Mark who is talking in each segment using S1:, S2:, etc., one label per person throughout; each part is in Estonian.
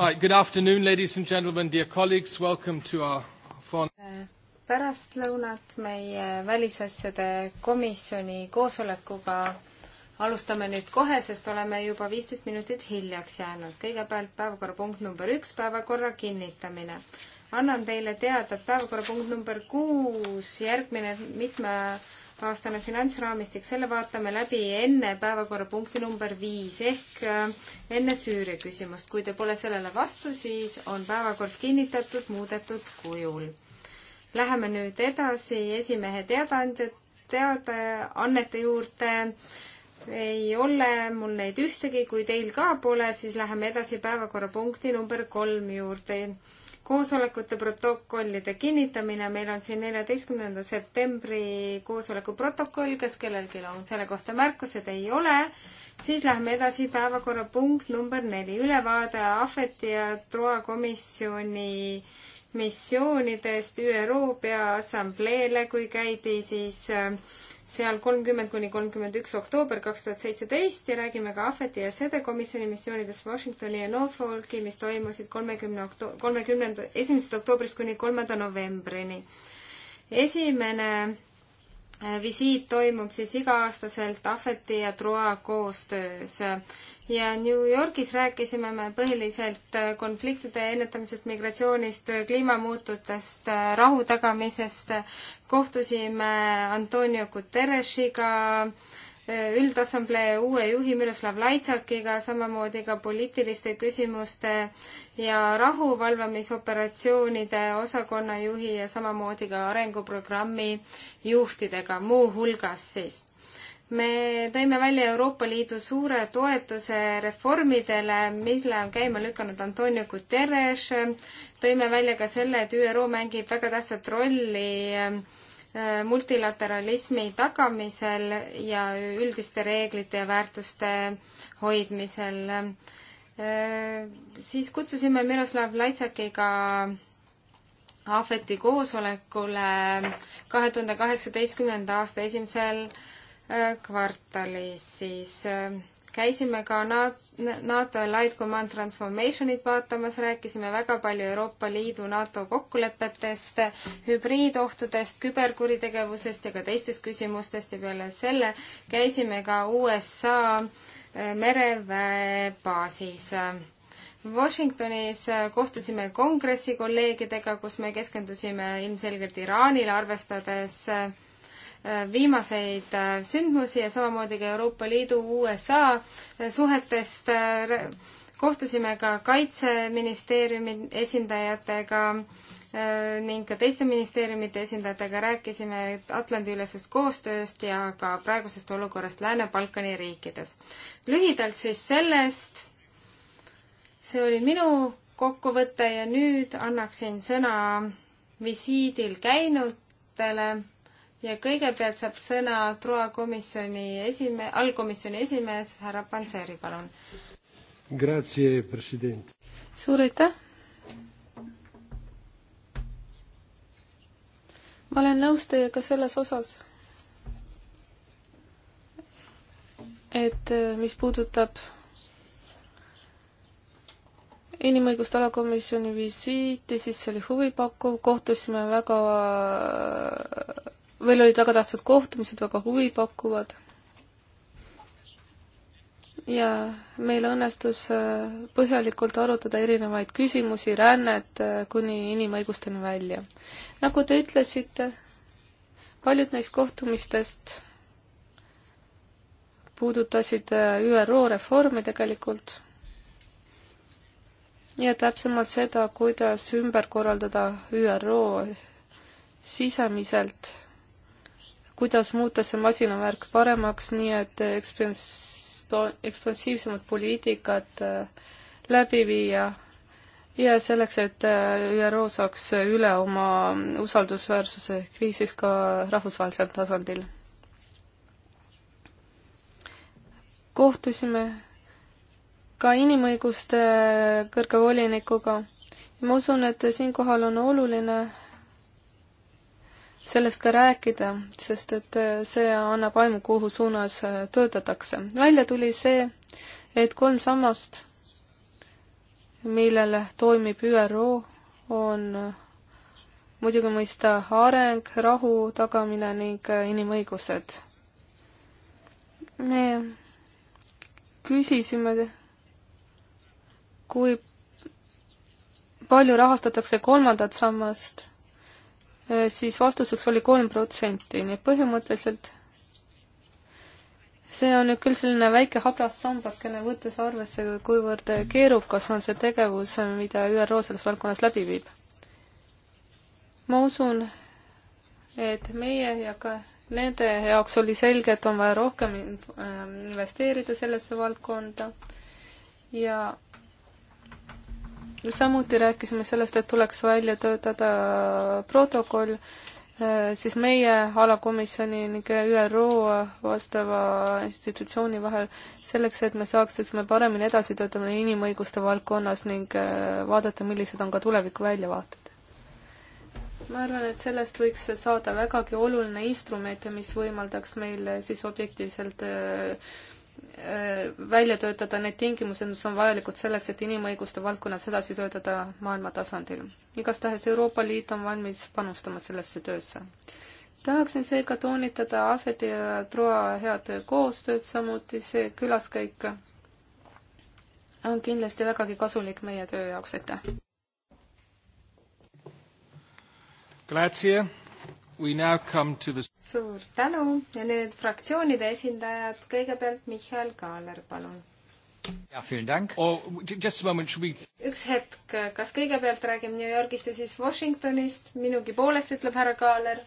S1: All right, good afternoon, ladies and gentlemen, dear colleagues, welcome to our
S2: foreign pärastlõunat meie välisasjade komisjoni koosolekuga alustame nüüd kohe, sest oleme juba viisteist minutit hiljaks jäänud. kõigepealt päevakorrapunkt number üks, päevakorra kinnitamine. annan teile teada, et päevakorrapunkt number kuus, järgmine mitme aastane finantsraamistik, selle vaatame läbi enne päevakorrapunkti number viis ehk äh, enne Süüria küsimust. kui te pole sellele vastu, siis on päevakord kinnitatud muudetud kujul. Läheme nüüd edasi esimehe teadaandjad, teadaannete juurde ei ole mul neid ühtegi, kui teil ka pole, siis läheme edasi päevakorrapunkti number kolm juurde koosolekute protokollide kinnitamine, meil on siin neljateistkümnenda septembri koosoleku protokoll, kas kellelgi on selle kohta märkused, ei ole, siis läheme edasi, päevakorrapunkt number neli, ülevaade Ahveti ja Troa komisjoni missioonidest ÜRO Peaassambleele, kui käidi siis äh, seal kolmkümmend kuni kolmkümmend üks oktoober kaks tuhat seitseteist ja räägime ka Ahveti ja Sede komisjoni missioonidest Washingtoni ja Norfolki, mis toimusid kolmekümne okto-, kolmekümnenda, esimesest oktoobrist kuni kolmanda novembrini. esimene Äh, visiit toimub siis iga-aastaselt Ahveti ja Troa koostöös. ja New Yorgis rääkisime me põhiliselt äh, konfliktide ennetamisest, migratsioonist, äh, kliimamuututest, rahu tagamisest. kohtusime Antonio Guterresiga äh,, Üldassamblee uue juhi Miroslav Laitsakiga, samamoodi ka poliitiliste küsimuste ja rahuvalvamisoperatsioonide osakonna juhi ja samamoodi ka arenguprogrammi juhtidega, muuhulgas siis. me tõime välja Euroopa Liidu suure toetuse reformidele, mille on käima lükanud Antonio Guterres, tõime välja ka selle, et ÜRO mängib väga tähtsat rolli Äh, multilateralismi tagamisel ja üldiste reeglite ja väärtuste hoidmisel. Äh, siis kutsusime Miroslav Laitsakiga Ahveti koosolekule kahe tuhande kaheksateistkümnenda aasta esimesel äh, kvartalis siis käisime ka NATO Allied Command Transformationit vaatamas, rääkisime väga palju Euroopa Liidu NATO kokkulepetest, hübriidohtudest, küberkuritegevusest ja ka teistest küsimustest ja peale selle käisime ka USA äh, mereväebaasis Washingtonis äh, kohtusime kongressi kolleegidega, kus me keskendusime ilmselgelt Iraanile, arvestades äh, Äh, viimaseid äh, sündmusi ja samamoodi ka Euroopa Liidu USA äh, suhetest. kohtusime ka Kaitseministeeriumi esindajatega ning ka teiste ministeeriumite esindajatega rääkisime Atlandi-ülesest koostööst ja ka praegusest olukorrast Lääne-Balkani riikides. lühidalt siis sellest, see oli minu kokkuvõte ja nüüd annaksin sõna visiidil käinutele ja kõigepealt saab sõna TROA komisjoni esime-, allkomisjoni esimees härra Panseri, palun.
S1: Grazie, president.
S2: suur aitäh. ma olen
S3: nõus teiega selles osas, et äh, mis puudutab inimõiguste alakomisjoni visiiti, siis see oli huvipakkuv, kohtusime väga äh, meil olid väga tähtsad kohtumised, väga huvipakkuvad. ja meil õnnestus äh, põhjalikult arutada erinevaid küsimusi, rännet äh, kuni inimõigusteni välja. nagu te ütlesite, paljud neist kohtumistest puudutasid äh, ÜRO reformi tegelikult ja täpsemalt seda, kuidas ümber korraldada ÜRO sisemiselt kuidas muuta see masinavärk paremaks, nii et ekspans-, ekspansiivsemad poliitikad äh, läbi viia ja selleks, et äh, ÜRO saaks üle oma usaldusväärsuse kriisis ka rahvusvahelisel tasandil. kohtusime ka inimõiguste kõrge volinikuga. ma usun, et siinkohal on oluline sellest ka rääkida, sest et äh, see annab aimu, kuhu suunas äh, töötatakse. välja tuli see, et kolm sammast, millele toimib ÜRO, on äh, muidugi mõista areng, rahu tagamine ning inimõigused. me küsisime, kui palju rahastatakse kolmandat sammast Äh, siis vastuseks oli kolm protsenti, nii et põhimõtteliselt see on nüüd küll selline väike habras sambakene, võttes arvesse, kuivõrd keerukas on see tegevus, mida ÜRO selles valdkonnas läbi viib. ma usun, et meie ja ka nende jaoks oli selge, et on vaja rohkem äh, investeerida sellesse valdkonda ja samuti rääkisime sellest, et tuleks välja töötada protokoll eh, siis meie alakomisjoni ning ÜRO vastava institutsiooni vahel selleks, et me saaksime paremini edasi töötada inimõiguste valdkonnas ning eh, vaadata, millised on ka tuleviku väljavaated. ma arvan, et sellest võiks saada vägagi oluline instrument, mis võimaldaks meil siis objektiivselt äh, välja töötada need tingimused, mis on vajalikud selleks, et inimõiguste valdkonnas edasi töötada maailma tasandil. igastahes Euroopa Liit on valmis panustama sellesse töösse. tahaksin seega toonitada Ahveti ja Troa head koostööd, samuti see külaskäik on kindlasti vägagi kasulik meie töö jaoks, aitäh!
S1: Grazie The...
S2: suur tänu ja nüüd fraktsioonide esindajad, kõigepealt Michal Kaaler, palun.
S1: Ja, oh, moment, we...
S2: üks hetk, kas kõigepealt räägime New Yorgist ja siis Washingtonist, minugi poolest, ütleb härra Kaaler.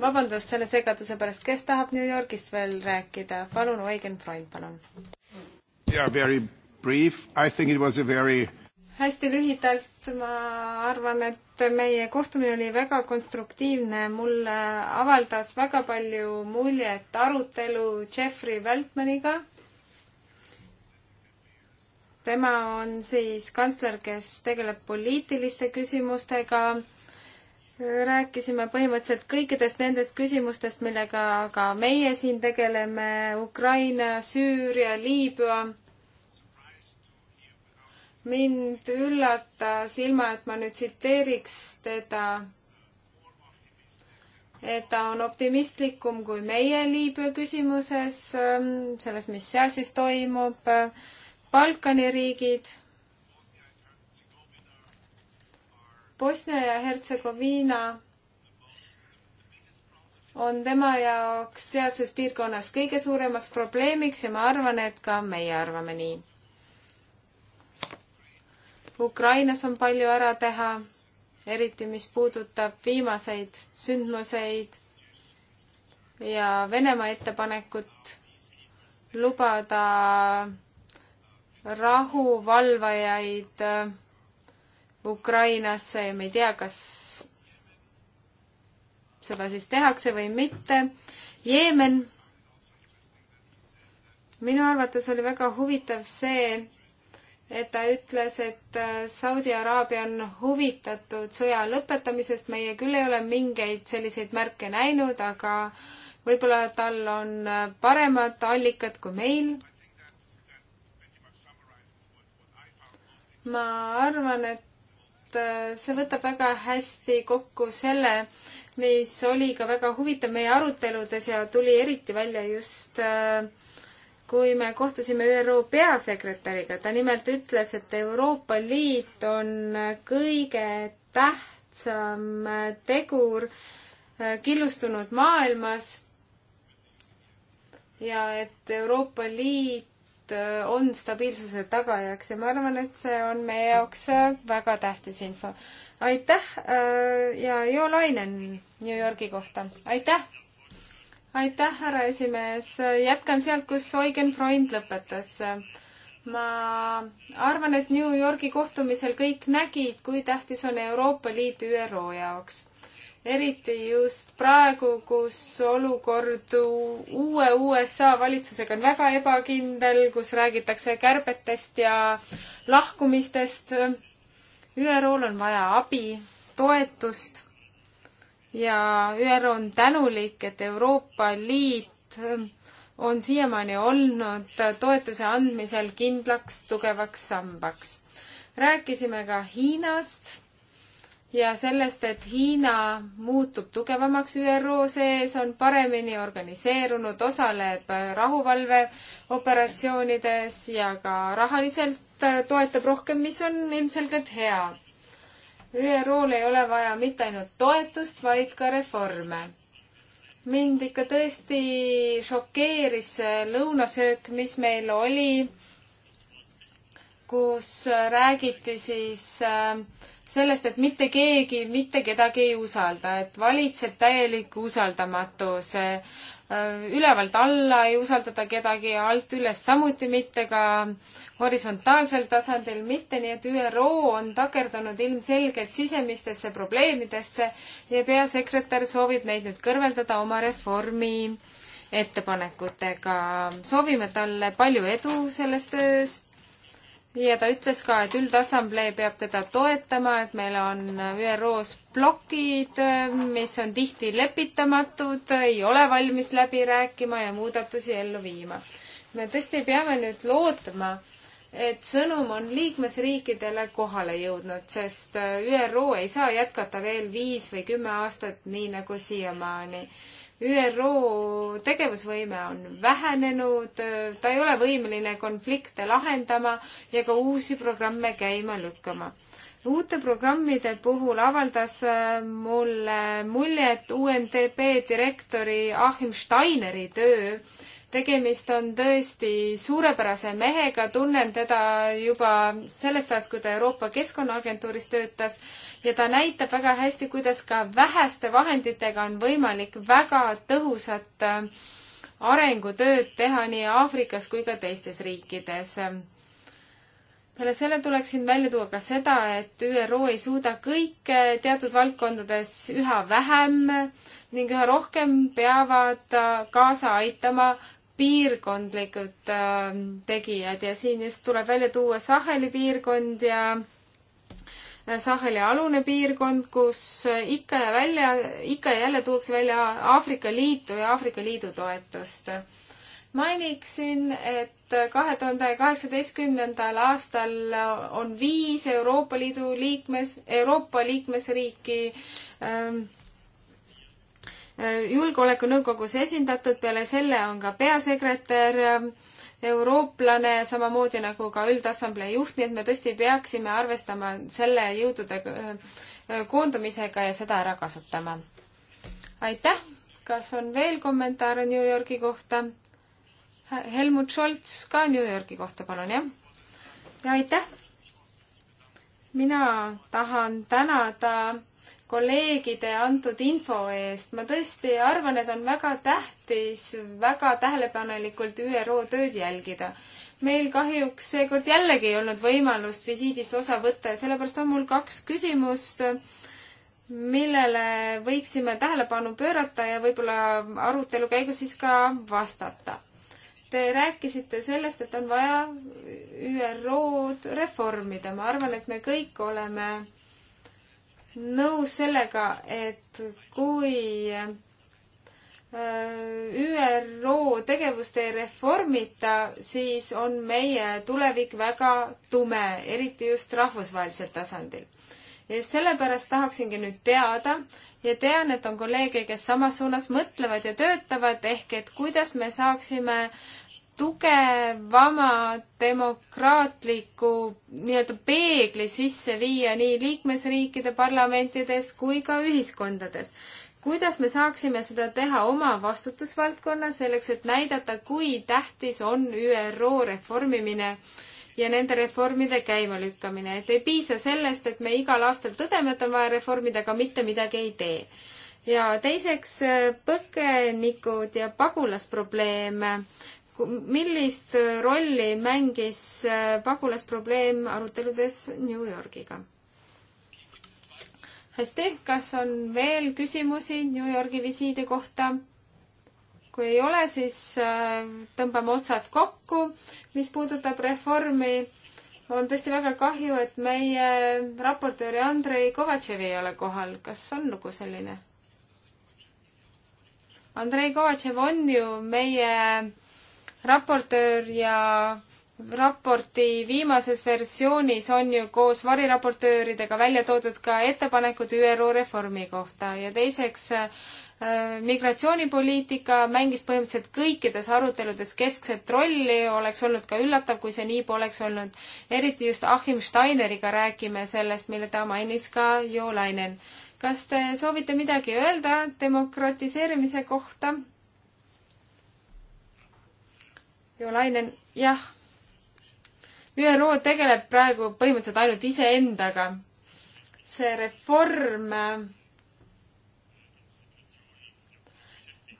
S2: vabandust selle segaduse pärast, kes tahab New Yorgist veel rääkida, palun, Eugen Freund, palun.
S1: Yeah, very brief, I think it was a very
S2: hästi lühidalt, ma arvan, et meie kohtumine oli väga konstruktiivne, mulle avaldas väga palju muljet arutelu Jeffrey Weltmaniga. tema on siis kantsler, kes tegeleb poliitiliste küsimustega rääkisime põhimõtteliselt kõikidest nendest küsimustest, millega ka meie siin tegeleme, Ukraina, Süüria, Liibüa mind üllatas, ilma et ma nüüd tsiteeriks teda, et ta on optimistlikum kui meie Liibüa küsimuses, ähm, selles, mis seal siis toimub, Balkani riigid, Bosnia ja Hertsegoviina on tema jaoks sealses piirkonnas kõige suuremaks probleemiks ja ma arvan, et ka meie arvame nii Ukrainas on palju ära teha, eriti mis puudutab viimaseid sündmuseid ja Venemaa ettepanekut lubada rahuvalvajaid äh, Ukrainasse ja me ei tea, kas seda siis tehakse või mitte. Jeemen. minu arvates oli väga huvitav see, et ta ütles, et äh, Saudi Araabia on huvitatud sõja lõpetamisest, meie küll ei ole mingeid selliseid märke näinud, aga võib-olla tal on äh, paremad allikad kui meil. ma arvan, et äh, see võtab väga hästi kokku selle, mis oli ka väga huvitav meie aruteludes ja tuli eriti välja just äh, kui me kohtusime ÜRO peasekretäriga, ta nimelt ütles, et Euroopa Liit on kõige tähtsam tegur äh, killustunud maailmas ja et Euroopa Liit äh, on stabiilsuse tagajaks ja ma arvan, et see on meie jaoks äh, väga tähtis info. aitäh ja Jo Lainen New Yorgi kohta, aitäh! aitäh, härra esimees, jätkan sealt, kus Eugen Freund lõpetas. ma arvan, et New Yorgi kohtumisel kõik nägid, kui tähtis on Euroopa Liit ÜRO jaoks. eriti just praegu, kus olukord uue USA valitsusega on väga ebakindel, kus räägitakse kärbetest ja lahkumistest. ÜRO-l on vaja abi, toetust ja ÜRO on tänulik, et Euroopa Liit ähm, on siiamaani olnud äh, toetuse andmisel kindlaks tugevaks sambaks. rääkisime ka Hiinast ja sellest, et Hiina muutub tugevamaks ÜRO sees, on paremini organiseerunud, osaleb äh, rahuvalveoperatsioonides ja ka rahaliselt äh, toetab rohkem, mis on ilmselgelt hea ÜRO-l ei ole vaja mitte ainult toetust, vaid ka reforme. mind ikka tõesti šokeeris see lõunasöök, mis meil oli, kus räägiti siis äh, sellest, et mitte keegi mitte kedagi ei usalda, et valitseb täielik usaldamatus Äh, ülevalt alla ei usaldata kedagi ja alt üles samuti mitte, ka horisontaalsel tasandil mitte, nii et ÜRO on takerdunud ilmselgelt sisemistesse probleemidesse ja peasekretär soovib neid nüüd kõrveldada oma reformi ettepanekutega. soovime talle palju edu selles töös ja ta ütles ka, et üldassamblee peab teda toetama, et meil on ÜRO-s plokid, mis on tihti lepitamatud, ei ole valmis läbi rääkima ja muudatusi ellu viima. me tõesti peame nüüd lootma, et sõnum on liikmesriikidele kohale jõudnud, sest ÜRO ei saa jätkata veel viis või kümme aastat, nii nagu siiamaani ÜRO tegevusvõime on vähenenud, ta ei ole võimeline konflikte lahendama ja ka uusi programme käima lükkama. uute programmide puhul avaldas äh, mulle muljet UNDP direktori Achim Steineri töö tegemist on tõesti suurepärase mehega, tunnen teda juba sellest ajast, kui ta Euroopa Keskkonnaagentuuris töötas ja ta näitab väga hästi, kuidas ka väheste vahenditega on võimalik väga tõhusat äh, arengutööd teha nii Aafrikas kui ka teistes riikides. peale selle tuleks siin välja tuua ka seda, et ÜRO ei suuda kõike teatud valdkondades üha vähem ning üha rohkem peavad äh, kaasa aitama piirkondlikud äh, tegijad ja siin just tuleb välja tuua Saheli piirkond ja äh, Saheli alune piirkond, kus äh, ikka ja välja, ikka ja jälle tuuakse välja Aafrika Liitu ja Aafrika Liidu toetust. mainiksin, et äh, kahe tuhande kaheksateistkümnendal aastal on viis Euroopa Liidu liikmes, Euroopa liikmesriiki ähm, julgeolekunõukogus esindatud, peale selle on ka peasekretär ähm, eurooplane, samamoodi nagu ka üldassamblee juht, nii et me tõesti peaksime arvestama selle jõudude äh, koondumisega ja seda ära kasutama. aitäh, kas on veel kommentaare New Yorgi kohta? Helmut Scholz ka New Yorgi kohta, palun, jah? ja aitäh! mina tahan tänada ta kolleegide antud info eest. ma tõesti arvan, et on väga tähtis väga tähelepanelikult ÜRO tööd jälgida. meil kahjuks seekord jällegi ei olnud võimalust visiidist osa võtta ja sellepärast on mul kaks küsimust, millele võiksime tähelepanu pöörata ja võib-olla arutelu käigus siis ka vastata. Te rääkisite sellest, et on vaja ÜRO-d reformida. ma arvan, et me kõik oleme nõus sellega, et kui äh, ÜRO tegevust ei reformita, siis on meie tulevik väga tume, eriti just rahvusvahelisel tasandil. ja just sellepärast tahaksingi nüüd teada ja tean, et on kolleege, kes samas suunas mõtlevad ja töötavad, ehk et kuidas me saaksime tugevama demokraatliku nii-öelda peegli sisse viia nii liikmesriikide parlamentides kui ka ühiskondades. kuidas me saaksime seda teha oma vastutusvaldkonna selleks, et näidata, kui tähtis on ÜRO reformimine ja nende reformide käimalükkamine, et ei piisa sellest, et me igal aastal tõdeme, et on vaja reformida, aga mitte midagi ei tee. ja teiseks põgenikud ja pagulasprobleem millist rolli mängis äh, pagulasprobleem aruteludes New Yorgiga? hästi, kas on veel küsimusi New Yorgi visiidi kohta? kui ei ole, siis äh, tõmbame otsad kokku. mis puudutab reformi, on tõesti väga kahju, et meie raportööri Andrei Kovatševi ei ole kohal. kas on lugu selline? Andrei Kovatšev on ju meie raportöör ja raporti viimases versioonis on ju koos variraportööridega välja toodud ka ettepanekud ÜRO reformi kohta ja teiseks äh, migratsioonipoliitika mängis põhimõtteliselt kõikides aruteludes keskset rolli, oleks olnud ka üllatav, kui see nii poleks olnud. eriti just Achim Steineriga räägime sellest, mille ta mainis ka Jo Lainen. kas te soovite midagi öelda demokratiseerimise kohta? Joolainen, jah. ÜRO tegeleb praegu põhimõtteliselt ainult iseendaga. see reform äh,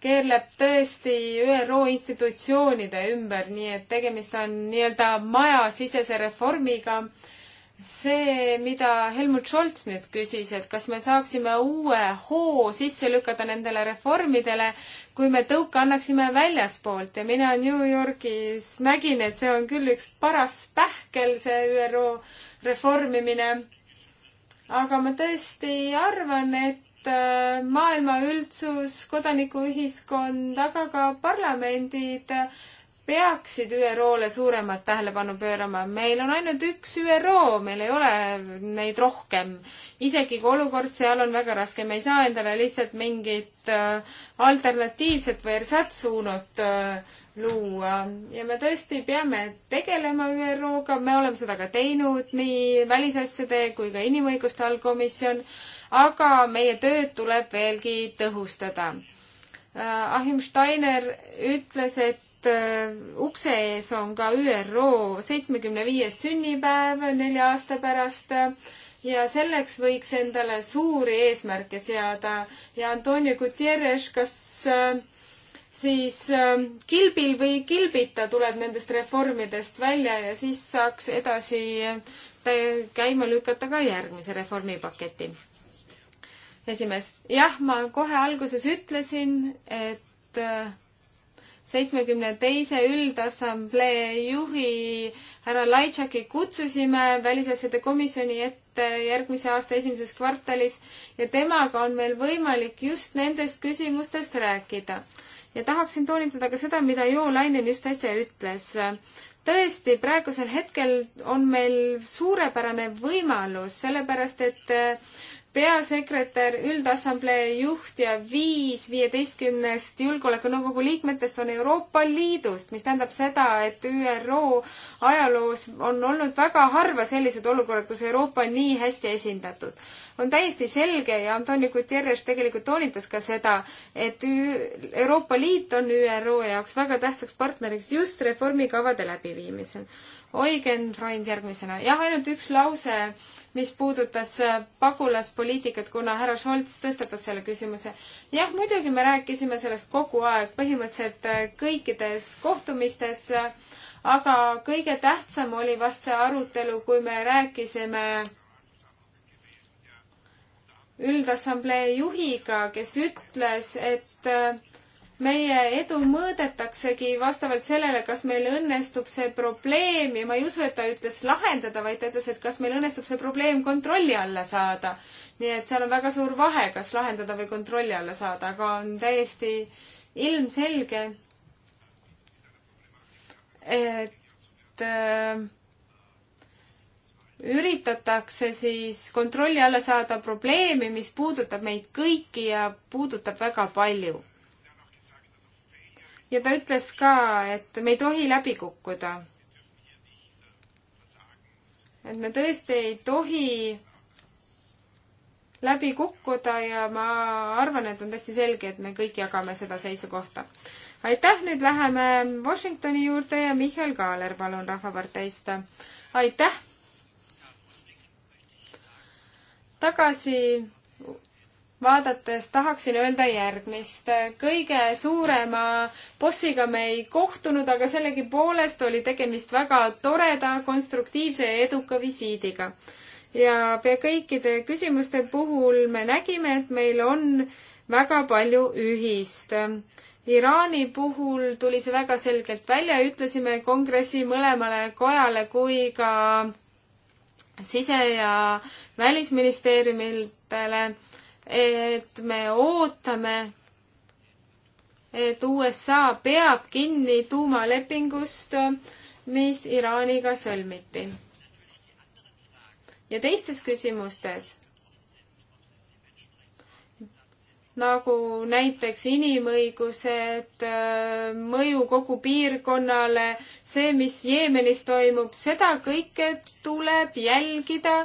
S2: keerleb tõesti ÜRO institutsioonide ümber, nii et tegemist on nii-öelda majasisese reformiga. see, mida Helmut Scholz nüüd küsis, et kas me saaksime uue hoo sisse lükata nendele reformidele, kui me tõuke annaksime väljaspoolt ja mina New Yorgis nägin, et see on küll üks paras pähkel, see ÜRO reformimine. aga ma tõesti arvan, et äh, maailma üldsus, kodanikuühiskond, aga ka parlamendid peaksid ÜRO-le suuremat tähelepanu pöörama. meil on ainult üks ÜRO, meil ei ole neid rohkem. isegi kui olukord seal on väga raske, me ei saa endale lihtsalt mingit äh, alternatiivset või ersatsuunut äh, luua ja me tõesti peame tegelema ÜRO-ga, me oleme seda ka teinud, nii välisasjade kui ka inimõiguste allkomisjon, aga meie tööd tuleb veelgi tõhustada äh,. Ahim Steiner ütles, et et äh, ukse ees on ka ÜRO seitsmekümne viies sünnipäev nelja aasta pärast äh, ja selleks võiks endale suuri eesmärke seada ja Antonio Guterres, kas äh, siis kilbil või kilbita tuleb nendest reformidest välja ja siis saaks edasi käima lükata ka järgmise reformipaketi. esimees, jah, ma kohe alguses ütlesin, et seitsmekümne teise üldassamblee juhi härra Laitšaki kutsusime välisasjade komisjoni ette järgmise aasta esimeses kvartalis ja temaga on meil võimalik just nendest küsimustest rääkida. ja tahaksin toonitada ka seda, mida Jo Lainen just äsja ütles. tõesti, praegusel hetkel on meil suurepärane võimalus, sellepärast et äh, peasekretär, üldassamblee juht ja viis viieteistkümnest Julgeolekunõukogu liikmetest on Euroopa Liidust, mis tähendab seda, et ÜRO ajaloos on olnud väga harva sellised olukorrad, kus Euroopa on nii hästi esindatud. on täiesti selge ja Antonio Guterres tegelikult toonitas ka seda, et Ü Euroopa Liit on ÜRO jaoks väga tähtsaks partneriks just reformikavade läbiviimisel Oigen Freund järgmisena. jah, ainult üks lause, mis puudutas äh, pagulaspoliitikat, kuna härra Scholz tõstatas selle küsimuse. jah, muidugi me rääkisime sellest kogu aeg, põhimõtteliselt äh, kõikides kohtumistes, äh, aga kõige tähtsam oli vast see arutelu, kui me rääkisime üldassamblee juhiga, kes ütles, et meie edu mõõdetaksegi vastavalt sellele, kas meil õnnestub see probleem ja ma ei usu, et ta ütles lahendada, vaid ta ütles, et kas meil õnnestub see probleem kontrolli alla saada. nii et seal on väga suur vahe, kas lahendada või kontrolli alla saada, aga on täiesti ilmselge, et äh, üritatakse siis kontrolli alla saada probleemi, mis puudutab meid kõiki ja puudutab väga palju ja ta ütles ka, et me ei tohi läbi kukkuda. et me tõesti ei tohi läbi kukkuda ja ma arvan, et on täiesti selge, et me kõik jagame seda seisukohta. aitäh, nüüd läheme Washingtoni juurde ja Mihhail Kaaler, palun, Rahvaparteist. aitäh! tagasi vaadates tahaksin öelda järgmist. kõige suurema bossiga me ei kohtunud, aga sellegipoolest oli tegemist väga toreda, konstruktiivse ja eduka visiidiga. ja pea kõikide küsimuste puhul me nägime, et meil on väga palju ühist. Iraani puhul tuli see väga selgelt välja, ütlesime kongressi mõlemale kojale kui ka sise- ja välisministeeriumitele, et me ootame, et USA peab kinni tuumalepingust, mis Iraaniga sõlmiti. ja teistes küsimustes, nagu näiteks inimõigused, mõju kogu piirkonnale, see, mis Jeemenis toimub, seda kõike tuleb jälgida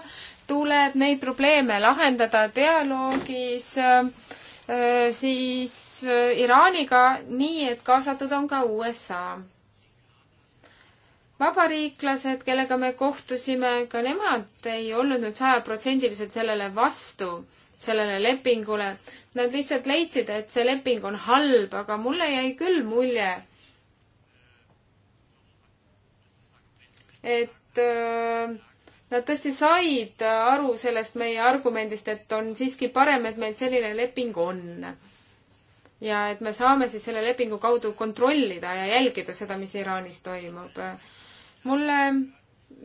S2: tuleb neid probleeme lahendada dialoogis äh, siis äh, Iraaniga, nii et kaasatud on ka USA. vabariiklased, kellega me kohtusime, ka nemad ei olnud nüüd sajaprotsendiliselt sellele vastu, sellele lepingule. Nad lihtsalt leidsid, et see leping on halb, aga mulle jäi küll mulje, et äh, Nad tõesti said aru sellest meie argumendist, et on siiski parem, et meil selline leping on. ja et me saame siis selle lepingu kaudu kontrollida ja jälgida seda, mis Iraanis toimub. mulle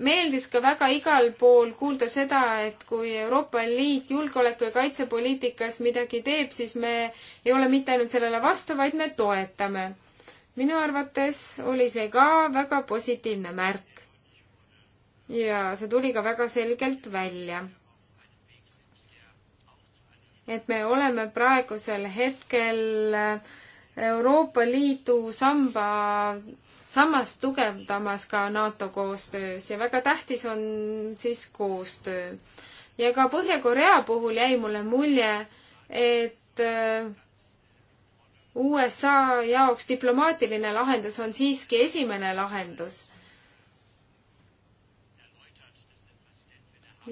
S2: meeldis ka väga igal pool kuulda seda, et kui Euroopa Liit julgeoleku ja kaitsepoliitikas midagi teeb, siis me ei ole mitte ainult sellele vastu, vaid me toetame. minu arvates oli see ka väga positiivne märk ja see tuli ka väga selgelt välja. et me oleme praegusel hetkel Euroopa Liidu samba, sammast tugevdamas ka NATO koostöös ja väga tähtis on siis koostöö. ja ka Põhja-Korea puhul jäi mulle mulje, et äh, USA jaoks diplomaatiline lahendus on siiski esimene lahendus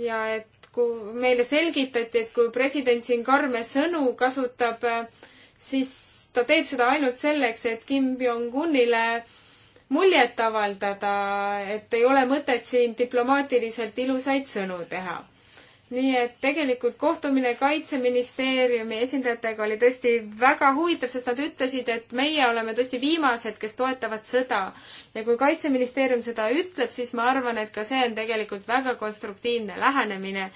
S2: ja et kui meile selgitati, et kui president siin karme sõnu kasutab, siis ta teeb seda ainult selleks, et Kim Jong-unile muljet avaldada, et ei ole mõtet siin diplomaatiliselt ilusaid sõnu teha nii et tegelikult kohtumine Kaitseministeeriumi esindajatega oli tõesti väga huvitav, sest nad ütlesid, et meie oleme tõesti viimased, kes toetavad sõda. ja kui Kaitseministeerium seda ütleb, siis ma arvan, et ka see on tegelikult väga konstruktiivne lähenemine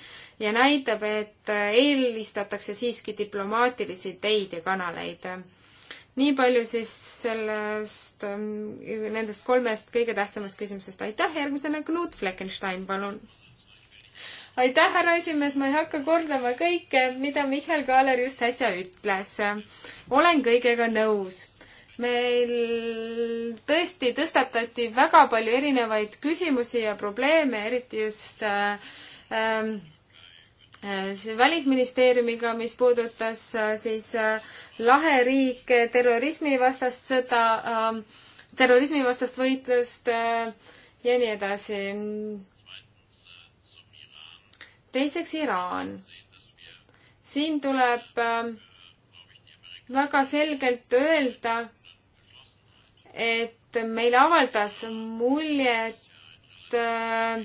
S2: ja näitab, et eelistatakse siiski diplomaatilisi teid ja kanaleid. nii palju siis sellest, nendest kolmest kõige tähtsamast küsimusest. aitäh, järgmisena Knut Fleckenstein, palun aitäh, härra esimees, ma ei hakka kordama kõike, mida Mihhail Kaaler just äsja ütles. olen kõigega nõus meil tõesti tõstatati väga palju erinevaid küsimusi ja probleeme, eriti just ähm, äh, äh, välisministeeriumiga, mis puudutas äh, siis äh, laheriike, terrorismivastast sõda, ähm, terrorismivastast võitlust äh, ja nii edasi teiseks Iraan. siin tuleb ähm, väga selgelt öelda, et meile avaldas muljet, äh,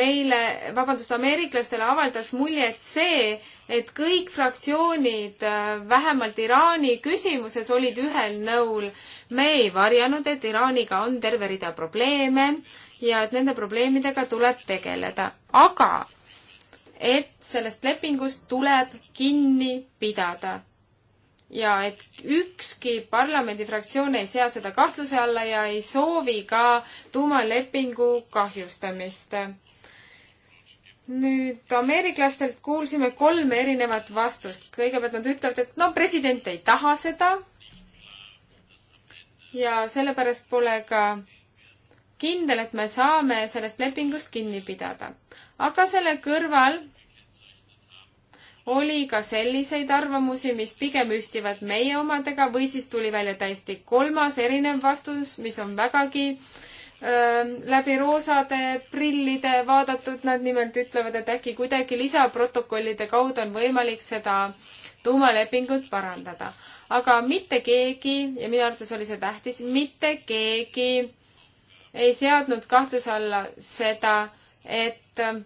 S2: meile, vabandust, ameeriklastele avaldas muljet see, et kõik fraktsioonid äh, vähemalt Iraani küsimuses olid ühel nõul. me ei varjanud, et Iraaniga on terve rida probleeme ja et nende probleemidega tuleb tegeleda, aga et sellest lepingust tuleb kinni pidada. ja et ükski parlamendifraktsioon ei sea seda kahtluse alla ja ei soovi ka tuumalepingu kahjustamist. nüüd ameeriklastelt kuulsime kolme erinevat vastust. kõigepealt nad ütlevad, et no president ei taha seda ja sellepärast pole ka kindel, et me saame sellest lepingust kinni pidada. aga selle kõrval oli ka selliseid arvamusi, mis pigem ühtivad meie omadega või siis tuli välja täiesti kolmas erinev vastus, mis on vägagi öö, läbi roosade prillide vaadatud, nad nimelt ütlevad, et äkki kuidagi lisaprotokollide kaudu on võimalik seda tuumalepingut parandada. aga mitte keegi, ja minu arvates oli see tähtis, mitte keegi ei seadnud kahtluse alla seda, et ähm,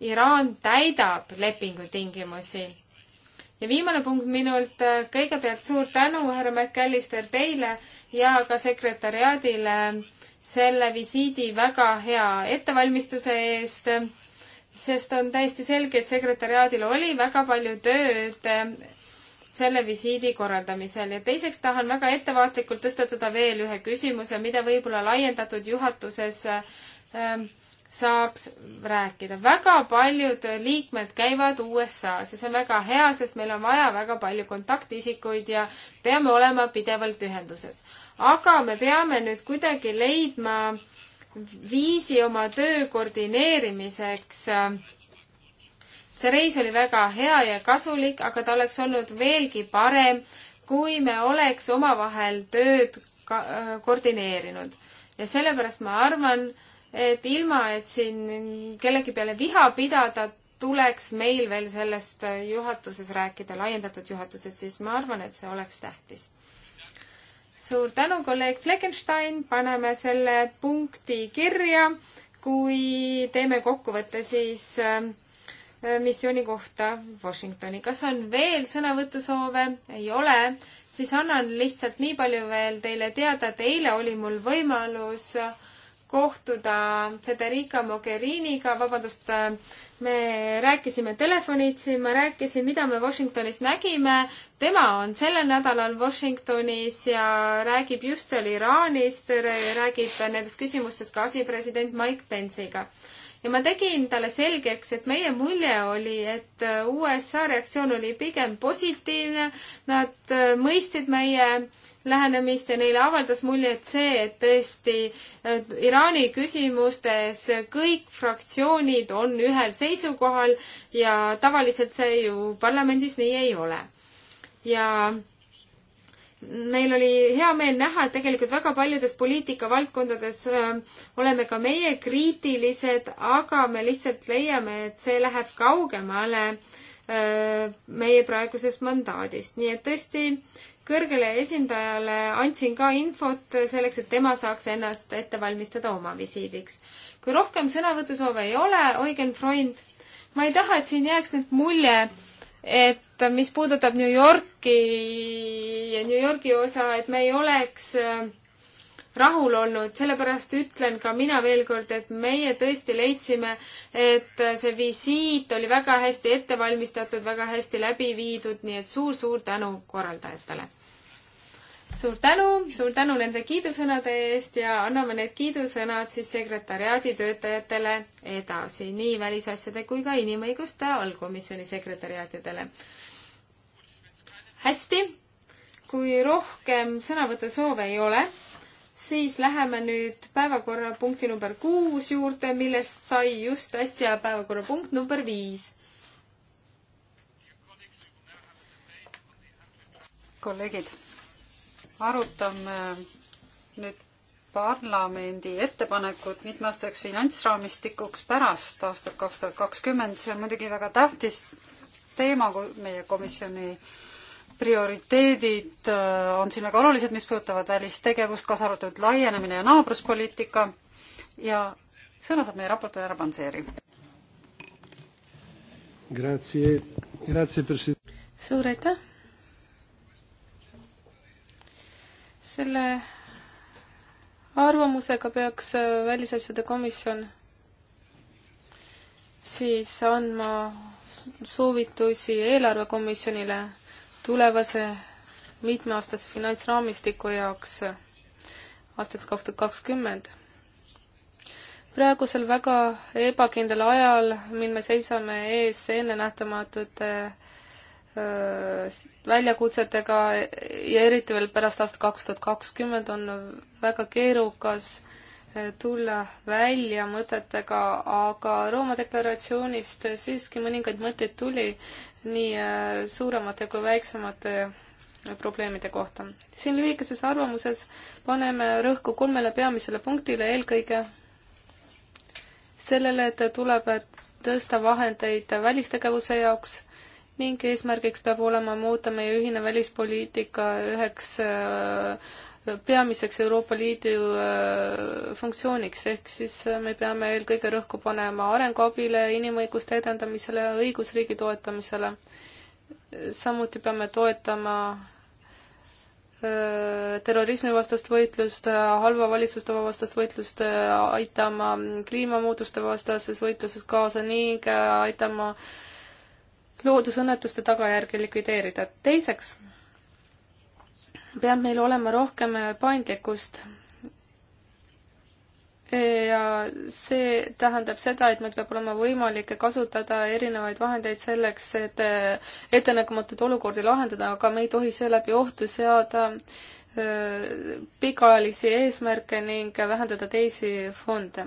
S2: Iraan täidab lepingutingimusi. ja viimane punkt minult, äh, kõigepealt suur tänu, härra McAllister, teile ja ka sekretäriaadile selle visiidi väga hea ettevalmistuse eest, sest on täiesti selge, et sekretäriaadil oli väga palju tööd ähm, selle visiidi korraldamisel ja teiseks tahan väga ettevaatlikult tõstatada veel ühe küsimuse, mida võib-olla laiendatud juhatuses ähm, saaks rääkida. väga paljud liikmed käivad USA-s ja see on väga hea, sest meil on vaja väga palju kontaktisikuid ja peame olema pidevalt ühenduses. aga me peame nüüd kuidagi leidma viisi oma töö koordineerimiseks äh, see reis oli väga hea ja kasulik, aga ta oleks olnud veelgi parem, kui me oleks omavahel tööd ka, äh, koordineerinud. ja sellepärast ma arvan, et ilma, et siin kellegi peale viha pidada, tuleks meil veel sellest äh, juhatuses rääkida, laiendatud juhatuses, siis ma arvan, et see oleks tähtis. suur tänu, kolleeg Fleckenstein, paneme selle punkti kirja. kui teeme kokkuvõtte, siis äh, Äh, missiooni kohta Washingtoni. kas on veel sõnavõtusoove? ei ole, siis annan lihtsalt nii palju veel teile teada, et eile oli mul võimalus kohtuda Federica Mogheriniga, vabandust, äh, me rääkisime telefonitsi, ma rääkisin, mida me Washingtonis nägime. tema on sellel nädalal Washingtonis ja räägib just seal Iraanist, räägib nendest küsimustest ka asepresident Mike Pence'iga ja ma tegin talle selgeks, et meie mulje oli, et äh, USA reaktsioon oli pigem positiivne, nad äh, mõistsid meie lähenemist ja neile avaldas mulje, et see, et tõesti et äh, Iraani küsimustes kõik fraktsioonid on ühel seisukohal ja tavaliselt see ju parlamendis nii ei ole. ja neil oli hea meel näha, et tegelikult väga paljudes poliitikavaldkondades äh, oleme ka meie kriitilised, aga me lihtsalt leiame, et see läheb kaugemale äh, meie praegusest mandaadist, nii et tõesti kõrgele esindajale andsin ka infot selleks, et tema saaks ennast ette valmistada oma visiidiks. kui rohkem sõnavõtusoove ei ole, Eugen Freund, ma ei taha, et siin jääks nüüd mulje, et mis puudutab New Yorki ja New Yorgi osa, et me ei oleks äh, rahul olnud, sellepärast ütlen ka mina veel kord, et meie tõesti leidsime, et see visiit oli väga hästi ette valmistatud, väga hästi läbi viidud, nii et suur-suur tänu korraldajatele suur tänu, suur tänu nende kiidusõnade eest ja anname need kiidusõnad siis sekretäriaadi töötajatele edasi, nii välisasjade kui ka inimõiguste allkomisjoni sekretäriaatidele. hästi, kui rohkem sõnavõtusoove ei ole, siis läheme nüüd päevakorrapunkti number kuus juurde, millest sai just äsja päevakorrapunkt number viis
S4: kolleegid, arutame nüüd parlamendi ettepanekut mitmeaastaseks finantsraamistikuks pärast aastat kaks tuhat kakskümmend, see on muidugi väga tähtis teema, meie komisjoni prioriteedid äh, on siin väga olulised, mis puudutavad välistegevust, kaasa arvatud laienemine ja naabruspoliitika ja sõna saab meie raportöör härra Panseeri. suur aitäh!
S3: selle arvamusega peaks äh, Välisasjade komisjon siis andma soovitusi eelarvekomisjonile tulevase mitmeaastase finantsraamistiku jaoks äh, aastaks kaks tuhat kakskümmend. praegusel väga ebakindlal ajal, mil me seisame ees ennenähtamatute äh, Äh, väljakutsetega ja eriti veel pärast aastat kaks tuhat kakskümmend on väga keerukas äh, tulla välja mõtetega, aga Rooma deklaratsioonist siiski mõningaid mõtteid tuli nii äh, suuremate kui väiksemate probleemide kohta. siin lühikeses arvamuses paneme rõhku kolmele peamisele punktile, eelkõige sellele, et tuleb tõsta vahendeid välistegevuse jaoks ning eesmärgiks peab olema muuta meie ühine välispoliitika üheks äh, peamiseks Euroopa Liidu äh, funktsiooniks, ehk siis äh, me peame eelkõige rõhku panema arenguabile, inimõiguste edendamisele ja õigusriigi toetamisele. samuti peame toetama terrorismivastast võitlust, halva valitsuste vastast võitlust, aitama kliimamuutuste vastases võitluses kaasa ning aitama äh, loodusõnnetuste tagajärgi likvideerida. teiseks peab meil olema rohkem paindlikkust ja see tähendab seda, et meil peab olema võimalik kasutada erinevaid vahendeid selleks, et ettenägematuid olukordi lahendada, aga me ei tohi seeläbi ohtu seada äh, pikaajalisi eesmärke ning vähendada teisi fonde.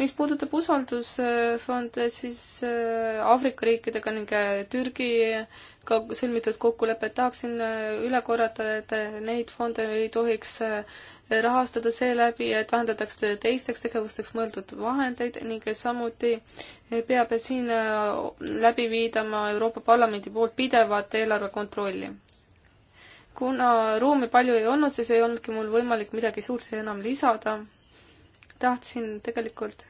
S3: mis puudutab usaldusfonde, siis äh, Aafrika riikidega ning äh, Türgiga sõlmitud kokkulepet tahaksin äh, üle korrata, et neid fonde ei tohiks rahastada seeläbi, et vähendatakse teisteks tegevusteks mõeldud vahendeid ning samuti peab siin läbi viidama Euroopa Parlamendi poolt pidevat eelarve kontrolli kuna ruumi palju ei olnud, siis ei olnudki mul võimalik midagi suurt siia enam lisada. tahtsin tegelikult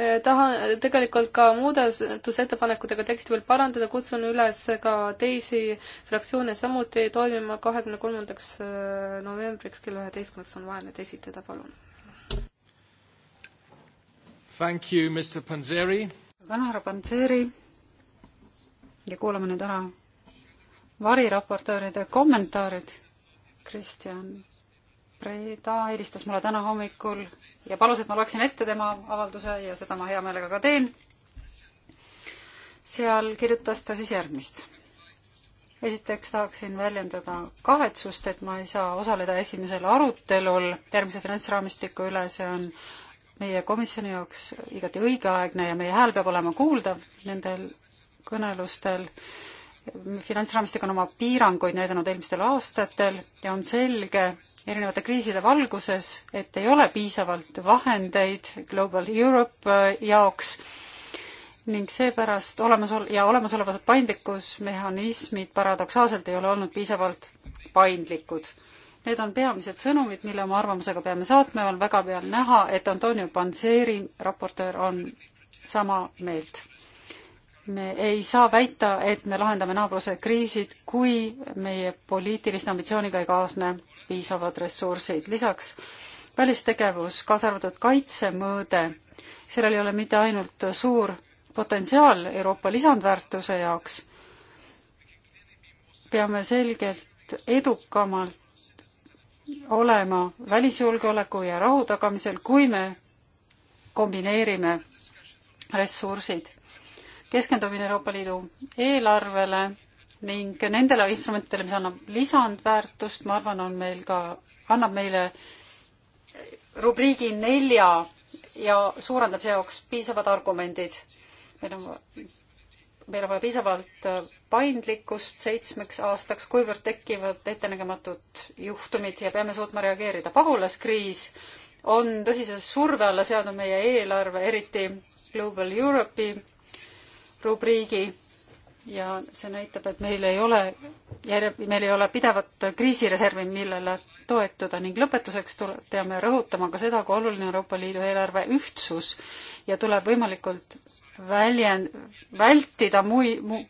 S3: eh, tahan tegelikult ka muudatusettepanekutega teksti veel parandada, kutsun üles ka teisi fraktsioone samuti toimima kahekümne kolmandaks eh, novembriks kella üheteistkümneks on vaja need esitada, palun.
S1: Thank you, Mr Panseri.
S4: tänan, härra Panseri. ja kuulame nüüd ära variraportööride kommentaarid. Kristjan Preda helistas mulle täna hommikul ja palus, et ma loeksin ette tema avalduse ja seda ma hea meelega ka teen. seal kirjutas ta siis järgmist. esiteks tahaksin väljendada kahetsust, et ma ei saa osaleda esimesel arutelul järgmise finantsraamistiku üle, see on meie komisjoni jaoks igati õigeaegne ja meie hääl peab olema kuuldav nendel kõnelustel finantsraamistik on oma piiranguid näidanud eelmistel aastatel ja on selge erinevate kriiside valguses, et ei ole piisavalt vahendeid Global Europe äh, jaoks ning seepärast olemasol- ja olemasolevad paindlikkusmehhanismid paradoksaalselt ei ole olnud piisavalt paindlikud. Need on peamised sõnumid, mille oma arvamusega peame saatma ja on väga peal näha, et Antonio Panseri raportöör on sama meelt me ei saa väita, et me lahendame naabruse kriisid, kui meie poliitiliste ambitsiooniga ei kaasne piisavad ressursid. lisaks välistegevus, kaasa arvatud kaitsemõõde, sellel ei ole mitte ainult suur potentsiaal Euroopa lisandväärtuse jaoks, peame selgelt edukamalt olema välisjulgeoleku ja rahu tagamisel, kui me kombineerime ressursid keskendumine Euroopa Liidu eelarvele ning nendele instrumentidele, mis annab lisandväärtust, ma arvan, on meil ka, annab meile rubriigi nelja ja suurendab see jaoks piisavad argumendid. meil on, meil on vaja piisavalt paindlikkust seitsmeks aastaks, kuivõrd tekivad ettenägematud juhtumid ja peame suutma reageerida. pagulaskriis on tõsise surve alla seadnud meie eelarve, eriti Global Europe'i rubriigi ja see näitab, et meil ei ole järje, meil ei ole pidevat kriisireservi, millele toetuda ning lõpetuseks tule, peame rõhutama ka seda, kui oluline Euroopa Liidu eelarve ühtsus ja tuleb võimalikult väljend, vältida mui- mu,,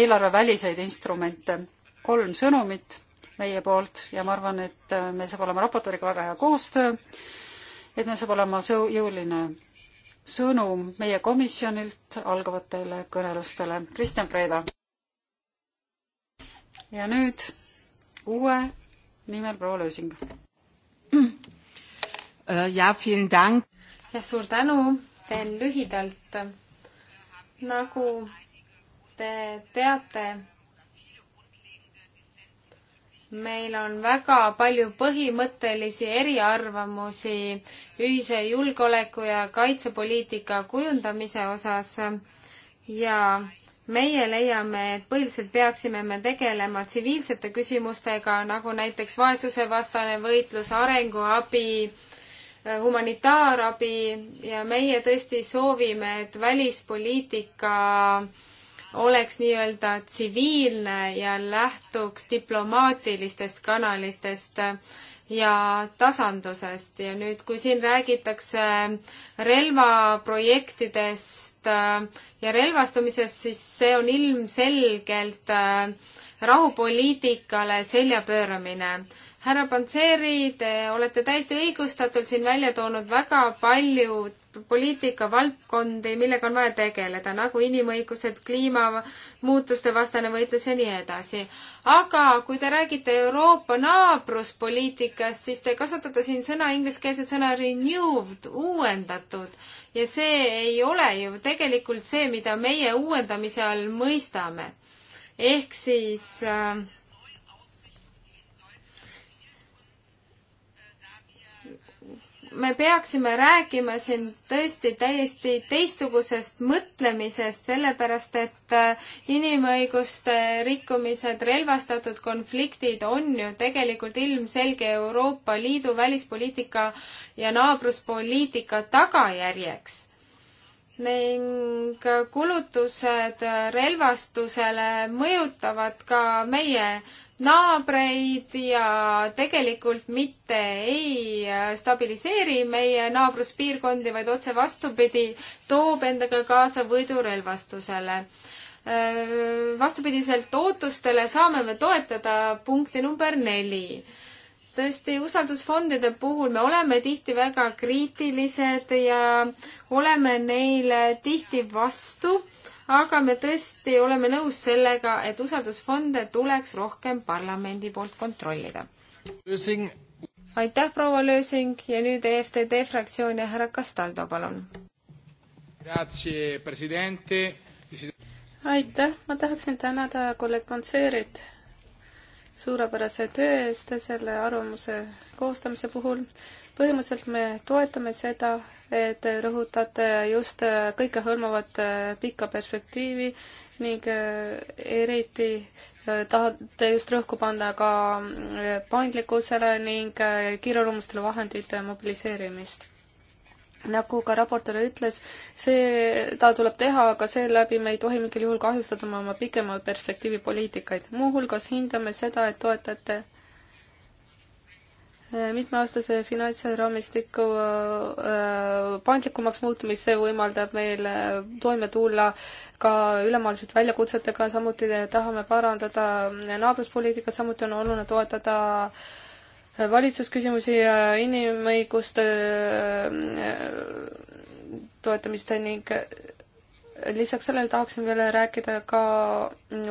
S4: eelarveväliseid instrumente. kolm sõnumit meie poolt ja ma arvan, et meil saab olema raportööriga väga hea koostöö, et meil saab olema sõu-, jõuline sõnum meie komisjonilt algavatele kõnelustele. Kristjan Preeda. ja nüüd uue nimel proua Lösing. Äh, ja,
S2: jah, suur tänu, teen lühidalt. nagu te teate, meil on väga palju põhimõttelisi eriarvamusi ühise julgeoleku ja kaitsepoliitika kujundamise osas ja meie leiame, et põhiliselt peaksime me tegelema tsiviilsete küsimustega, nagu näiteks vaesusevastane võitlus, arenguabi, humanitaarabi ja meie tõesti soovime, et välispoliitika äh, oleks nii-öelda tsiviilne ja lähtuks diplomaatilistest kanalistest ja tasandusest ja nüüd, kui siin räägitakse relvaprojektidest äh, ja relvastumisest, siis see on ilmselgelt äh, rahupoliitikale selja pööramine härra Panseri, te olete täiesti õigustatult siin välja toonud väga palju poliitikavaldkondi, millega on vaja tegeleda, nagu inimõigused, kliimamuutuste vastane võitlus ja nii edasi. aga kui te räägite Euroopa naabruspoliitikast, siis te kasutate siin sõna, ingliskeelset sõna renewed, uuendatud. ja see ei ole ju tegelikult see, mida meie uuendamise all mõistame. ehk siis äh, me peaksime rääkima siin tõesti täiesti teistsugusest mõtlemisest, sellepärast et äh, inimõiguste rikkumised, relvastatud konfliktid on ju tegelikult ilmselge Euroopa Liidu välispoliitika ja naabruspoliitika tagajärjeks. ning äh, kulutused äh, relvastusele mõjutavad ka meie naabreid ja tegelikult mitte ei stabiliseeri meie naabruspiirkondi, vaid otse vastupidi, toob endaga kaasa võidurelvastusele. vastupidiselt ootustele saame me toetada punkti number neli tõesti, usaldusfondide puhul me oleme tihti väga kriitilised ja oleme neile tihti vastu aga me tõesti oleme nõus sellega, et usaldusfonde tuleks rohkem parlamendi poolt kontrollida. aitäh, proua Lösing ja nüüd EFTD fraktsioon ja härra Castaldo, palun.
S3: aitäh, ma tahaksin tänada kolleeg Montseerit suurepärase töö eest selle arvamuse koostamise puhul põhimõtteliselt me toetame seda, et rõhutate just kõikehõlmavat äh, pikka perspektiivi ning äh, eriti äh, tahate just rõhku panna ka paindlikkusele ning kiireloomustele vahendite mobiliseerimist. nagu ka raportöör ütles, see, ta tuleb teha, aga seeläbi me ei tohi mingil juhul kahjustada oma pikema perspektiivi poliitikaid. muuhulgas hindame seda, et toetate mitmeaastase finantsraamistiku äh, paindlikumaks muutumist, see võimaldab meil äh, toime tulla ka ülemaailmsete väljakutsetega, samuti tahame parandada naabruspoliitikat, samuti on oluline toetada äh, valitsusküsimusi ja inimõiguste toetamist ning lisaks sellele tahaksin veel rääkida ka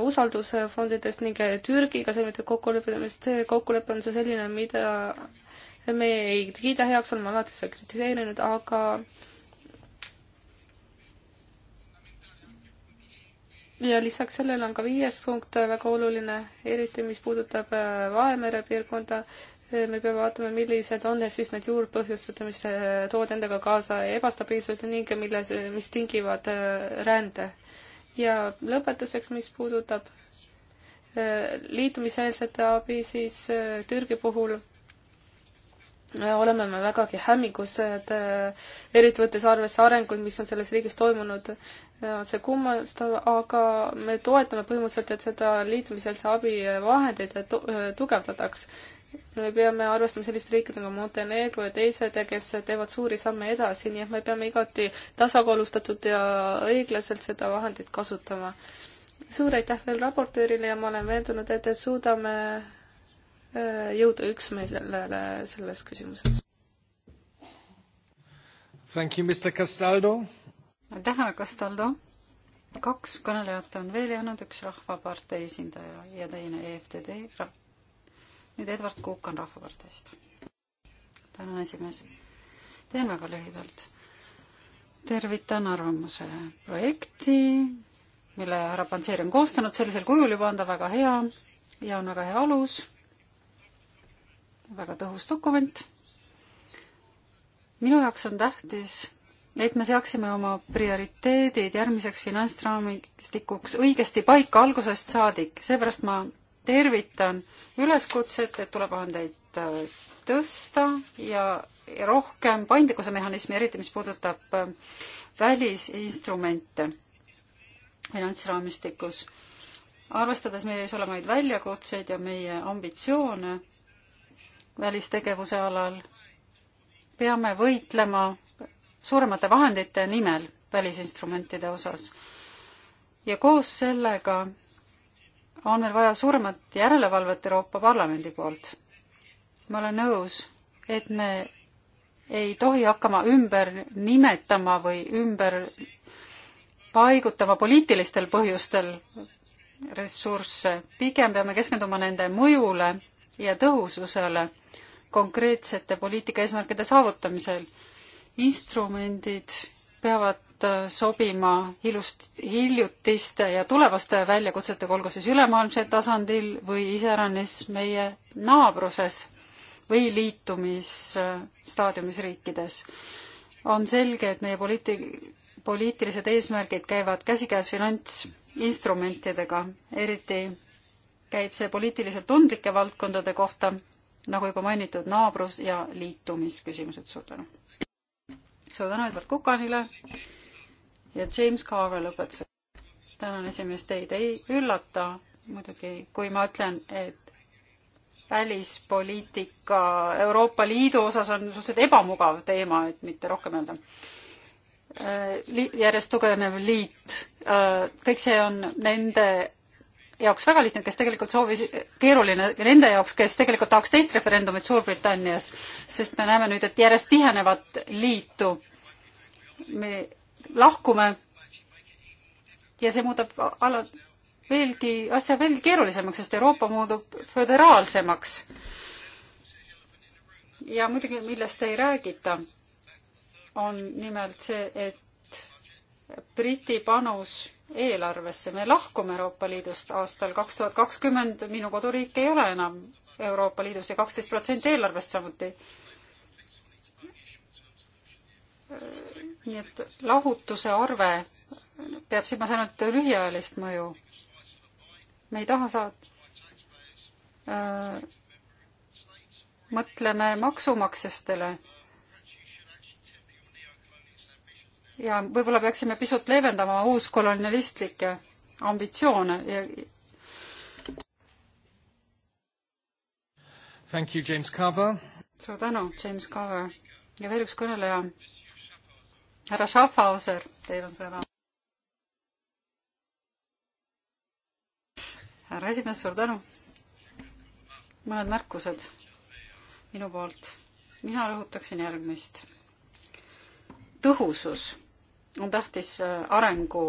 S3: usaldusfondidest ning Türgiga sõlmitud kokkuleppedest. see kokkulepe on see selline, mida me ei kiida heaks, oleme alati seda kritiseerinud, aga ja lisaks sellele on ka viies punkt väga oluline, eriti mis puudutab Vahemere piirkonda me peame vaatama, millised on siis need juurpõhjused, mis äh, toovad endaga kaasa ebastabiilsust ning mille, mis tingivad äh, rände. ja lõpetuseks, mis puudutab äh, liitumiseelset abi, siis Türgi puhul oleme me vägagi hämmingus, et eriti võttes arvesse arenguid, mis on selles riigis toimunud, on see kummastav, aga me toetame põhimõtteliselt, et seda liitumiseelse abi vahendeid tugevdataks me peame arvestama selliste riikidega nagu Montenegro ja teised, kes teevad suuri samme edasi, nii et me peame igati tasakaalustatud ja õiglaselt seda vahendit kasutama. suur aitäh veel raportöörile ja ma olen veendunud, et suudame äh,
S4: jõuda üksmeelele selles küsimuses.
S1: Thank you, Mr Castaldo.
S4: aitäh, härra Castaldo. kaks kõnelejat on veel jäänud, üks Rahvapartei esindaja ja teine EFTD nüüd Edward Kukan Rahvaparteist. tänan, esimees. teen väga lühidalt. tervitan arvamuse projekti, mille härra Panseri on koostanud, sellisel kujul juba on ta väga hea ja on väga hea alus, väga tõhus dokument. minu jaoks on tähtis et me seaksime oma prioriteedid järgmiseks finantsraamistikuks õigesti paika algusest saadik, seepärast ma tervitan üleskutset, et tuleb vahendeid äh, tõsta ja rohkem paindlikkuse mehhanismi, eriti mis puudutab äh, välisinstrumente finantsraamistikus. arvestades meie ees olevaid väljakutseid ja meie ambitsioone välistegevuse alal, peame võitlema suuremate vahendite nimel välisinstrumentide osas. ja koos sellega on meil vaja suuremat järelevalvet Euroopa Parlamendi poolt. ma olen nõus, et me ei tohi hakkama ümber nimetama või ümber paigutama poliitilistel põhjustel ressursse, pigem peame keskenduma nende mõjule ja tõhususele konkreetsete poliitika eesmärkide saavutamisel. instrumendid peavad paremalt äh, sobima ilust, hiljutiste ja tulevaste väljakutsetega, olgu siis ülemaailmsel tasandil või iseäranis meie naabruses või liitumisstaadiumis riikides. on selge, et meie poliiti-, poliitilised eesmärgid käivad käsikäes finantsinstrumentidega, eriti käib see poliitiliselt tundlike valdkondade kohta, nagu juba mainitud, naabrus- ja liitumisküsimused, suur tänu! suur tänu Edward Kukanile! ja James Carver lõpetuseks. tänan esimees teid, ei üllata muidugi, kui ma ütlen, et välispoliitika Euroopa Liidu osas on suhteliselt ebamugav teema, et mitte rohkem öelda. Äh, järjest tugevnev liit, äh, kõik see on nende jaoks väga lihtne, kes tegelikult soovis, keeruline ja nende jaoks, kes tegelikult tahaks teist referendumit Suurbritannias, sest me näeme nüüd, et järjest tihenevat liitu. me lahkume. ja see muudab ala-, veelgi, asja veelgi keerulisemaks, sest Euroopa muutub föderaalsemaks. ja muidugi, millest ei räägita, on nimelt see, et Briti panus eelarvesse, me lahkume Euroopa Liidust aastal kaks tuhat kakskümmend, minu koduriik ei ole enam Euroopa Liidus ja kaksteist protsenti eelarvest samuti nii et lahutuse arve peab silmas ainult lühiajalist mõju. me ei taha saada äh, mõtleme maksumaksjastele. ja võib-olla peaksime pisut leevendama uuskolonialistlikke ambitsioone ja
S1: Thank you, James Carver.
S4: suur tänu, James Carver. ja veel üks kõneleja härra Schaffhauser, teil on sõna. härra esimees, suur tänu. mõned märkused minu poolt. mina rõhutaksin järgmist. tõhusus on tähtis äh, arengu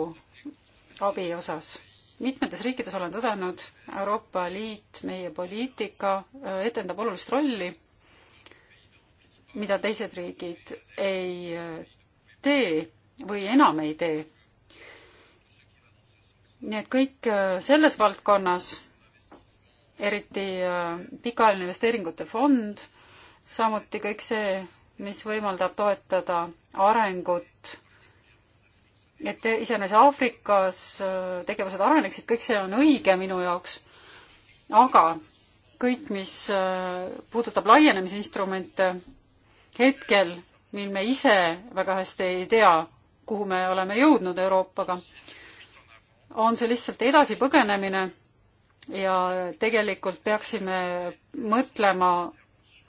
S4: abi osas. mitmetes riikides olen tõdenud, Euroopa Liit, meie poliitika äh, etendab olulist rolli, mida teised riigid ei äh, tee või enam ei tee. nii et kõik äh, selles valdkonnas, eriti äh, pikaajaline investeeringute fond, samuti kõik see, mis võimaldab toetada arengut, et iseenesest Aafrikas äh, tegevused areneksid, kõik see on õige minu jaoks, aga kõik, mis puudutab laienemisinstrumente, hetkel mil me ise väga hästi ei tea, kuhu me oleme jõudnud Euroopaga, on see lihtsalt edasipõgenemine ja tegelikult peaksime mõtlema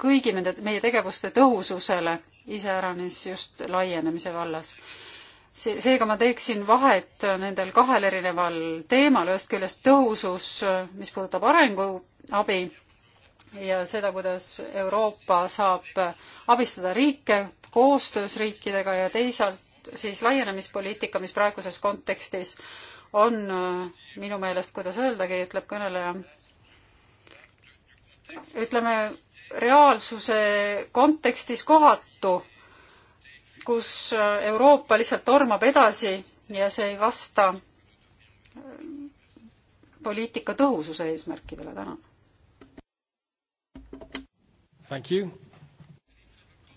S4: kõigi nende, meie tegevuste tõhususele, iseäranis just laienemise vallas. seega ma teeksin vahet nendel kahel erineval teemal, ühest küljest tõhusus, mis puudutab arenguabi ja seda, kuidas Euroopa saab abistada riike, koostöös riikidega ja teisalt siis laienemispoliitika, mis praeguses kontekstis on äh, minu meelest, kuidas öeldagi, ütleb kõneleja, ütleme reaalsuse kontekstis kohatu, kus äh, Euroopa lihtsalt tormab edasi ja see ei vasta äh, poliitika tõhususe eesmärkidele täna. Thank you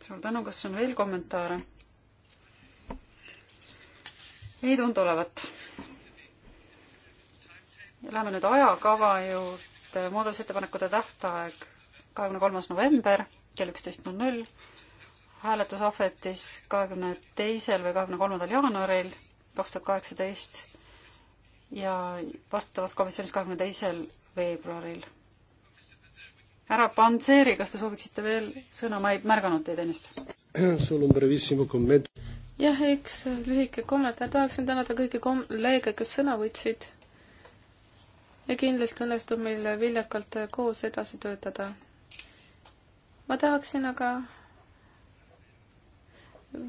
S4: suur tänu, kas on veel kommentaare? ei tundu olevat. Läheme nüüd ajakava juurde, muudatusettepanekute tähtaeg kahekümne kolmas november kell üksteist null null, hääletus ahvetis kahekümne teisel või kahekümne kolmandal jaanuaril kaks tuhat kaheksateist ja vastutavas komisjonis kahekümne teisel veebruaril härra Panseri, kas te sooviksite veel sõna, ma ei märganud teid ennast.
S1: sul on brevissimo comment.
S4: jah, üks lühike kommentaar, tahaksin tänada kõiki kolleege, kes sõna
S3: võtsid. ja kindlasti õnnestub meil viljakalt koos edasi töötada. ma tahaksin aga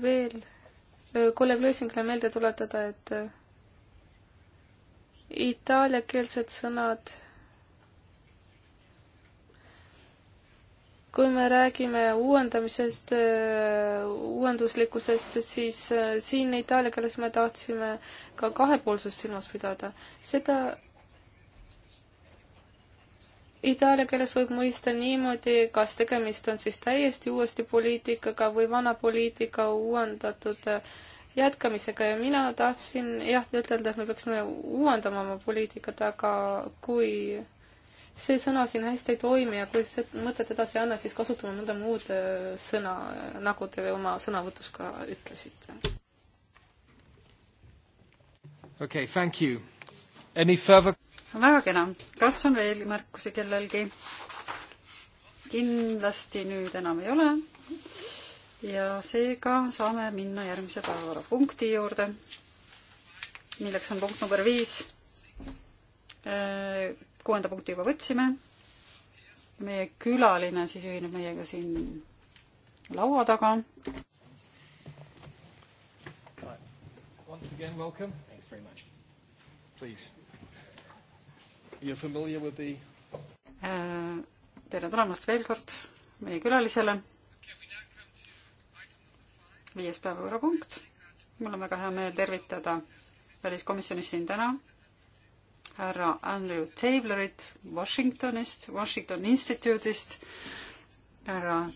S3: veel äh, kolleeg Lösingile meelde tuletada, et äh, itaaliakeelsed sõnad kui me räägime uuendamisest, äh, uuenduslikkusest, siis äh, siin itaalia keeles me tahtsime ka kahepoolsust silmas pidada. seda itaalia keeles võib mõista niimoodi, kas tegemist on siis täiesti uuesti poliitikaga või vana poliitika uuendatud äh, jätkamisega ja mina tahtsin jah, ütelda, et me peaksime uuendama oma poliitikat, aga kui see sõna siin hästi ei toimi ja kui see mõtet edasi ei anna, siis kasutame mõnda muud äh, sõna, nagu te oma sõnavõtus ka
S4: ütlesite.
S1: okei okay,, thank you. Any further?
S4: väga kena. kas on veel märkusi kellelgi? kindlasti nüüd enam ei ole. ja seega saame minna järgmise päevakorrapunkti juurde, milleks on punkt number viis äh, kuuenda punkti juba võtsime. meie külaline siis ühineb meiega siin laua taga.
S1: Once again, welcome. Thanks very much. Please. You are familiar with the
S4: äh, tere tulemast veel kord meie külalisele. viies päevakorrapunkt. mul on väga hea meel tervitada väliskomisjonis siin täna härra Andrew Tablerit Washingtonist, Washington Instituudist. härra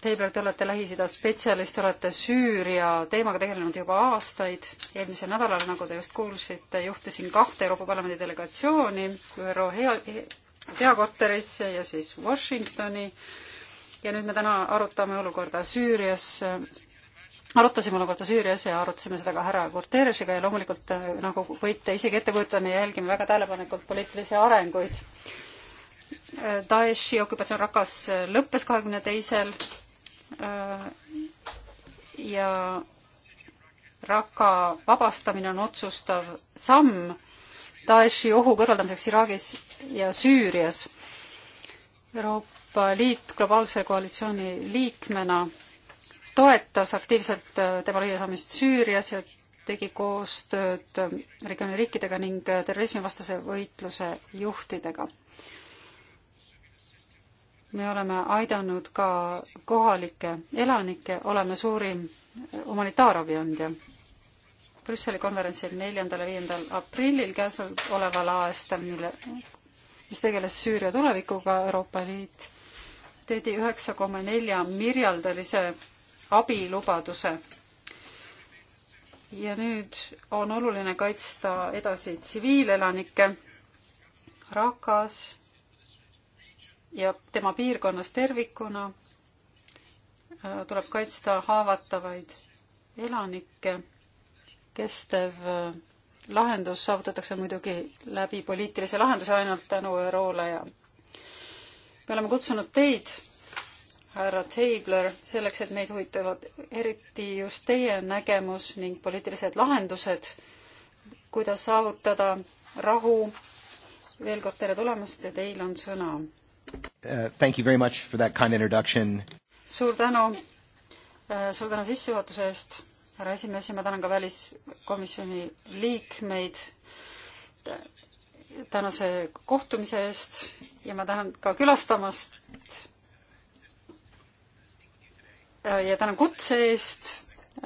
S4: Tabler, te olete Lähis-Ida spetsialist, olete Süüria teemaga tegelenud juba aastaid. eelmisel nädalal, nagu te just kuulsite, juhtisin kahte Euroopa Parlamendi delegatsiooni ÜRO peakorterisse ja siis Washingtoni. ja nüüd me täna arutame olukorda Süürias arutasime olukorda Süürias ja arutasime seda ka härra Guterresiga ja loomulikult äh, nagu võite isegi ette kujutada, me jälgime väga tähelepanelikult poliitilisi arenguid. Äh, Daeshi okupatsioon Rakas äh, lõppes kahekümne teisel ja Raka vabastamine on otsustav samm Daeshi ohu kõrvaldamiseks Iraagis ja Süürias. Euroopa Liit globaalse koalitsiooni liikmena toetas aktiivselt äh, tema lüüasaamist Süürias ja tegi koostööd äh, regiooni riikidega ning äh, terrorismivastase võitluse juhtidega. me oleme aidanud ka kohalikke elanikke, oleme suurim humanitaarabi andja. Brüsseli konverentsil neljandal ja viiendal aprillil käesoleval aastal, mille, mis tegeles Süüria tulevikuga, Euroopa Liit teedi üheksa koma nelja miljardilise abilubaduse. ja nüüd on oluline kaitsta edasi tsiviilelanikke, Rakas ja tema piirkonnas tervikuna tuleb kaitsta haavatavaid elanikke. kestev lahendus saavutatakse muidugi läbi poliitilise lahenduse ainult tänu ÜRO-le ja me oleme kutsunud teid härra Teibler, selleks, et meid huvitavad eriti just teie nägemus ning poliitilised lahendused, kuidas saavutada rahu. veel kord tere tulemast ja teil on sõna
S1: uh,. Thank you very much for that kind introduction.
S4: suur tänu uh,, suur tänu sissejuhatuse eest, härra esimees ja ma tänan ka väliskomisjoni liikmeid tänase kohtumise eest ja ma tänan ka külastamast ja tänan kutse eest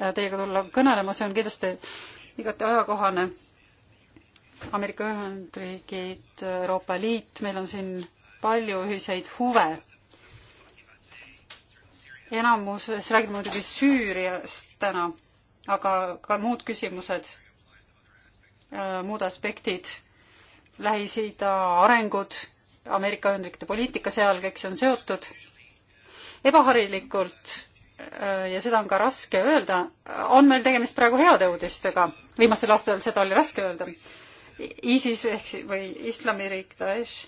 S4: äh, teiega tulla kõnelema, see on kindlasti igati ajakohane. Ameerika Ühendriigid, Euroopa Liit, meil on siin palju ühiseid huve. enamuses räägime muidugi Süüriast täna, aga ka muud küsimused, äh, muud aspektid, Lähis-Ida arengud, Ameerika Ühendriikide poliitika seal, kõik see on seotud. ebaharilikult ja seda on ka raske öelda, on meil tegemist praegu heade uudistega. viimastel aastatel seda oli raske öelda. ISIS ehk siis või Islamiriik Daesh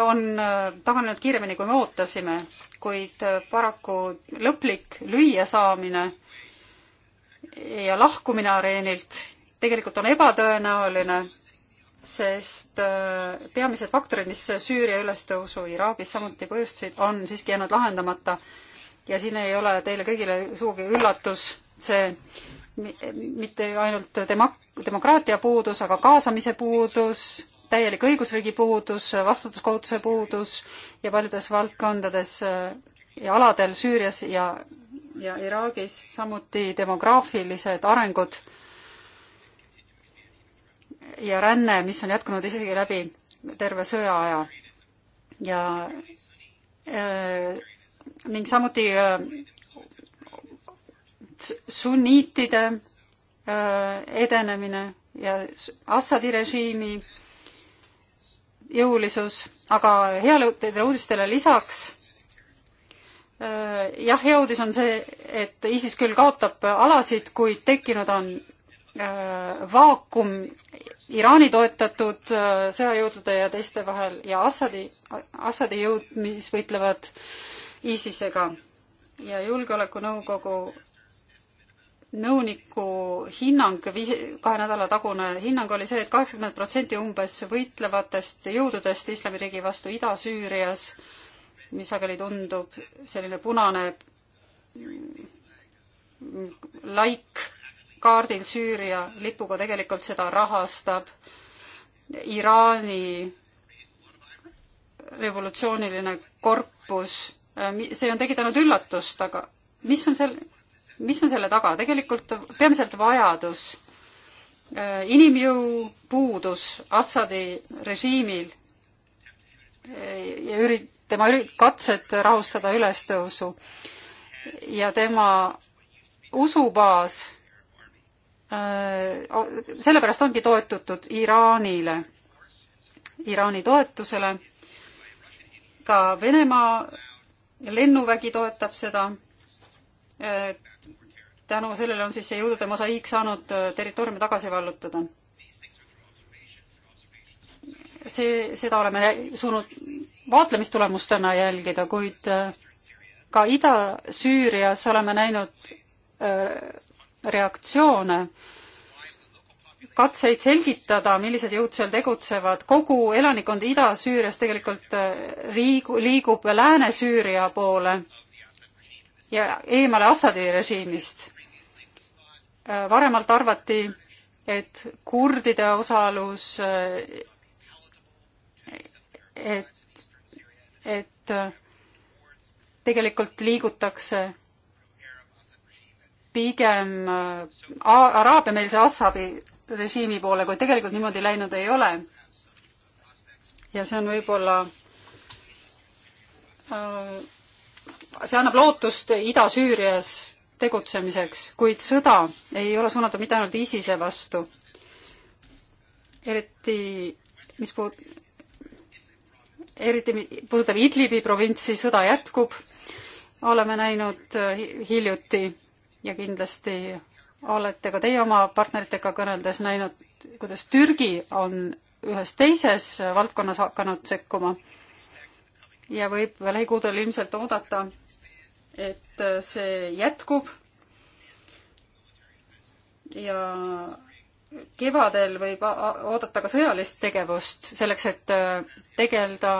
S4: on äh, taganenud kiiremini, kui me ootasime, kuid äh, paraku lõplik lüüasaamine ja lahkumine areenilt tegelikult on ebatõenäoline, sest äh, peamised faktorid, mis Süüria ülestõusu Iraagis samuti põhjustasid, on siiski jäänud lahendamata ja siin ei ole teile kõigile sugugi üllatus see mitte ainult demok-, demokraatia puudus, aga kaasamise puudus, täielik õigusriigi puudus, vastutuskohutuse puudus ja paljudes valdkondades ja aladel Süürias ja, ja Iraagis, samuti demograafilised arengud ja ränne, mis on jätkunud isegi läbi terve sõjaaja. ja öö, äh, ning samuti äh, sunniitide äh, edenemine ja Assadi režiimi jõulisus, aga headele uudistele lisaks äh, jah, hea uudis on see, et ISIS küll kaotab alasid, kuid tekkinud on vaakum Iraani toetatud sõjajõudude ja teiste vahel ja Assadi, Assadi jõud, mis võitlevad äh, ISISega ja Julgeolekunõukogu nõuniku hinnang, kahe nädala tagune hinnang oli see et, et kaheksakümmend protsenti umbes võitlevatest jõududest Islamiriigi vastu Ida-Süürias, mis sageli tundub selline punane laik kaardil Süüria lipuga, tegelikult seda rahastab Iraani revolutsiooniline korpus Äh, see on tekitanud üllatust, aga mis on seal, mis on selle taga, tegelikult peamiselt vajadus, äh, inimjõu puudus Assadi režiimil äh, ja üri-, tema üri-, katsed rahustada ülestõusu ja tema usubaas, sellepärast ongi toetutud Iraanile, Iraani toetusele, ka Venemaa lennuvägi toetab seda. Äh, tänu sellele on siis see jõudude mosaiik saanud äh, territooriumi tagasi vallutada. see, seda oleme suunud vaatlemistulemustena jälgida, kuid äh, ka Ida-Süürias oleme näinud reaktsioone äh, katseid selgitada, millised jõud seal tegutsevad, kogu elanikkond Ida-Süürias tegelikult äh, riigu, liigub Lääne-Süüria poole ja eemale Assadi režiimist. Äh, varemalt arvati, et kurdide osalus, äh, et, et tegelikult liigutakse pigem araabia-meelse Assabi, režiimi poole, kuid tegelikult niimoodi läinud ei ole. ja see on võib-olla äh, see annab lootust Ida-Süürias tegutsemiseks, kuid sõda ei ole suunatud mitte ainult ISISe vastu, eriti mis puud-, eriti puudutab Idlibi provintsi, sõda jätkub, oleme näinud äh, hiljuti ja kindlasti olete ka teie oma partneritega kõneldes näinud, kuidas Türgi on ühes teises valdkonnas hakanud sekkuma ja võib lähikuudel ilmselt oodata, et see jätkub ja kevadel võib oodata ka sõjalist tegevust selleks, et äh, tegeleda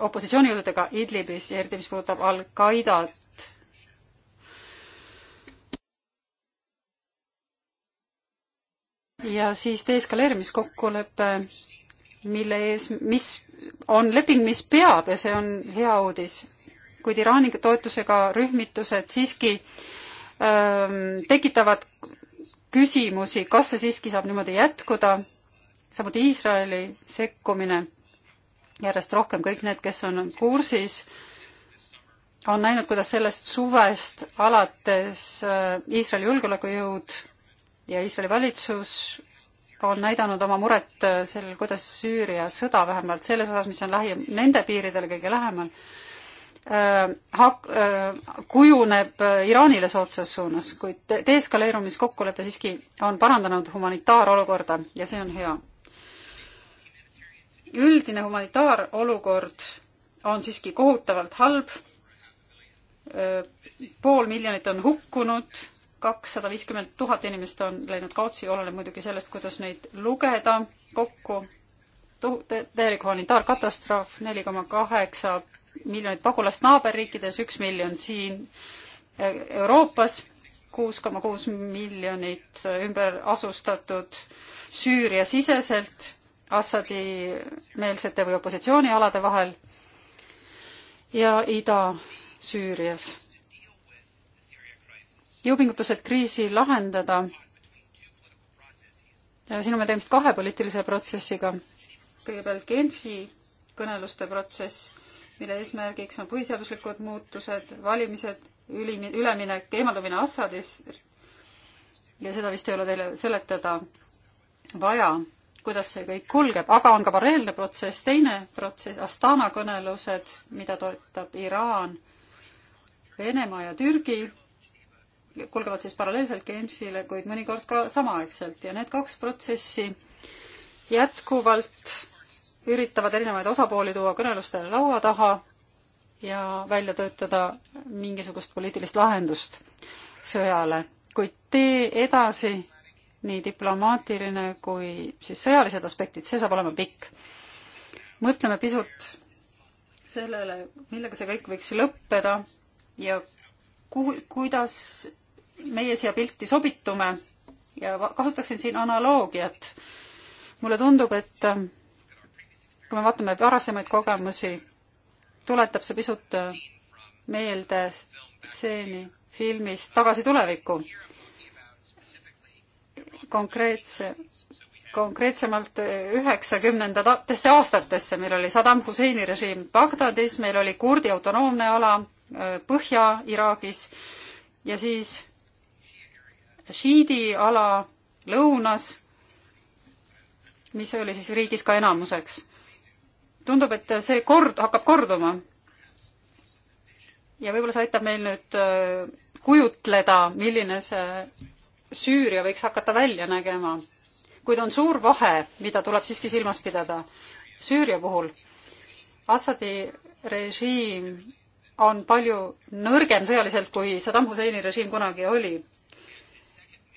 S4: opositsioonijõududega Idlibis ja eriti, mis puudutab Al-Qaidat ja siis deeskaleerimiskokkulepe, mille ees, mis on leping, mis peab ja see on hea uudis, kuid Iraani toetusega rühmitused siiski öö, ähm, tekitavad küsimusi, kas see siiski saab niimoodi jätkuda, samuti Iisraeli sekkumine, järjest rohkem kõik need, kes on kursis, on näinud, kuidas sellest suvest alates äh, Iisraeli julgeolekujõud ja Iisraeli valitsus on näidanud oma muret äh, sel, kuidas Süüria sõda vähemalt selles osas, mis on lähi, nende piiridele kõige lähemal äh,, hak- äh,, kujuneb äh, Iraanile soodsas suunas, kuid deeskaleerumiskokkulepe siiski on parandanud humanitaarolukorda ja see on hea. üldine humanitaarolukord on siiski kohutavalt halb äh,, pool miljonit on hukkunud kakssada viiskümmend tuhat inimest on läinud kaotsi, oleneb muidugi sellest, kuidas neid lugeda kokku tu-, täielik humanitaarkatastroof, neli koma kaheksa miljonit pagulast naaberriikides, üks miljon siin e, Euroopas, kuus koma kuus miljonit ümber asustatud Süüria-siseselt Assadi meelsete või opositsioonialade vahel ja Ida-Süürias jõupingutused kriisi lahendada. siin on meil tegemist kahe poliitilise protsessiga. kõigepealt Genfi kõneluste protsess, mille eesmärgiks on põhiseaduslikud muutused, valimised, üli, üleminek, eemaldumine Assadist ja seda vist ei ole teile seletada vaja, kuidas see kõik kulgeb, aga on ka paralleelne protsess, teine protsess, Astana kõnelused, mida toetab Iraan, Venemaa ja Türgi kulgevad siis paralleelselt Genfile, kuid mõnikord ka samaaegselt ja need kaks protsessi jätkuvalt üritavad erinevaid osapooli tuua kõnelustele laua taha ja välja töötada mingisugust poliitilist lahendust sõjale, kuid tee edasi, nii diplomaatiline kui siis sõjalised aspektid, see saab olema pikk. mõtleme pisut sellele, millega see kõik võiks lõppeda ja ku-, kuidas meie siia pilti sobitume ja kasutaksin siin analoogiat. mulle tundub, et äh, kui me vaatame varasemaid kogemusi, tuletab see pisut äh, meelde stseeni filmist Tagasi tulevikku. konkreetse, konkreetsemalt üheksakümnendatesse aastatesse, meil oli Saddam Husseini režiim Bagdadis, meil oli kurdi autonoomne ala äh, Põhja-Iraagis ja siis šiidi ala lõunas, mis oli siis riigis ka enamuseks. tundub, et see kord, hakkab korduma. ja võib-olla see aitab meil nüüd äh, kujutleda, milline see Süüria võiks hakata välja nägema. kuid on suur vahe, mida tuleb siiski silmas pidada. Süüria puhul Assadi režiim on palju nõrgem sõjaliselt, kui Saddam Husseini režiim kunagi oli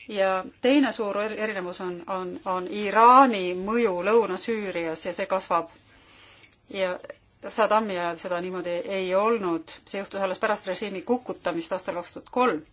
S4: ja teine suur er-, erinevus on, on, on Iraani mõju Lõuna-Süürias ja see kasvab. ja Saddami ajal seda niimoodi ei olnud, see juhtus alles pärast režiimi kukutamist aastal kaks tuhat kolm.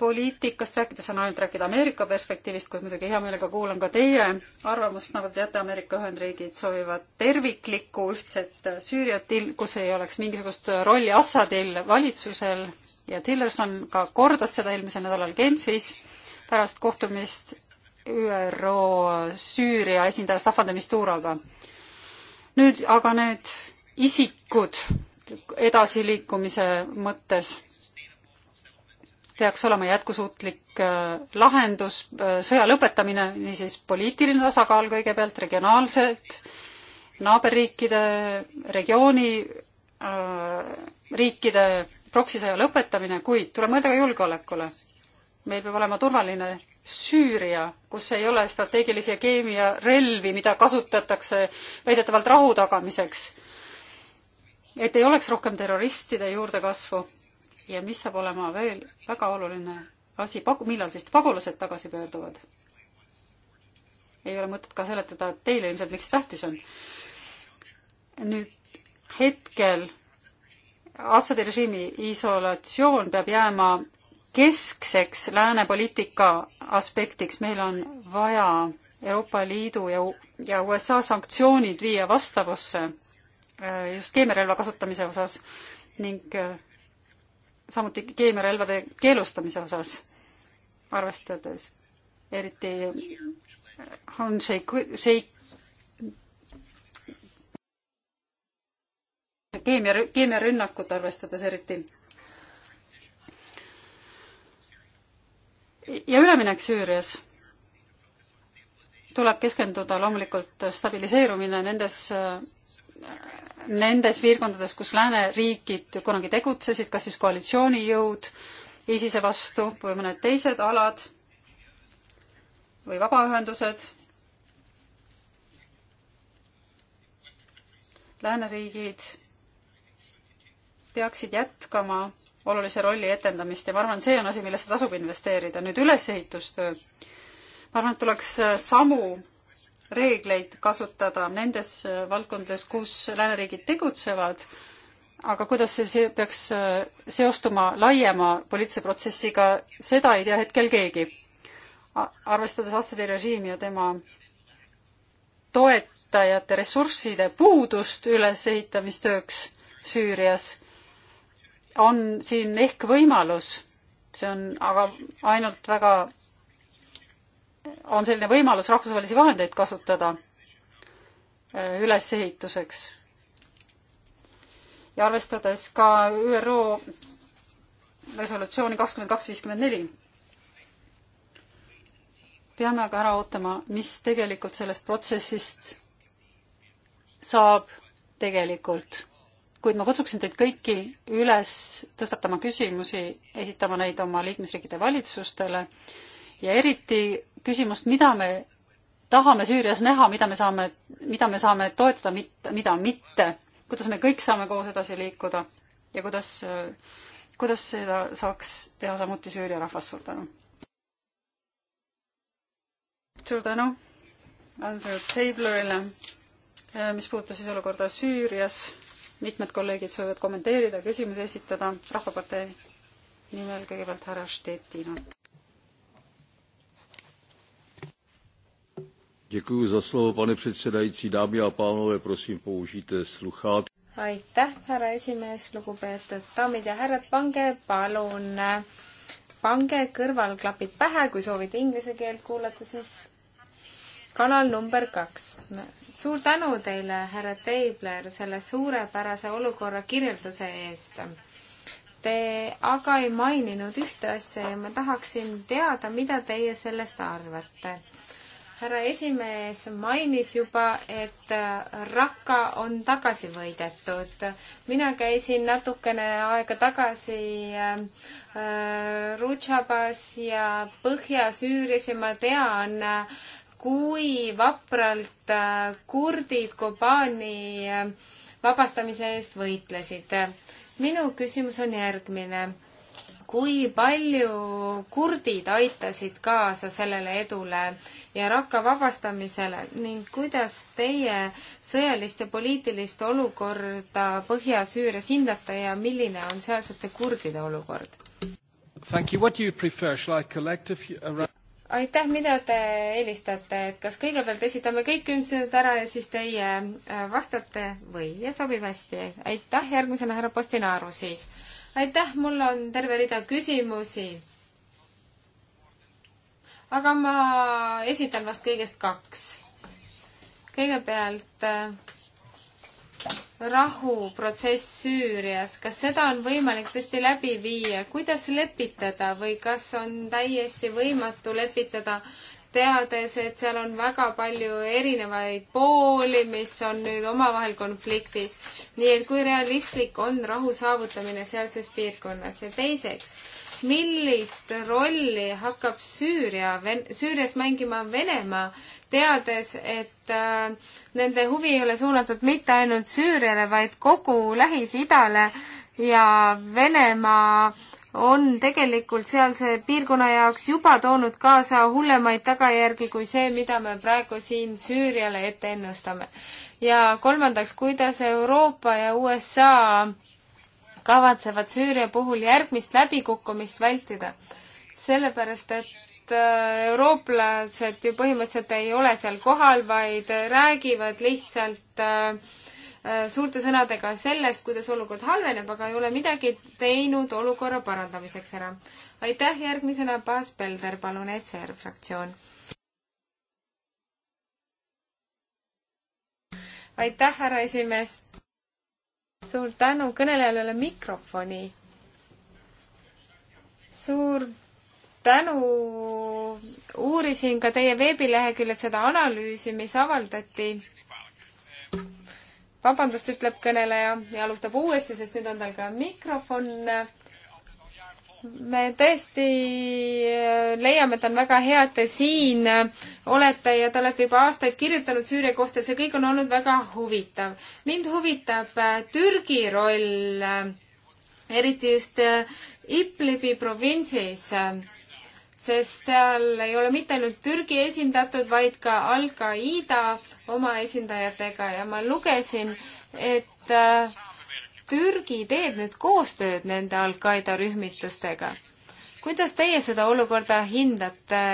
S4: poliitikast rääkides on ainult rääkida Ameerika perspektiivist, kuid muidugi hea meelega kuulan ka teie arvamust, nagu te teate, Ameerika Ühendriigid soovivad terviklikku ühtset Süüriat, kus ei oleks mingisugust rolli Assadil valitsusel ja Tillerson ka kordas seda eelmisel nädalal Genfis pärast kohtumist ÜRO Süüria esindaja Staffan de Misturaga. nüüd aga need isikud edasiliikumise mõttes peaks olema jätkusuutlik äh, lahendus, äh, sõja lõpetamine, niisiis poliitiline tasakaal kõigepealt regionaalselt, naaberriikide, regiooni äh, riikide proksisõja lõpetamine, kuid tuleb mõelda ka julgeolekule. meil peab olema turvaline Süüria, kus ei ole strateegilisi ja keemiarelvi, mida kasutatakse väidetavalt rahu tagamiseks. et ei oleks rohkem terroristide juurdekasvu. ja mis saab olema veel väga oluline asi, millal siis pagulased tagasi pöörduvad? ei ole mõtet ka seletada teile ilmselt, miks see tähtis on. nüüd hetkel Assadi režiimi isolatsioon peab jääma keskseks lääne poliitika aspektiks, meil on vaja Euroopa Liidu ja, ja USA sanktsioonid viia vastavusse äh, just keemiarelva kasutamise osas ning äh, samuti keemiarelvade keelustamise osas, arvestades eriti on Sheikh, Sheikh keemia, keemiarünnakut arvestades eriti. ja üleminek Süürias tuleb keskenduda loomulikult stabiliseerumine nendes, nendes piirkondades, kus lääneriigid kunagi tegutsesid, kas siis koalitsioonijõud ISISe vastu või mõned teised alad või vabaühendused lääneriigid peaksid jätkama olulise rolli etendamist ja ma arvan, see on asi, millesse tasub investeerida. nüüd ülesehitustöö. ma arvan, et tuleks äh, samu reegleid kasutada nendes äh, valdkondades, kus lääneriigid tegutsevad, aga kuidas see peaks äh, seostuma laiema poliitilise protsessiga, seda ei tea hetkel keegi. arvestades Assadi režiimi ja tema toetajate ressursside puudust ülesehitamistööks Süürias on siin ehk võimalus, see on aga ainult väga, on selline võimalus rahvusvahelisi vahendeid kasutada äh, ülesehituseks. ja arvestades ka ÜRO resolutsiooni kakskümmend kaks viiskümmend neli, peame aga ära ootama, mis tegelikult sellest protsessist saab tegelikult kuid ma kutsuksin teid kõiki üles tõstatama küsimusi, esitama neid oma liikmesriikide valitsustele ja eriti küsimust, mida me tahame Süürias näha, mida me saame, mida me saame toetada, mida mitte, kuidas me kõik saame koos edasi liikuda ja kuidas, kuidas seda saaks teha samuti Süüria rahvas, suur tänu. suur tänu Andrew Tablerile, mis puudutas siis olukorda Süürias mitmed kolleegid soovivad kommenteerida, küsimusi esitada. rahvapartei nimel kõigepealt härra Štetina.
S5: Děkuji za slovo, pane předsedající. Dámy a pánové, prosím, použijte sluchát.
S2: Aitäh, härra esimees, lugupeetud daamid ja härrad, pange palun, pange kõrvalklapid pähe, kui soovite inglise keelt kuulata, siis kanal number kaks. suur tänu teile, härra Teibler, selle suurepärase olukorra kirjelduse eest. Te aga ei maininud ühte asja ja ma tahaksin teada, mida teie sellest arvate. härra esimees mainis juba, et Raqqa on tagasi võidetud. mina käisin natukene aega tagasi äh, Rutšabas ja Põhja-Süürias ja ma tean äh,, kui vapralt äh, kurdid Kobani äh, vabastamise eest võitlesid. minu küsimus on järgmine. kui palju kurdid aitasid kaasa sellele edule ja Raqqa vabastamisele ning kuidas teie sõjalist ja poliitilist olukorda Põhja-Süürias hindate ja milline on sealsete kurdide olukord?
S1: Thank you. What do you prefer? Shall I collect a few around? Uh,
S2: aitäh, mida te eelistate, et kas kõigepealt esitame kõik küsimused ära ja siis teie äh, vastate või? ja sobib hästi. aitäh, järgmisena härra Postinaru siis. aitäh, mul on terve rida küsimusi. aga ma esitan vast kõigest kaks. kõigepealt äh, rahuprotsess Süürias, kas seda on võimalik tõesti läbi viia, kuidas lepitada või kas on täiesti võimatu lepitada, teades, et seal on väga palju erinevaid pooli, mis on nüüd omavahel konfliktis. nii et kui realistlik on rahu saavutamine sealses piirkonnas ja teiseks, millist rolli hakkab Süüria, Süürias mängima Venemaa teades, et äh, nende huvi ei ole suunatud mitte ainult Süüriale, vaid kogu Lähis-Idale ja Venemaa on tegelikult sealse piirkonna jaoks juba toonud kaasa hullemaid tagajärgi kui see, mida me praegu siin Süüriale ette ennustame. ja kolmandaks, kuidas Euroopa ja USA kavatsevad Süüria puhul järgmist läbikukkumist vältida? sellepärast, et Äh, eurooplased ju põhimõtteliselt ei ole seal kohal, vaid räägivad lihtsalt äh, äh, suurte sõnadega sellest, kuidas olukord halveneb, aga ei ole midagi teinud olukorra parandamiseks ära. aitäh, järgmisena Baas Pelder, palun, ECR fraktsioon. aitäh, härra esimees. suur tänu kõnelejale mikrofoni. suur tänu, uurisin ka teie veebileheküljelt seda analüüsi, mis avaldati. vabandust, ütleb kõneleja ja alustab uuesti, sest nüüd on tal ka mikrofon. me tõesti äh, leiame, et on väga hea, et te siin olete ja te olete juba aastaid kirjutanud Süüria kohta, see kõik on olnud väga huvitav. mind huvitab äh, Türgi roll, äh, eriti just Iplibi provintsis sest seal ei ole mitte ainult Türgi esindatud, vaid ka Al-Qaeda oma esindajatega ja ma lugesin, et äh, Türgi teeb nüüd koostööd nende Al-Qaeda rühmitustega. kuidas teie seda olukorda hindate?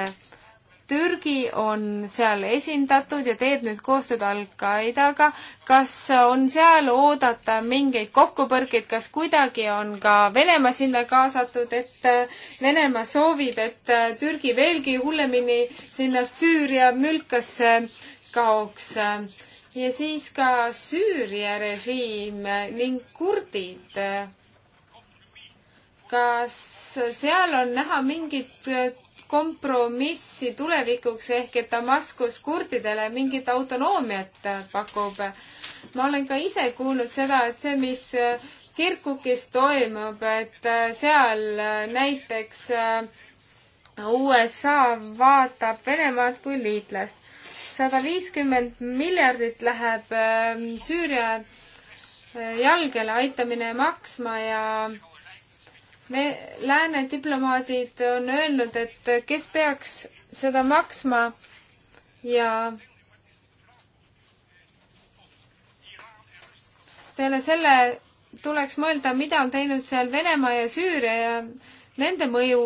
S2: Türgi on seal esindatud ja teeb nüüd koostööd Al-Qaedaga. kas on seal oodata mingeid kokkupõrkeid, kas kuidagi on ka Venemaa sinna kaasatud, et Venemaa soovib, et Türgi veelgi hullemini sinna Süüria mülkasse kaoks? ja siis ka Süüria režiim ning kurdid. kas seal on näha mingit kompromissi tulevikuks ehk et Damaskus kurdidele mingit autonoomiat pakub. ma olen ka ise kuulnud seda, et see, mis Kirkukis toimub, et seal näiteks äh, USA vaatab Venemaad kui liitlast. sada viiskümmend miljardit läheb äh, Süüria äh, jalgele aitamine maksma ja me, lääne diplomaadid on öelnud, et kes peaks seda maksma ja peale selle tuleks mõelda, mida on teinud seal Venemaa ja Süüria ja nende mõju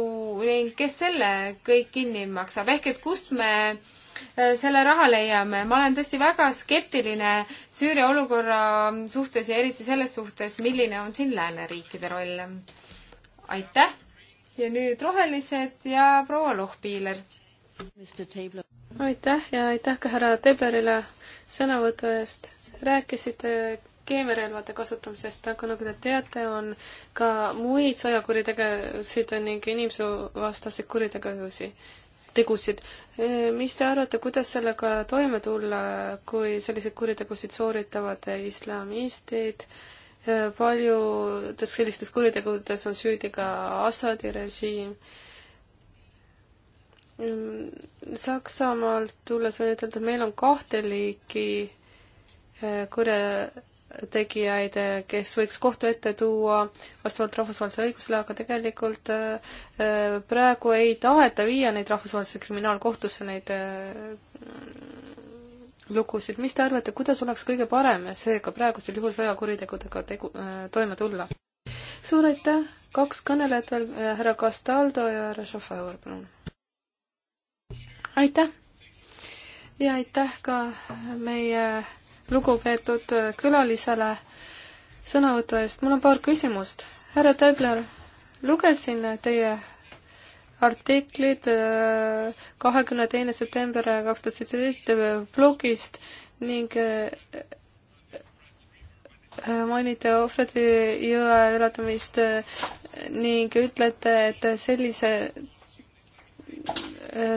S2: ning kes selle kõik kinni maksab, ehk et kust me äh, selle raha leiame. ma olen tõesti väga skeptiline Süüria olukorra suhtes ja eriti selles suhtes, milline on siin lääneriikide roll aitäh ja nüüd rohelised ja proua Lohpiiler. aitäh ja
S3: aitäh ka härra Teblerile sõnavõtu eest. rääkisite
S2: keemiarelvade
S3: kasutamisest, aga nagu te teate, on ka muid sõjakuritegevusid ning inimsusevastaseid kuritegevusi, tegusid. E, mis te arvate, kuidas sellega toime tulla, kui selliseid kuritegusid sooritavad islamistid äh,, paljudes sellistes kuritegudes on süüdi ka Assadi režiim. Saksamaalt tulles võin ütelda, et meil on kahte liiki eh, kurjategijaid, eh, kes võiks kohtu ette tuua vastavalt rahvusvahelisele õigusele, aga tegelikult eh, praegu ei taheta viia neid rahvusvahelisse kriminaalkohtusse, neid lugusid, mis te arvate, kuidas oleks kõige parem seega praegusel juhul sõjakuritegudega tegu äh,, toime tulla? suur aitäh, kaks kõnelejat veel, äh, härra Castaldo ja härra Šofajor, palun. aitäh ja aitäh ka meie lugupeetud äh, külalisele sõnavõtu eest, mul on paar küsimust. härra Täbler, lugesin teie artiklid äh, kahekümne teine september kaks tuhat seitseteist äh, blogist ning äh, mainite ohvrite jõe ületamist ning ütlete, et sellise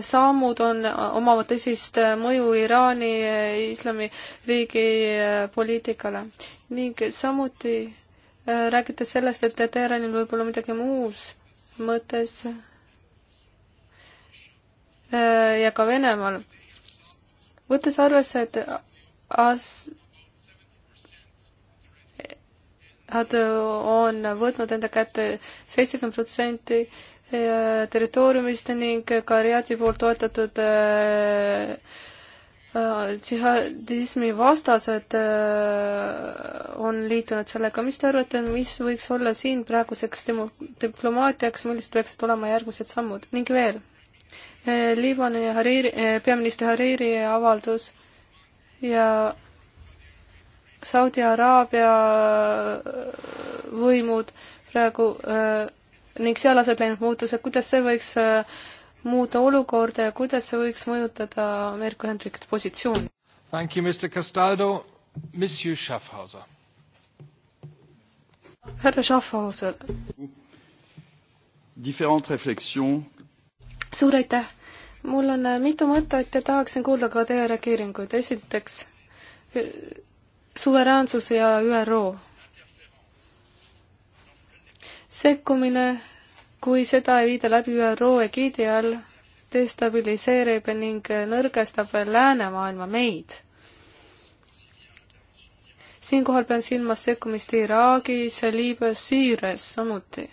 S3: sammud on, omavad tõsist mõju Iraani islamiriigi poliitikale ning samuti räägite sellest, et Teheranil võib olla midagi muus mõttes Äh, ja ka Venemaal. võttes arvesse, et as-, nad on võtnud enda kätte seitsekümmend protsenti äh, territooriumist ning ka Riadi poolt toetatud äh, džihadismi vastased on liitunud sellega. mis te arvate, mis võiks olla siin praeguseks demo-, diplomaatiaks, millised peaksid olema järgmised sammud ning veel? Eh, Liibanoni Hariri, eh, peaministri Hariri avaldus ja Saudi Araabia eh, võimud praegu ning seal aset läinud muutused, kuidas see võiks muuta olukorda ja kuidas see võiks mõjutada Ameerika Ühendriikide
S1: positsiooni? Thank you, Mr Castaldo, Monsieur Schaffhauser.
S4: härra Schaffhauser.
S1: Different reflexion
S3: suur aitäh! mul on äh, mitu mõtet ja tahaksin kuulda ka teie reageeringuid. esiteks, äh, suveräänsus ja ÜRO. sekkumine, kui seda ei viida läbi ÜRO egiidi all, destabiliseerib ning äh, nõrgestab läänemaailma meid. siinkohal pean silmas sekkumist Iraagis, Liibüas, Süürias samuti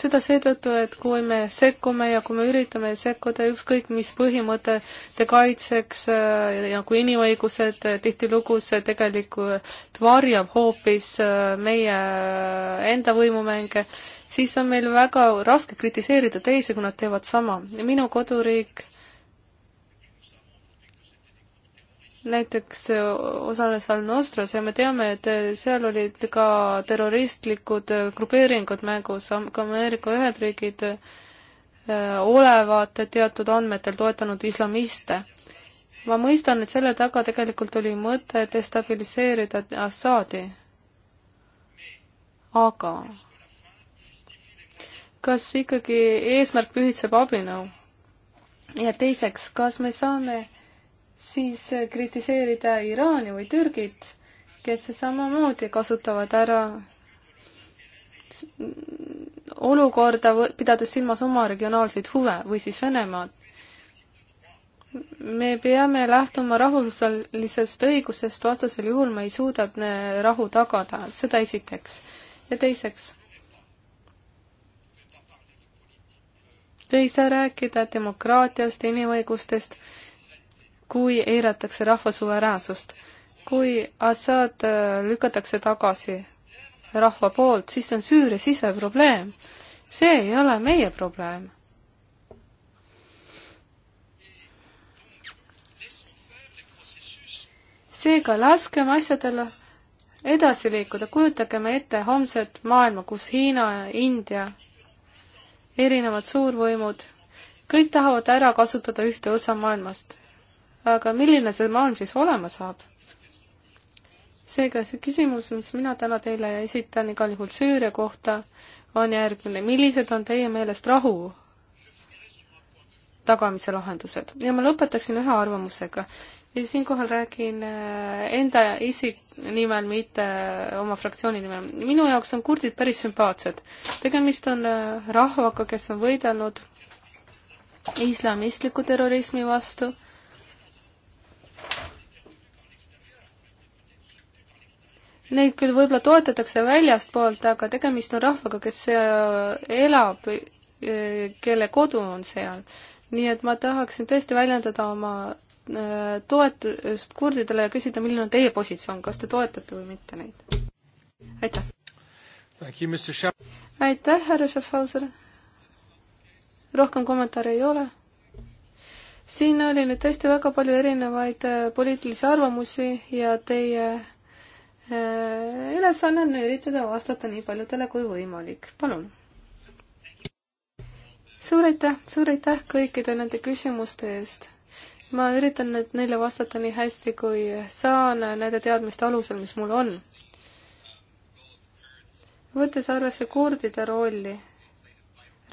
S3: seda seetõttu, et kui me sekkume ja kui me üritame sekkuda ükskõik mis põhimõtete kaitseks äh, ja kui inimõigused äh, tihtilugu see tegelikult varjab hoopis äh, meie enda võimumänge, siis on meil väga raske kritiseerida teisi, kui nad teevad sama. minu koduriik näiteks äh, osales Alnostras ja me teame, et äh, seal olid ka terroristlikud äh, grupeeringud mängus, ka Ameerika Ühendriigid olevat teatud andmetel toetanud islamiste. ma mõistan, et selle taga tegelikult oli mõte destabiliseerida Assaadi. aga kas ikkagi eesmärk pühitseb abinõu? ja teiseks, kas me saame siis kritiseerida Iraani või Türgit, kes samamoodi kasutavad ära olukorda, pidades silmas oma regionaalseid huve või siis Venemaad. me peame lähtuma rahvusvahelisest õigusest, vastasel juhul me ei suuda rahu tagada, seda esiteks. ja teiseks, te ei saa rääkida demokraatiast, inimõigustest kui eiratakse rahva suveräänsust. kui Assad äh, lükatakse tagasi rahva poolt, siis on Süüria siseprobleem. see ei ole meie probleem. seega laskem asjadele edasi liikuda, kujutagem ette homset maailma, kus Hiina ja India, erinevad suurvõimud, kõik tahavad ära kasutada ühte osa maailmast aga milline see maailm siis olema saab? seega see küsimus, mis mina täna teile esitan igal juhul Süüria kohta, on järgmine. millised on teie meelest rahu tagamise lahendused? ja ma lõpetaksin ühe arvamusega. ja siinkohal räägin äh, enda isik nimel, mitte äh, oma fraktsiooni nimel. minu jaoks on kurdid päris sümpaatsed. tegemist on äh, rahvaga, kes on võidelnud islamistliku terrorismi vastu Neid küll võib-olla toetatakse väljastpoolt, aga tegemist on rahvaga, kes äh, elab, äh, kelle kodu on seal. nii et ma tahaksin tõesti väljendada oma äh, toetust kurdidele ja küsida, milline on teie positsioon, kas te toetate või mitte neid? aitäh! aitäh, härra Schaffhauser! rohkem kommentaare ei ole. siin oli nüüd tõesti väga palju erinevaid poliitilisi arvamusi ja teie Äh, ülesanne on üritada vastata nii paljudele kui võimalik. palun. suur aitäh, suur aitäh kõikide nende küsimuste eest. ma üritan nüüd neile vastata nii hästi, kui saan nende teadmiste alusel, mis mul on. võttes arvesse kurdide rolli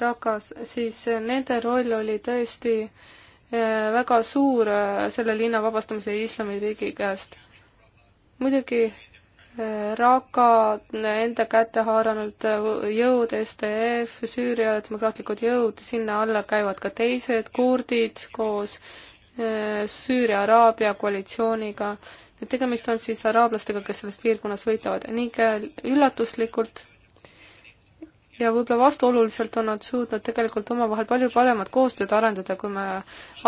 S3: Rakas, siis nende roll oli tõesti äh, väga suur äh, selle linna vabastamise islamiriigi käest muidugi Raka enda kätte haaranud jõud, SDF, Süüria demokraatlikud jõud, sinna alla käivad ka teised kurdid koos äh, Süüria-Araabia koalitsiooniga. et tegemist on siis araablastega, kes selles piirkonnas võitlevad ning äh, üllatuslikult ja võib-olla vastuoluliselt on nad suutnud tegelikult omavahel palju paremat koostööd arendada, kui me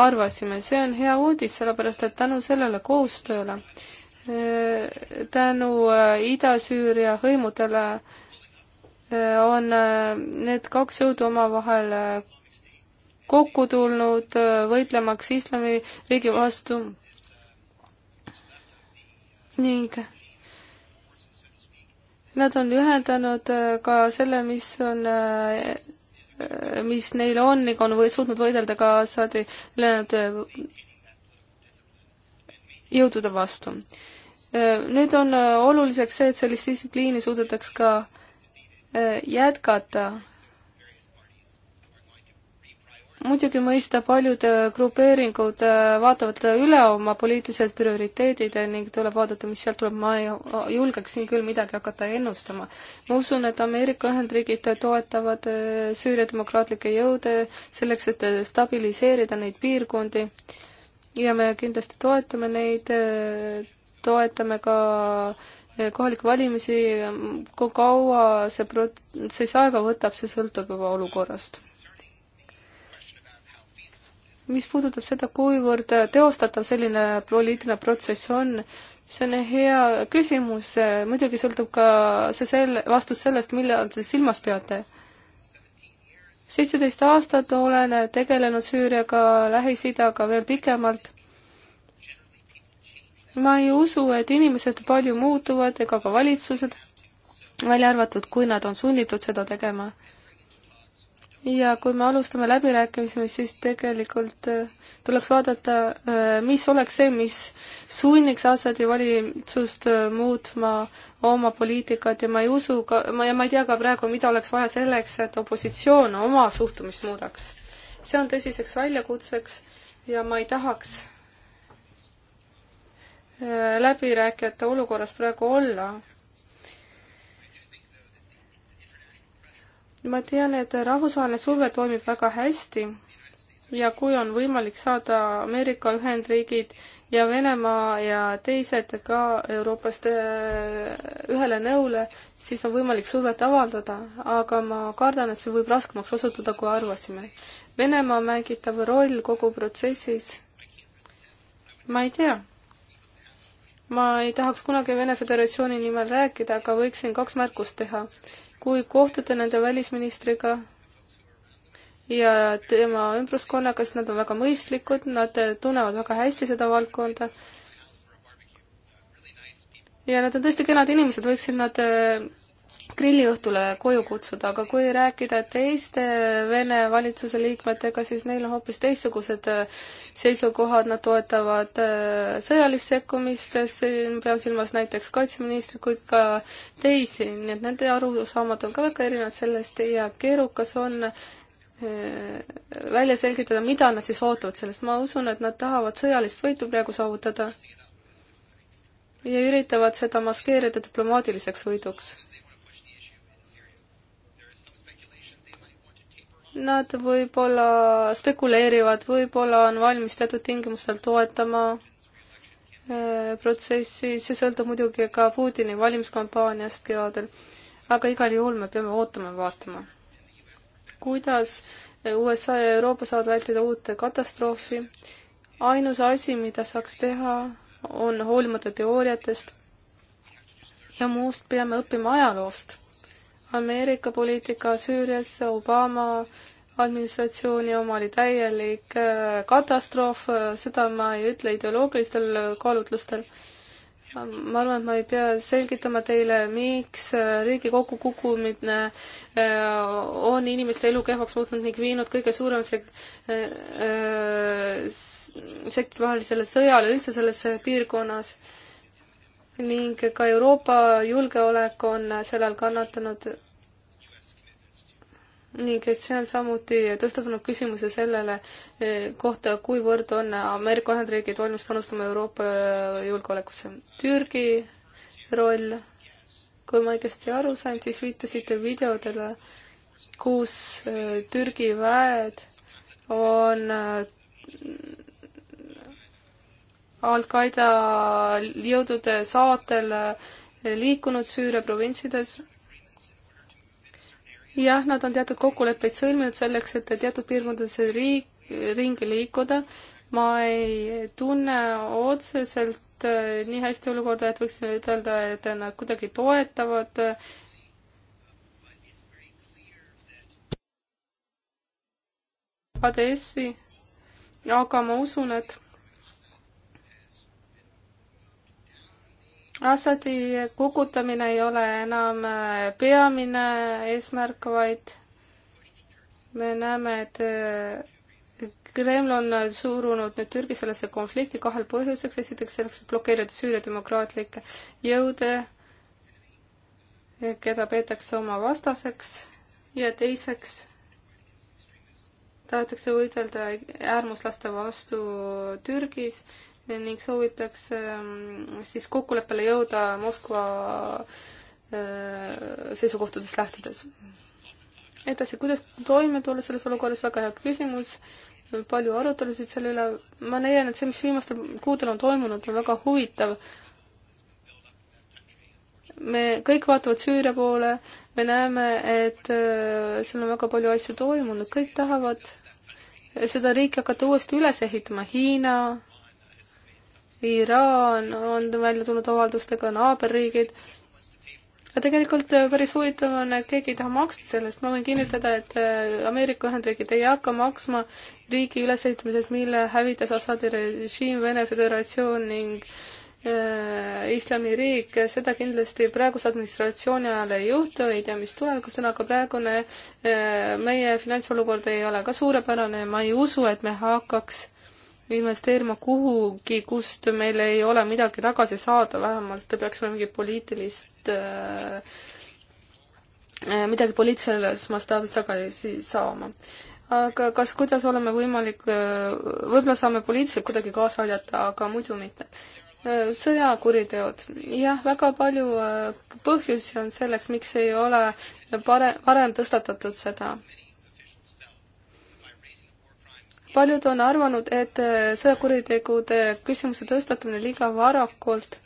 S3: arvasime. see on hea uudis, sellepärast et tänu sellele koostööle Äh, tänu äh, Ida-Süüria hõimudele äh, on need kaks jõudu omavahel kokku tulnud, võitlemaks islamiriigi vastu ning nad on ühendanud ka selle, mis on, mis neil on, ning on või, suutnud võidelda ka Assadi lennud jõudude vastu. Nüüd on oluliseks see, et sellist distsipliini suudetaks ka jätkata. muidugi mõista paljud grupeeringud vaatavad üle oma poliitilised prioriteedid ning tuleb vaadata, mis sealt tuleb, ma ei julgeks siin küll midagi hakata ennustama. ma usun, et Ameerika Ühendriigid toetavad Süüria demokraatlikke jõude selleks, et stabiliseerida neid piirkondi ja me kindlasti toetame neid, toetame ka eh, kohalikke valimisi, kui kaua see protsess aega võtab, see sõltub juba olukorrast. mis puudutab seda, kuivõrd teostatav selline poliitiline protsess on, see on hea küsimus, muidugi sõltub ka see selle, vastus sellest, millal te silmas peate seitseteist aastat olen tegelenud Süüriaga, Lähis-Idaga veel pikemalt. ma ei usu, et inimesed palju muutuvad ega ka valitsused, välja arvatud, kui nad on sunnitud seda tegema ja kui me alustame läbirääkimisi, siis tegelikult äh, tuleks vaadata, äh, mis oleks see, mis sunniks Assadi valitsust äh, muutma oma poliitikat ja ma ei usu ka, ma ja ma ei tea ka praegu, mida oleks vaja selleks, et opositsioon oma suhtumist muudaks. see on tõsiseks väljakutseks ja ma ei tahaks läbirääkijate olukorras praegu olla ma tean, et rahvusvaheline surve toimib väga hästi ja kui on võimalik saada Ameerika Ühendriigid ja Venemaa ja teised ka Euroopast äh, ühele nõule, siis on võimalik survet avaldada, aga ma kardan, et see võib raskemaks osutuda, kui arvasime. Venemaa mängitav roll kogu protsessis, ma ei tea. ma ei tahaks kunagi Vene Föderatsiooni nimel rääkida, aga võiksin kaks märkust teha kui kohtute nende välisministriga ja tema ümbruskonnaga, siis nad on väga mõistlikud, nad tunnevad väga hästi seda valdkonda. ja nad on tõesti kenad inimesed, võiksid nad grilliõhtule koju kutsuda, aga kui rääkida teiste Vene valitsuse liikmetega, siis neil on hoopis teistsugused äh, seisukohad, nad toetavad äh, sõjalist sekkumist, äh, siin pean silmas näiteks kaitseministrit, kuid ka teisi, nii et nende arusaamad on ka väga erinevad sellest ja keerukas on välja selgitada, mida nad siis ootavad sellest, ma usun, et nad tahavad sõjalist võitu praegu saavutada ja üritavad seda maskeerida diplomaatiliseks võiduks Nad võib-olla spekuleerivad, võib-olla on valmis teatud tingimustel toetama äh, protsessi, see sõltub muidugi ka Putini valimiskampaaniast kevadel. aga igal juhul me peame ootama ja vaatama, kuidas USA ja Euroopa saavad vältida uut katastroofi. ainus asi, mida saaks teha, on hoolimata teooriatest ja muust, peame õppima ajaloost Ameerika poliitika Süürias, Obama administratsiooni oma oli täielik äh, katastroof, äh, seda ma ei ütle ideoloogilistel kaalutlustel. ma arvan, et ma ei pea selgitama teile, miks äh, riigi kokkukukkumine on inimeste elu kehvaks muutnud ning viinud kõige suurem sek-, sektorivahelisele sõjale üldse selles piirkonnas ning ka Euroopa julgeolek on sellel kannatanud ning see on samuti tõstatanud küsimuse sellele e, kohta, kuivõrd on Ameerika Ühendriigid valmis panustama Euroopa julgeolekusse. Türgi roll, kui ma õigesti aru sain, siis viitasite videodele, kus e, Türgi väed on Al-Qaeda jõudude saatel eh, liikunud Süüria provintsides. jah, nad on teatud kokkuleppeid sõlminud selleks, et teatud piirkondades riik, ringi liikuda. ma ei tunne otseselt eh, nii hästi olukorda, et võiks ütelda, et nad kuidagi toetavad eh, ADS-i, aga ma usun, et Assadi kukutamine ei ole enam äh, peamine eesmärk, vaid me näeme, et äh, Kreml on äh, surunud nüüd Türgi sellesse konflikti kahel põhjuseks, esiteks selleks, et blokeerida Süüria demokraatlikke jõude, eh, keda peetakse oma vastaseks ja teiseks tahetakse võidelda äärmuslaste vastu Türgis ning soovitakse ähm, siis kokkuleppele jõuda Moskva äh, seisukohtadest lähtudes. edasi, kuidas toime tulla selles olukorras, väga hea küsimus, palju arutelusid selle üle, ma leian, et see, mis viimastel kuudel on toimunud, on väga huvitav. me kõik vaatavad Süüria poole, me näeme, et äh, seal on väga palju asju toimunud, kõik tahavad seda riiki hakata uuesti üles ehitama, Hiina, Iraan on välja tulnud avaldustega, naaberriigid. aga tegelikult äh, päris huvitav on, et keegi ei taha maksta sellest, ma võin kinnitada, et äh, Ameerika Ühendriigid ei hakka maksma riigi ülesehitamises, mille hävitas Assadi režiim, Vene Föderatsioon ning äh, islamiriik, seda kindlasti praeguse administratsiooni ajal ei juhtu, ei tea, mis tulevikus on, aga praegune äh, meie finantsolukord ei ole ka suurepärane ja ma ei usu, et me hakkaks investeerima kuhugi, kust meil ei ole midagi tagasi saada, vähemalt peaks olema mingi poliitilist äh, äh, midagi poliitilises mastaabis tagasi saama. aga kas, kuidas oleme võimalik, äh, võib-olla saame poliitiliselt kuidagi kaasa aidata, aga muidu mitte sõjakuriteod. jah, väga palju põhjusi on selleks, miks ei ole pare-, varem tõstatatud seda paljud on arvanud, et äh, sõjakuritegude küsimuse tõstatamine liiga varakult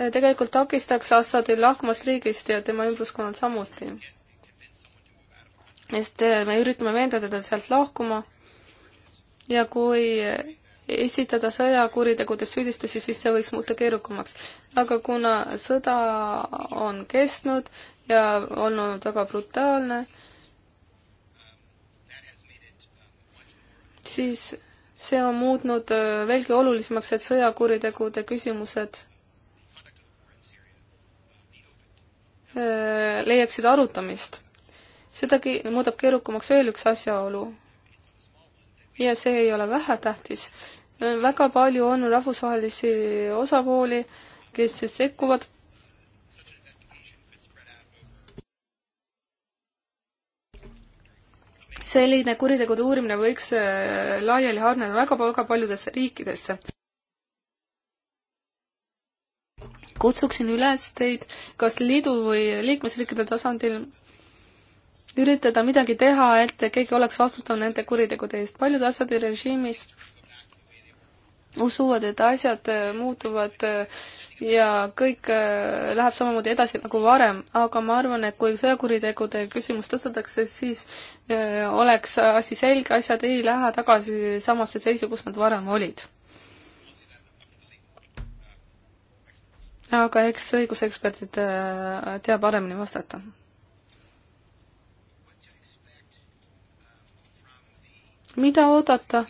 S3: äh, tegelikult takistaks Assadi lahkumast riigist ja tema ümbruskonnal samuti. sest äh, me üritame veenda teda sealt lahkuma ja kui esitada sõjakuritegudes süüdistusi, siis see võiks muuta keerukamaks. aga kuna sõda on kestnud ja olnud väga brutaalne, siis see on muutnud äh, veelgi olulisemaks, et sõjakuritegude küsimused äh, leiaksid arutamist. sedagi muudab keerukamaks veel üks asjaolu. ja see ei ole vähetähtis. väga palju on rahvusvahelisi osapooli, kes sekkuvad selline kuritegude uurimine võiks äh, laiali harneda väga, väga paljudesse riikidesse. kutsuksin üles teid kas liidu või liikmesriikide tasandil üritada midagi teha, et keegi oleks vastutav nende kuritegude eest. paljud asjade režiimis usuvad, et asjad äh, muutuvad äh, ja kõik äh, läheb samamoodi edasi nagu varem, aga ma arvan, et kui sõjakuritegude küsimus tõstatakse, siis oleks asi selge, asjad ei lähe tagasi samasse seisu, kus nad varem olid. aga eks õiguseksperdid tea paremini vastata mida oodata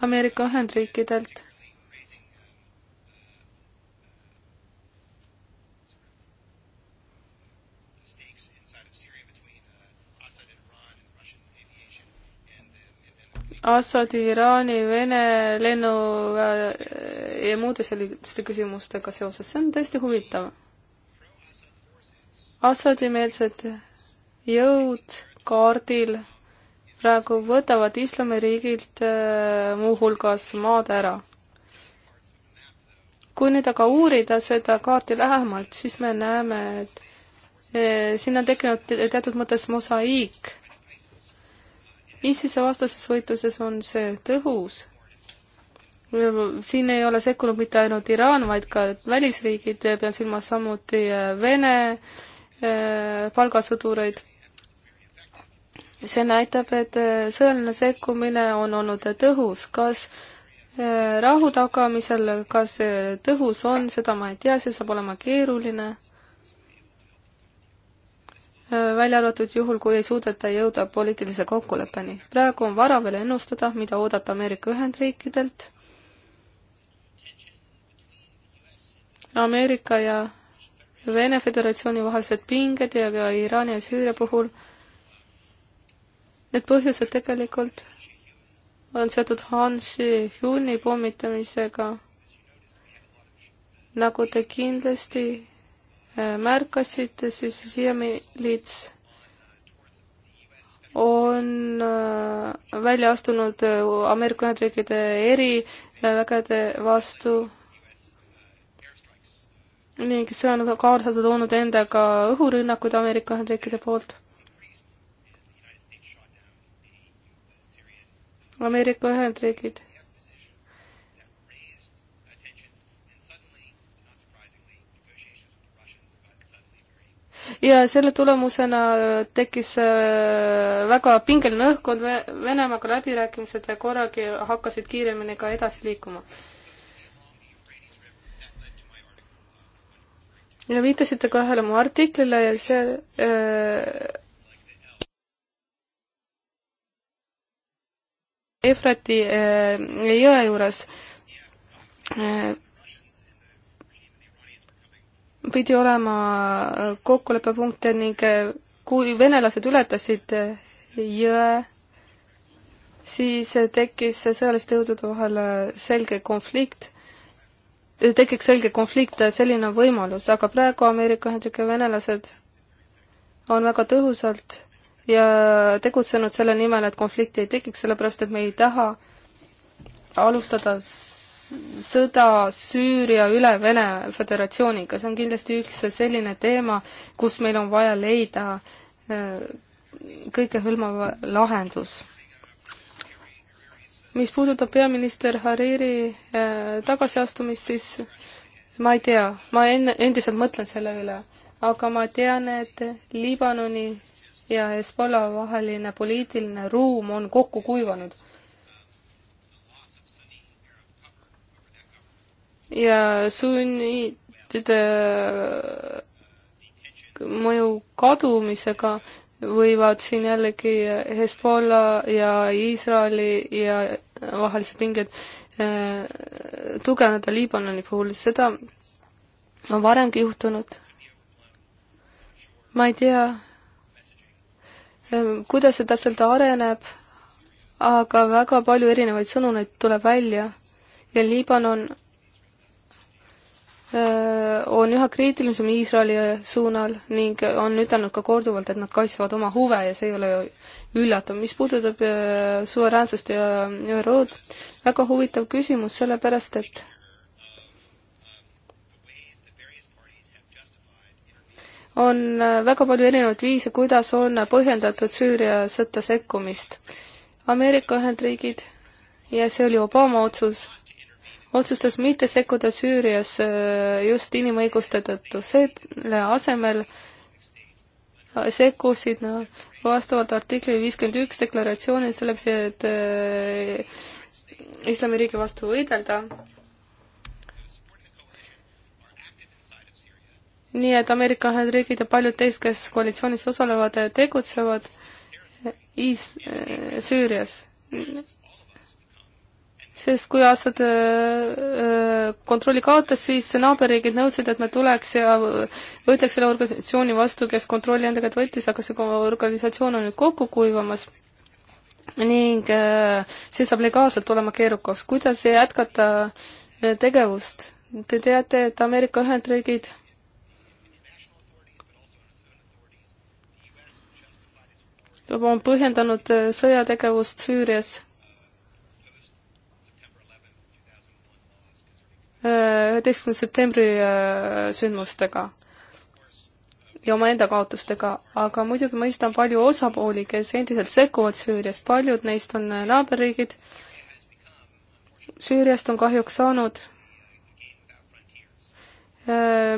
S3: Ameerika Ühendriikidelt. Assadi, Iraani, Vene lennu äh, ja muude selliste küsimustega seoses, see on tõesti huvitav. Assadi-meelsed jõud kaardil praegu võtavad islamiriigilt äh, muuhulgas maad ära. kui nüüd aga uurida seda kaarti lähemalt, siis me näeme, et äh, sinna on tekkinud teatud mõttes mosaiik. ISISe vastases võitluses on see tõhus siin ei ole sekkunud mitte ainult Iraan, vaid ka välisriigid, pean silmas samuti äh, Vene palgasõdureid see näitab, et äh, sõjaline sekkumine on olnud tõhus, kas äh, rahu tagamisel, kas see äh, tõhus on, seda ma ei tea, see saab olema keeruline. välja arvatud juhul, kui ei suudeta jõuda poliitilise kokkuleppeni. praegu on vara veel ennustada, mida oodata Ameerika Ühendriikidelt. Ameerika ja Vene Föderatsiooni vahelised pinged ja ka Iraani ja Süüria puhul äh, Need põhjused tegelikult on seotud Hansi juuni pommitamisega. nagu te kindlasti äh, märkasite, siis siia miilits on äh, välja astunud äh, Ameerika Ühendriikide erivägede vastu ning see on kaasa toonud endaga õhurünnakud Ameerika Ühendriikide poolt Ameerika Ühendriigid ja selle tulemusena tekkis äh, väga pingeline õhkkond Venemaaga läbirääkimised ja korragi hakkasid kiiremini ka edasi liikuma. ja viitasite ka ühele mu artiklile ja see öö, äh, Efrati jõe äh, juures äh, pidi olema kokkuleppepunkte ning äh, kui venelased ületasid jõe, siis tekkis sõjaliste jõudude vahel selge konflikt, tekiks selge konflikt, selline on võimalus, aga praegu Ameerika Ühendriikide venelased on väga tõhusalt ja tegutsenud selle nimel, et konflikti ei tekiks, sellepärast et me ei taha alustada sõda Süüria üle Vene Föderatsiooniga, see on kindlasti üks selline teema, kus meil on vaja leida äh, kõikehõlmav lahendus. mis puudutab peaminister Hariri äh, tagasiastumist, siis ma ei tea, ma enne, endiselt mõtlen selle üle, aga ma tean, et Liibanoni ja Hezbollah vaheline poliitiline ruum on kokku kuivanud. ja sunnitide mõju kadumisega võivad siin jällegi Hezbollah ja Iisraeli ja vahelised pinged eh, tugevneda Liibanoni puhul, seda on varemgi juhtunud. ma ei tea, Ehm, kuidas see täpselt areneb, aga väga palju erinevaid sõnumeid tuleb välja ja Liibanon ehm, on üha kriitilisem Iisraeli suunal ning on ütelnud ka korduvalt, et nad kaitsevad oma huve ja see ei ole üllatav. mis puudutab ehm, suveräänsust ja ÜRO-d, väga huvitav küsimus, sellepärast et on äh, väga palju erinevaid viise, kuidas on põhjendatud Süüria sõtta sekkumist. Ameerika Ühendriigid ja see oli Obama otsus, otsustas mitte sekkuda Süürias äh, just inimõiguste tõttu, selle asemel äh, sekkusid no, vastavalt artikli viiskümmend üks deklaratsioonil selleks, et islamiriigi vastu võidelda nii et Ameerika Ühendriigid ja paljud teised, kes koalitsioonis osalevad, tegutsevad Is-, äh, Süürias. sest kui Assad äh, äh, kontrolli kaotas, siis naaberriigid nõudsid, et me tuleks ja võitleks selle organisatsiooni vastu, kes kontrolli enda kätte võttis, aga see organisatsioon on nüüd kokku kuivamas ning see saab legaalselt olema keerukaks. kuidas jätkata tegevust? Te teate, et Ameerika Ühendriigid on põhjendanud äh, sõjategevust Süürias äh, üheteistkümnenda septembri äh, sündmustega ja omaenda kaotustega, aga muidugi mõistan palju osapooli, kes endiselt sekkuvad Süürias, paljud neist on naaberriigid. Süüriast on kahjuks saanud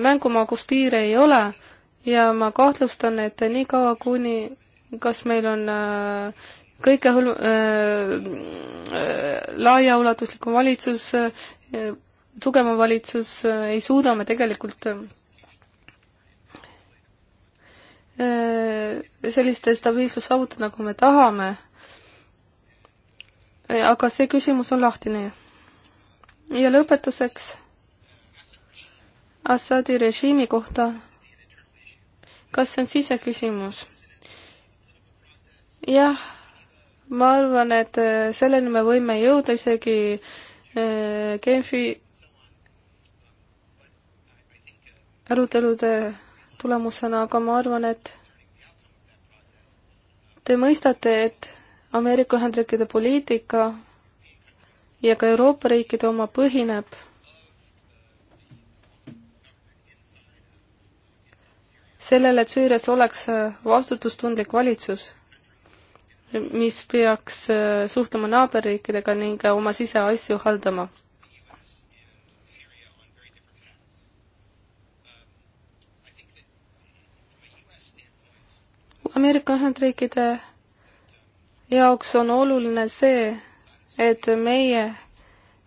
S3: mängumaa, kus piire ei ole ja ma kahtlustan, et niikaua, kuni kas meil on äh, kõike hõl- äh,, äh laiaulatuslikum valitsus äh,, tugevam valitsus äh,, ei suuda me tegelikult äh, sellist stabiilsust saavutada, nagu me tahame. Äh, aga see küsimus on lahtine. ja lõpetuseks Assadi režiimi kohta. kas see on siseküsimus? jah, ma arvan, et äh, selleni me võime jõuda isegi äh, Genfi arutelude tulemusena, aga ma arvan, et te mõistate, et Ameerika Ühendriikide poliitika ja ka Euroopa riikide oma põhineb sellele, et Süürias oleks vastutustundlik valitsus mis peaks äh, suhtlema naaberriikidega ning äh, oma siseasju haldama. Ameerika Ühendriikide jaoks on oluline see, et meie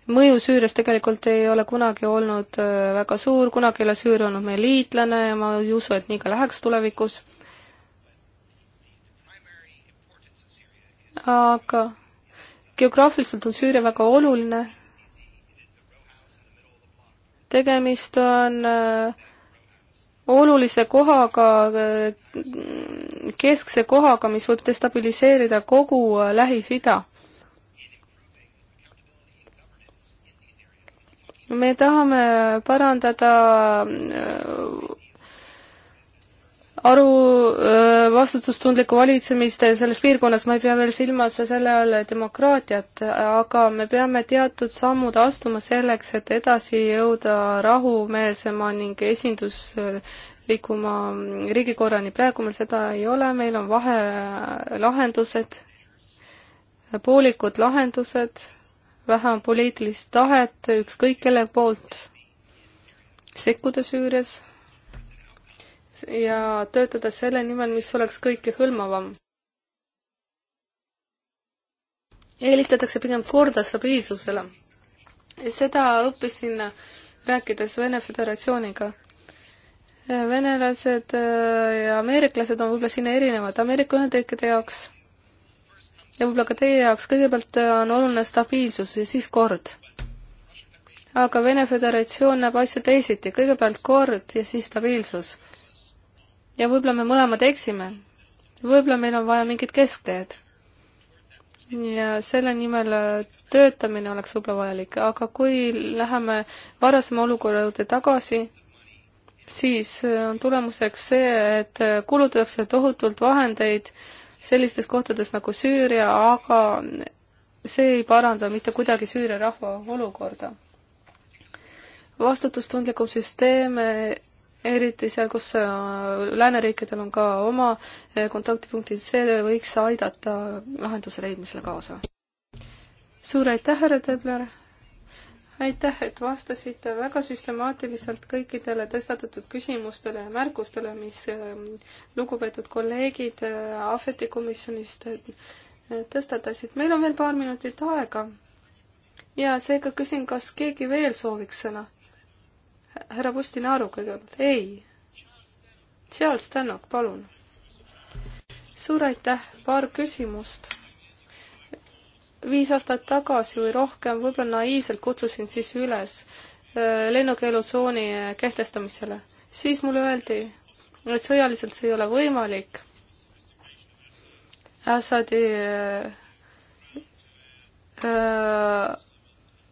S3: mõju Süürias tegelikult ei ole kunagi olnud äh, väga suur, kunagi ei ole Süüria olnud meie liitlane ja ma ei usu, et nii ka läheks tulevikus aga geograafiliselt on Süüria väga oluline. tegemist on äh, olulise kohaga, äh, keskse kohaga, mis võib destabiliseerida kogu äh, Lähis-Ida. me tahame parandada aru vastutustundlikku valitsemist selles piirkonnas, ma ei pea veel silmas selle all demokraatiat, aga me peame teatud sammud astuma selleks, et edasi jõuda rahumeelsema ning esinduslikuma riigikorrani. praegu meil seda ei ole, meil on vahelahendused, poolikud lahendused, vähe on poliitilist tahet ükskõik kelle poolt sekkuda Süürias ja töötada selle nimel, mis oleks kõikehõlmavam. eelistatakse pigem korda stabiilsusele. seda õppisin rääkides Vene Föderatsiooniga. venelased äh, ja ameeriklased on võib-olla siin erinevad Ameerika Ühendriikide jaoks ja võib-olla ka teie jaoks, kõigepealt äh, on oluline stabiilsus ja siis kord aga Vene Föderatsioon näeb asju teisiti, kõigepealt kord ja siis stabiilsus ja võib-olla me mõlemad eksime. võib-olla meil on vaja mingit keskteed. ja selle nimel äh, töötamine oleks võib-olla vajalik, aga kui läheme varasema olukorra juurde tagasi, siis äh, on tulemuseks see, et äh, kulutatakse tohutult vahendeid sellistes kohtades nagu Süüria, aga see ei paranda mitte kuidagi Süüria rahva olukorda. vastutustundlikum süsteem eriti seal, kus äh, lääneriikidel on ka oma äh, kontaktipunktid, see võiks aidata lahenduse leidmisele kaasa. suur aitäh, härra Tebler! aitäh, et vastasite väga süstemaatiliselt kõikidele tõstatatud küsimustele ja märkustele, mis äh, lugupeetud kolleegid Ahveti komisjonist tõstatasid. meil on veel paar minutit aega ja seega küsin, kas keegi veel sooviks sõna härra Postinaru kõigepealt, ei. Charles Tannock, palun. suur aitäh, paar küsimust. viis aastat tagasi või rohkem, võib-olla naiivselt kutsusin siis üles äh, lennukeelutsooni kehtestamisele. siis mulle öeldi, et sõjaliselt see ei ole võimalik. Assadi äh, äh,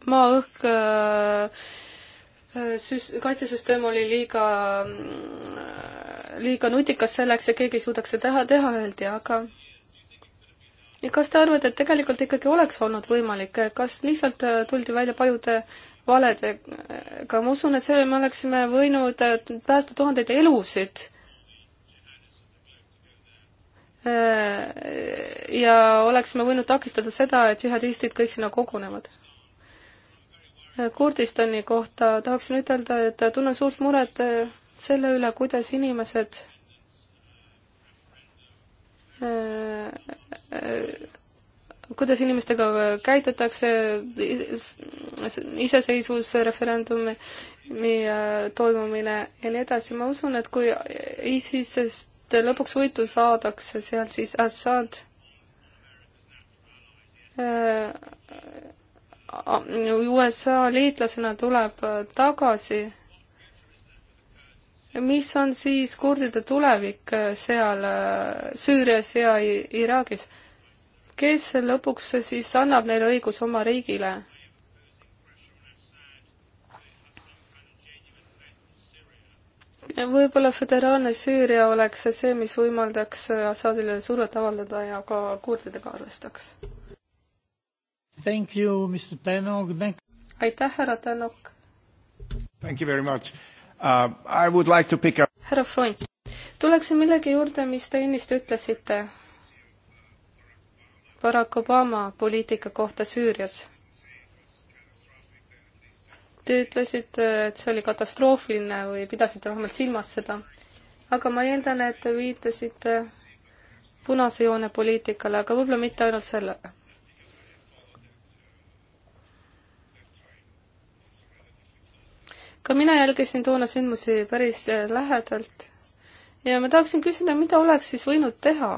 S3: maa-õhk Äh, süs-, kaitsesüsteem oli liiga, mm, liiga nutikas selleks ja keegi ei suudaks seda teha, teha öeldi, aga ja kas te arvate, et tegelikult ikkagi oleks olnud võimalik, kas lihtsalt äh, tuldi välja pajude valedega, ma usun, et selle me oleksime võinud äh, päästa tuhandeid elusid. ja oleksime võinud takistada seda, et džihadistid kõik sinna kogunevad Kurdistani kohta tahaksin ütelda, et tunnen suurt muret äh, selle üle, kuidas inimesed äh, äh, kuidas inimestega käidetakse iseseisvusreferendumi toimumine ja nii edasi. ma usun, et kui ISISest lõpuks võitu saadakse sealt, siis Assad USA liitlasena tuleb äh, tagasi, mis on siis kurdide tulevik äh, seal äh, Süürias ja Iraagis? kes lõpuks siis annab neile õiguse oma riigile? võib-olla föderaalne Süüria oleks see, mis võimaldaks Assadile survet avaldada ja ka kurdidega arvestaks
S1: Thank you, Mr Tänok.
S3: aitäh, härra Tänok.
S1: Thank you very much uh,. I would like to pick up.
S3: härra Front, tuleksin millegi juurde, mis te ennist ütlesite Barack Obama poliitika kohta Süürias. Te ütlesite, et see oli katastroofiline või pidasite vähemalt silmas seda. aga ma eeldan, et te viitasite punase joone poliitikale, aga võib-olla mitte ainult sellele. ka mina jälgisin toona sündmusi päris äh, lähedalt ja ma tahaksin küsida, mida oleks siis võinud teha?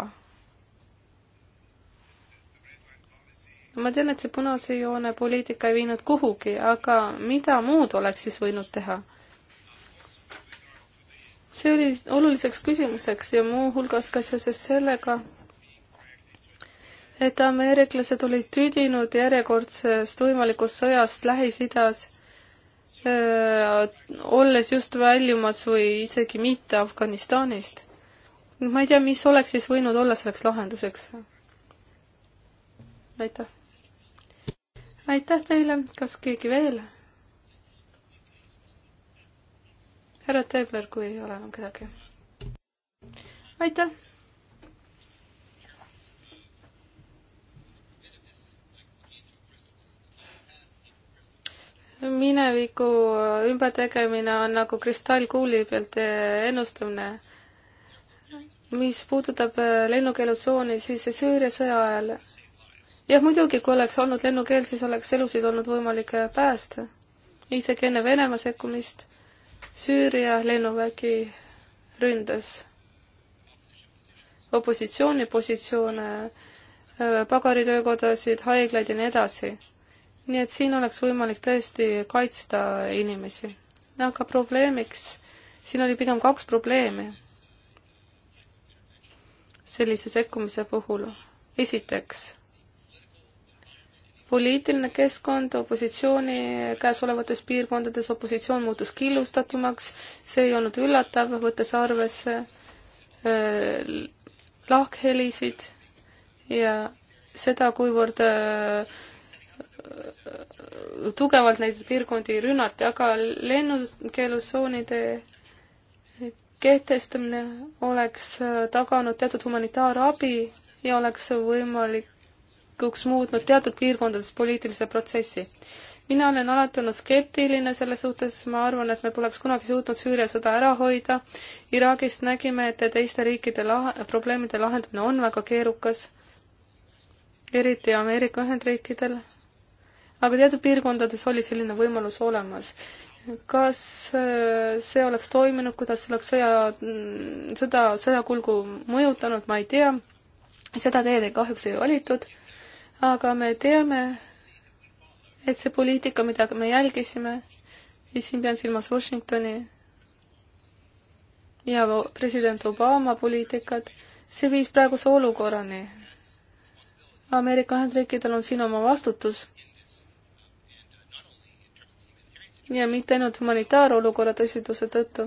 S3: ma tean, et see punase joone poliitika ei viinud kuhugi, aga mida muud oleks siis võinud teha? see oli oluliseks küsimuseks ja muuhulgas ka seoses sellega, et ameeriklased olid tüdinud järjekordsest võimalikust sõjast Lähis-Idas Äh, olles just väljumas või isegi mitte Afganistanist. ma ei tea, mis oleks siis võinud olla selleks lahenduseks. aitäh. aitäh teile, kas keegi veel? härra Teebler, kui ei ole enam kedagi. aitäh mineviku ümbertegemine on nagu kristallkuuli pealt ennustamine. mis puudutab äh, lennukeelutsooni, siis Süüria sõja ajal jah, muidugi, kui oleks olnud lennukeel, siis oleks elusid olnud võimalik äh, päästa. isegi enne Venemaa sekkumist Süüria lennuvägi ründas opositsiooni positsioone, äh, pagaritöökodasid, haiglaid ja nii edasi nii et siin oleks võimalik tõesti kaitsta inimesi. aga probleemiks, siin oli pigem kaks probleemi sellise sekkumise puhul. esiteks, poliitiline keskkond opositsiooni käesolevates piirkondades, opositsioon muutus killustatumaks, see ei olnud üllatav, võttes arvesse äh, lahkhelisid ja seda, kuivõrd öö, äh, tugevalt neid piirkondi rünnati, aga lennukeelustsoonide kehtestamine oleks taganud teatud humanitaarabi ja oleks võimalikuks muutnud teatud piirkondades poliitilise protsessi. mina olen alati olnud skeptiline selle suhtes, ma arvan, et me poleks kunagi suutnud Süüria sõda ära hoida. Iraagist nägime, et teiste riikide lah-, probleemide lahendamine on väga keerukas, eriti Ameerika Ühendriikidel aga teatud piirkondades oli selline võimalus olemas. kas äh, see oleks toiminud, kuidas oleks sõja, mm, sõda, sõjakulgu mõjutanud, ma ei tea, seda teed kahjuks ei valitud, aga me teame, et see poliitika, mida me jälgisime, ja siin pean silmas Washingtoni ja president Obama poliitikat, see viis praeguse olukorrani. Ameerika Ühendriikidel on siin oma vastutus ja mitte ainult humanitaarolukorra tõsiduse tõttu,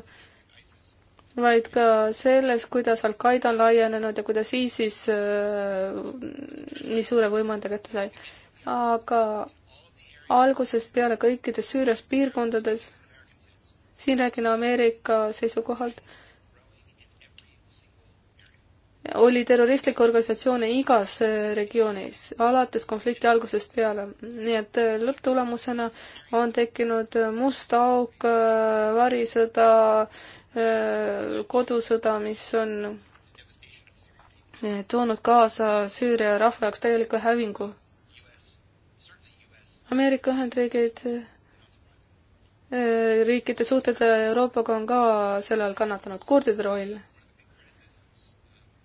S3: vaid ka selles, kuidas Al-Qaeda on laienenud ja kuidas ISIS äh, nii suure võimuenda kätte sai. aga algusest peale kõikides Süürias piirkondades, siin räägin Ameerika seisukohalt, oli terroristlikke organisatsioone igas äh, regioonis, alates konflikti algusest peale. nii et äh, lõpptulemusena on tekkinud äh, must auk, varisõda, kodusõda, mis on toonud kaasa Süüria rahva jaoks täieliku hävingu. Ameerika Ühendriigid, riikide suhted Euroopaga on ka selle all kannatanud, kurdide roll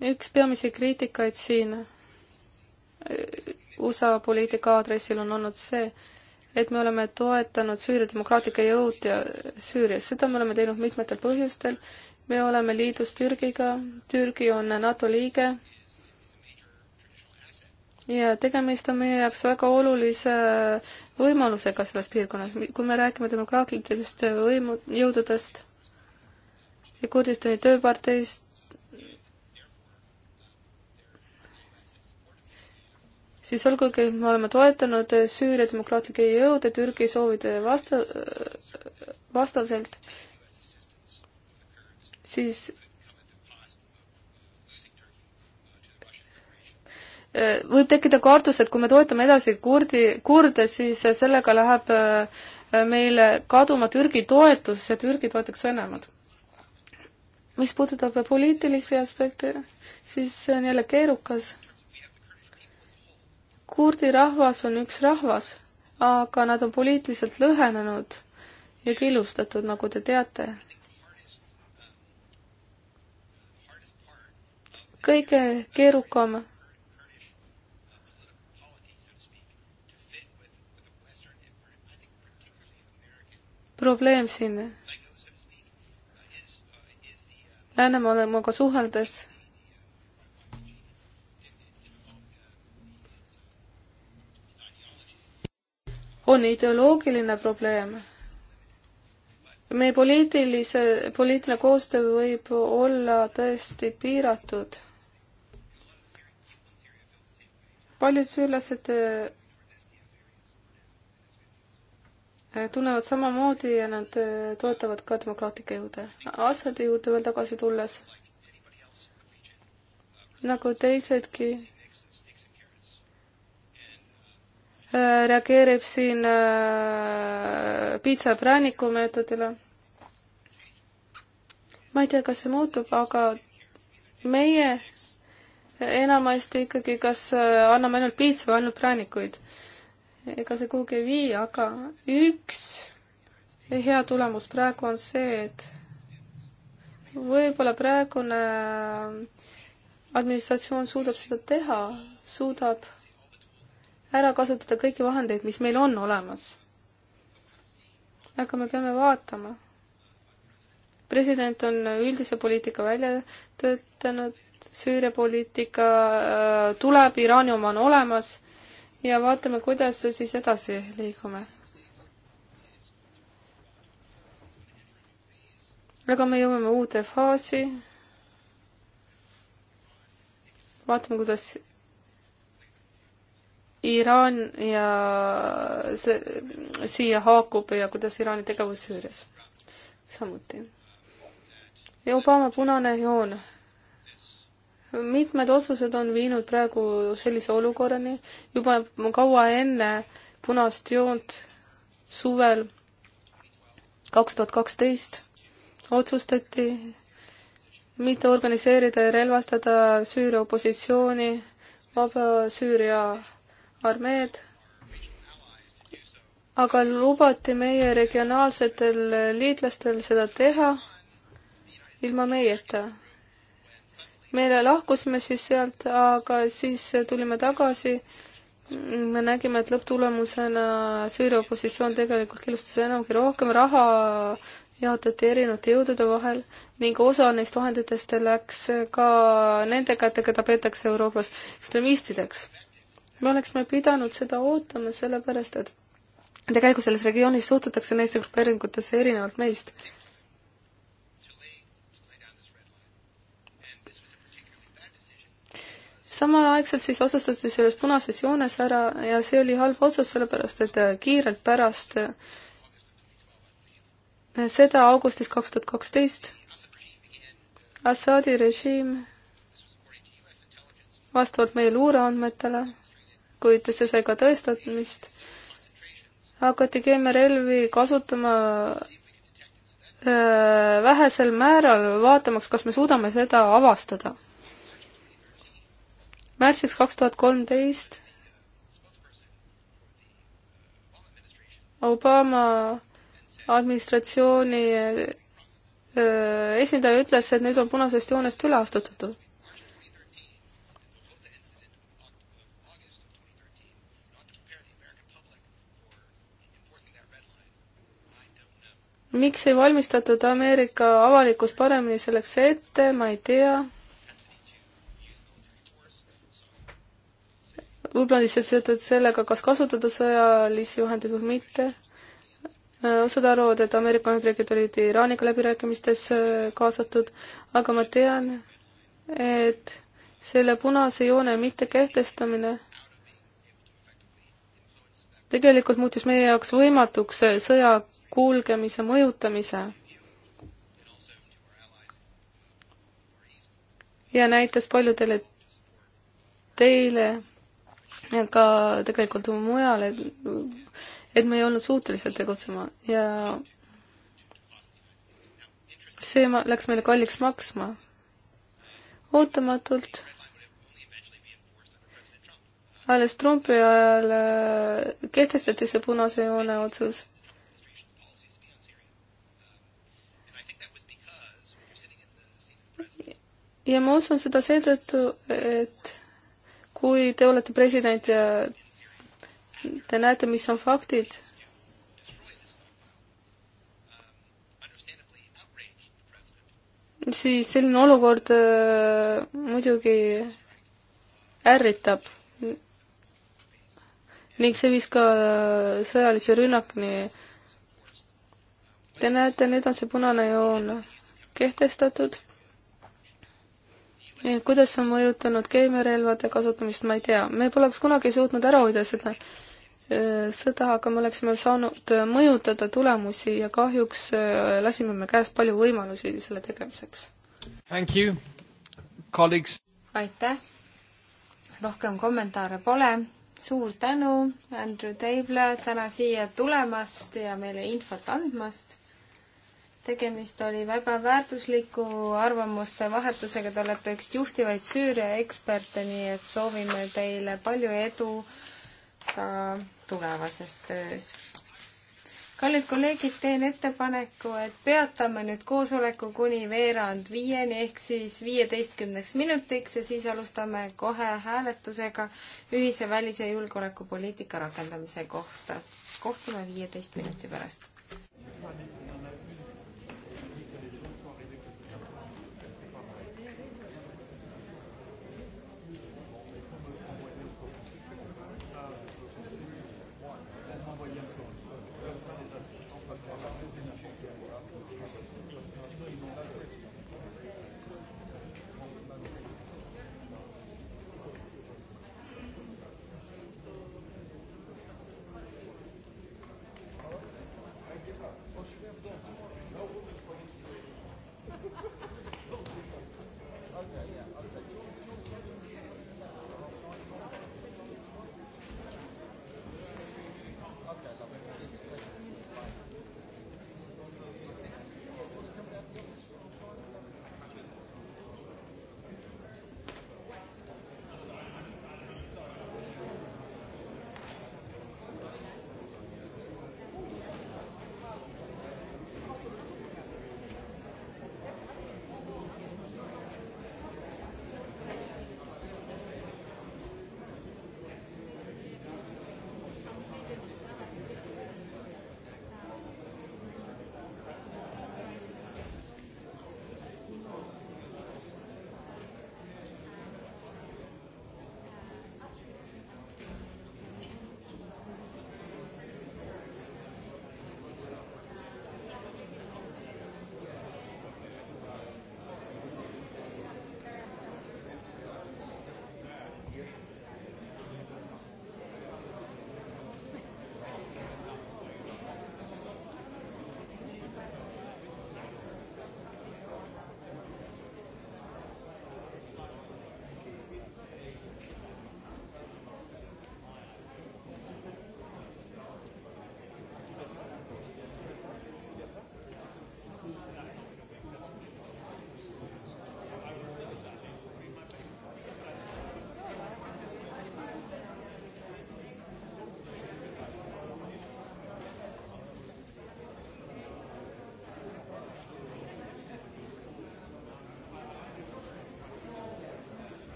S3: üks peamisi kriitikaid siin äh, USA poliitika aadressil on olnud see, et me oleme toetanud Süüria demokraatlike jõud ja Süürias, seda me oleme teinud mitmetel põhjustel. me oleme liidus Türgiga, Türgi on NATO liige. ja tegemist on meie jaoks väga olulise võimalusega selles piirkonnas, kui me räägime demokraatlikest võimu, jõududest ja Kurdistani tööparteist, siis olgugi, et me oleme toetanud Süüria demokraatlikke jõude Türgi soovide vasta, vastaselt, siis võib tekkida kartus, et kui me toetame edasi kurdi, kurde, siis sellega läheb äh, meile kaduma Türgi toetus ja Türgi toetaks Venemaad. mis puudutab poliitilisi aspekte, siis see on jälle keerukas kurdi rahvas on üks rahvas, aga nad on poliitiliselt lõhenenud ja killustatud, nagu te teate. kõige keerukam probleem siin Läänemaailmaga suheldes on ideoloogiline probleem. meie poliitilise, poliitiline koostöö võib olla tõesti piiratud. paljud süürlased äh, tunnevad samamoodi ja nad äh, toetavad ka demokraatlikke jõude. Assadi juurde veel tagasi tulles, nagu teisedki Äh, reageerib siin äh, piitsa prääniku meetodile. ma ei tea, kas see muutub, aga meie enamasti ikkagi kas äh, anname ainult piitsa või ainult präänikuid. ega see kuhugi ei vii, aga üks hea tulemus praegu on see, et võib-olla praegune administratsioon suudab seda teha, suudab ära kasutada kõiki vahendeid, mis meil on olemas. aga me peame vaatama. president on üldise poliitika välja töötanud, Süüria poliitika äh, tuleb, Iraani oma on olemas ja vaatame, kuidas siis edasi liigume. aga me jõuame uude faasi. vaatame, kuidas Iraan ja see, siia haakub ja kuidas Iraani tegevus Süürias samuti. ja Obama punane joon. mitmed otsused on viinud praegu sellise olukorrani juba kaua enne punast joont suvel kaks tuhat kaksteist otsustati mitte organiseerida ja relvastada Süüria opositsiooni, Vaba Süüria armeed, aga lubati meie regionaalsetel liitlastel seda teha ilma meieta. me lahkusime siis sealt, aga siis tulime tagasi, me nägime, et lõpptulemusena Süüria opositsioon tegelikult killustas enamgi rohkem, raha jaotati erinevate jõudude vahel ning osa neist vahenditest läks ka nende kätte, keda peetakse Euroopas ekstremistideks me oleksime pidanud seda ootama, sellepärast et tegelikult selles regioonis suhtutakse neisse grupeeringutesse erinevalt meist. samaaegselt siis otsustati selles punases joones ära ja see oli halb otsus, sellepärast et kiirelt pärast seda augustis kaks tuhat kaksteist Assaadi režiim vastavalt meie luureandmetele kuid see sai ka tõestamist. hakati keemiarelvi kasutama vähesel määral, vaatamaks, kas me suudame seda avastada. märtsiks kaks tuhat kolmteist Obama administratsiooni esindaja ütles, et nüüd on punasest joonest üle astutud miks ei valmistatud Ameerika avalikkus paremini selleks ette, ma ei tea. võib-olla lihtsalt seotud sellega, kas kasutada sõjalisi juhendeid või mitte. Äh, osad arvavad, et Ameerika Ühendriigid olid Iraaniga läbirääkimistes äh, kaasatud, aga ma tean, et selle punase joone mittekehtestamine tegelikult muutis meie jaoks võimatuks äh, sõja kulgemise mõjutamise. ja näitas paljudele teile ja ka tegelikult mujal, et, et me ei olnud suutelised tegutsema ja see ma-, läks meile kalliks maksma. ootamatult. alles Trumpi ajal äh, kehtestati see punase joone otsus ja ma usun seda seetõttu, et kui te olete president ja te näete, mis on faktid, siis selline olukord äh, muidugi ärritab ning see viis ka äh, sõjalise rünnakuni. Te näete, nüüd on see punane joon kehtestatud Eh, kuidas see on mõjutanud keemiarelvade kasutamist, ma ei tea, me poleks kunagi suutnud ära hoida seda eh, sõda, aga me oleksime saanud mõjutada tulemusi ja kahjuks eh,
S2: lasime me käest palju võimalusi selle tegemiseks. aitäh, rohkem kommentaare pole, suur tänu, Andrew Table, täna siia tulemast ja meile infot andmast tegemist oli väga väärtusliku arvamuste vahetusega, te olete üks juhtivaid Süüria eksperte, nii et soovime teile palju edu ka tulevases töös. kallid kolleegid, teen ettepaneku, et peatame nüüd koosoleku kuni veerand viieni ehk siis viieteistkümneks minutiks ja siis alustame kohe hääletusega ühise välis- ja julgeolekupoliitika rakendamise kohta. kohtume viieteist minuti pärast.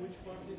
S5: which part is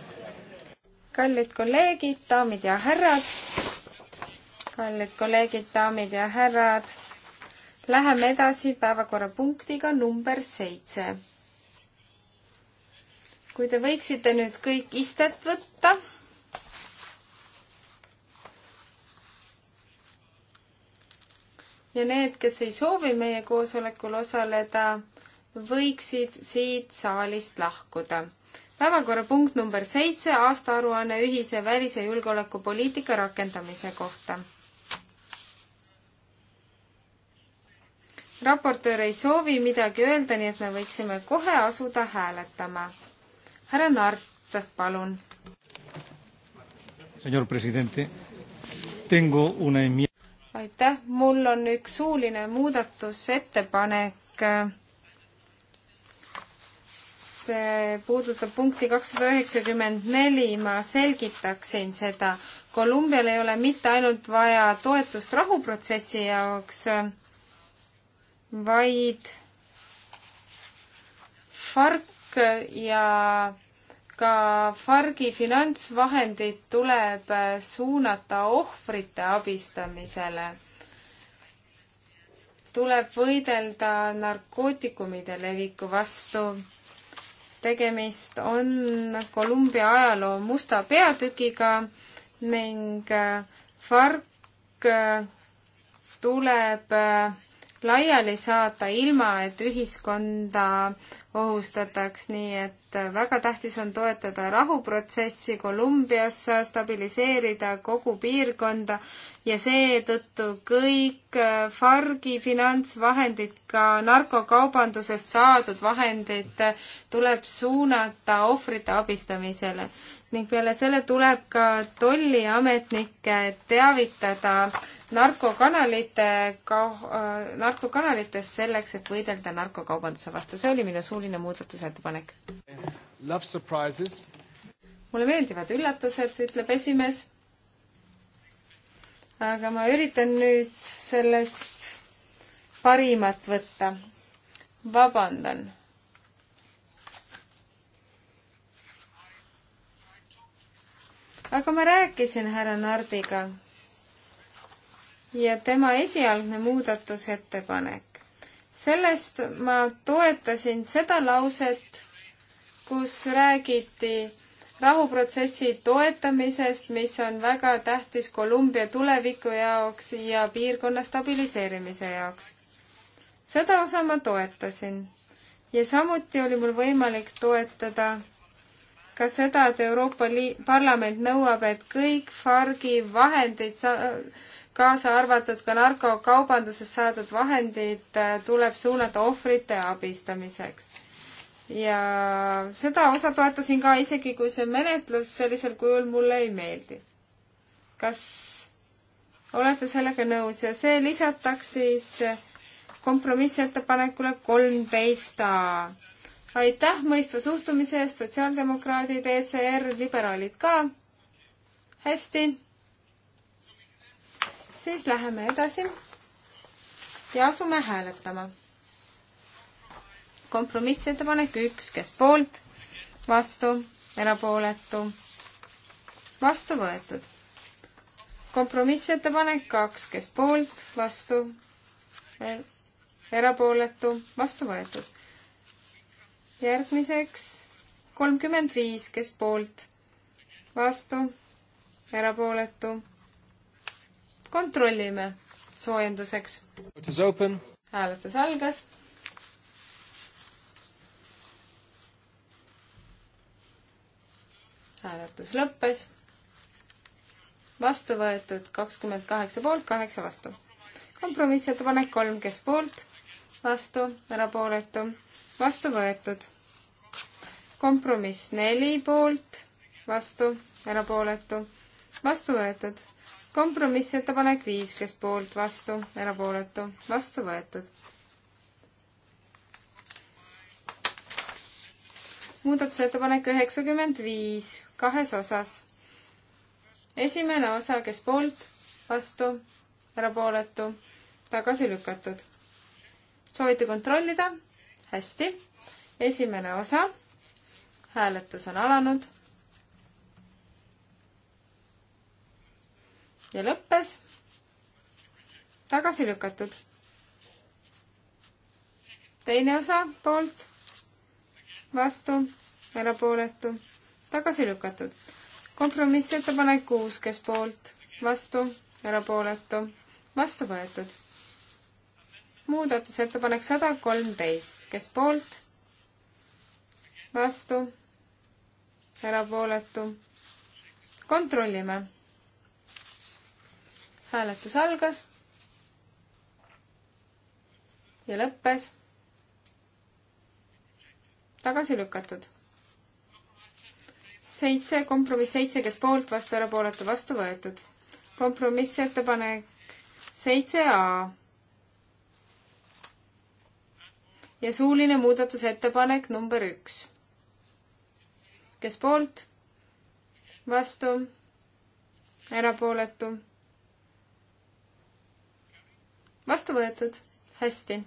S2: kallid kolleegid, daamid ja härrad, kallid kolleegid, daamid ja härrad, läheme edasi päevakorrapunktiga number seitse. kui te võiksite nüüd kõik istet võtta. ja need, kes ei soovi meie koosolekul osaleda, võiksid siit saalist lahkuda päevakorrapunkt number seitse, aastaaruanne ühise välis- ja julgeolekupoliitika rakendamise kohta. raportöör ei soovi midagi öelda, nii et me võiksime kohe asuda hääletama. härra Nart, palun. aitäh, mul on üks suuline muudatusettepanek see puudutab punkti kakssada üheksakümmend neli, ma selgitaksin seda. Kolumbial ei ole mitte ainult vaja toetust rahuprotsessi jaoks, vaid FARC ja ka FARC-i finantsvahendid tuleb suunata ohvrite abistamisele tuleb võidelda narkootikumide leviku vastu tegemist on Kolumbia ajaloo musta peatükiga ning äh, FARC äh, tuleb äh, laiali saata, ilma et ühiskonda ohustataks, nii et väga tähtis on toetada rahuprotsessi Kolumbias, stabiliseerida kogu piirkonda ja seetõttu kõik FARC-i finantsvahendid, ka narkokaubandusest saadud vahendid tuleb suunata ohvrite abistamisele ning peale selle tuleb ka tolliametnikke teavitada narkokanalite ka-, äh, narkokanalitest selleks, et võidelda narkokaubanduse vastu. see oli minu suuline muudatusettepanek. mulle meeldivad üllatused, ütleb esimees. aga ma üritan nüüd sellest parimat võtta. vabandan aga ma rääkisin härra Nardiga ja tema esialgne muudatusettepanek. sellest ma toetasin seda lauset, kus räägiti rahuprotsessi toetamisest, mis on väga tähtis Kolumbia tuleviku jaoks ja piirkonna stabiliseerimise jaoks. seda osa ma toetasin ja samuti oli mul võimalik toetada ka seda, et Euroopa Liit, parlament nõuab, et kõik FARC-i vahendid sa-, kaasa arvatud ka narkokaubandusest saadud vahendid äh, tuleb suunata ohvrite abistamiseks. ja seda osa toetasin ka, isegi kui see menetlus sellisel kujul mulle ei meeldi. kas olete sellega nõus ja see lisataks siis kompromissettepanekule kolmteist A aitäh mõistva suhtumise eest, sotsiaaldemokraadid, ECR, liberaalid ka. hästi. siis läheme edasi ja asume hääletama. kompromissettepanek üks, kes poolt, vastu, erapooletu, vastu võetud. kompromissettepanek kaks, kes poolt, vastu, er-, erapooletu, vastu võetud järgmiseks kolmkümmend viis, kes poolt, vastu, erapooletu. kontrollime soojenduseks. hääletus algas. hääletus lõppes. vastu võetud kakskümmend kaheksa poolt, kaheksa vastu. kompromissettepanek kolm, kes poolt, vastu, erapooletu vastu võetud. kompromiss neli poolt, vastu, erapooletu, vastu võetud. kompromissettepanek viis, kes poolt, vastu, erapooletu, vastu võetud. muudatusettepanek üheksakümmend viis, kahes osas. esimene osa, kes poolt, vastu, erapooletu, tagasi lükatud. soovite kontrollida? hästi, esimene osa, hääletus on alanud ja lõppes, tagasi lükatud. teine osa poolt, vastu, erapooletu, tagasi lükatud. kompromissettepanek kuus, kes poolt, vastu, erapooletu, vastu võetud muudatusettepanek sada kolmteist, kes poolt? vastu? erapooletu? kontrollime. hääletus algas ja lõppes tagasi lükatud. seitse, kompromiss seitse, kes poolt, vastu, erapooletu, vastu võetud. kompromissettepanek seitse A, ja suuline muudatusettepanek number üks. kes poolt? vastu? erapooletu? vastu võetud. hästi.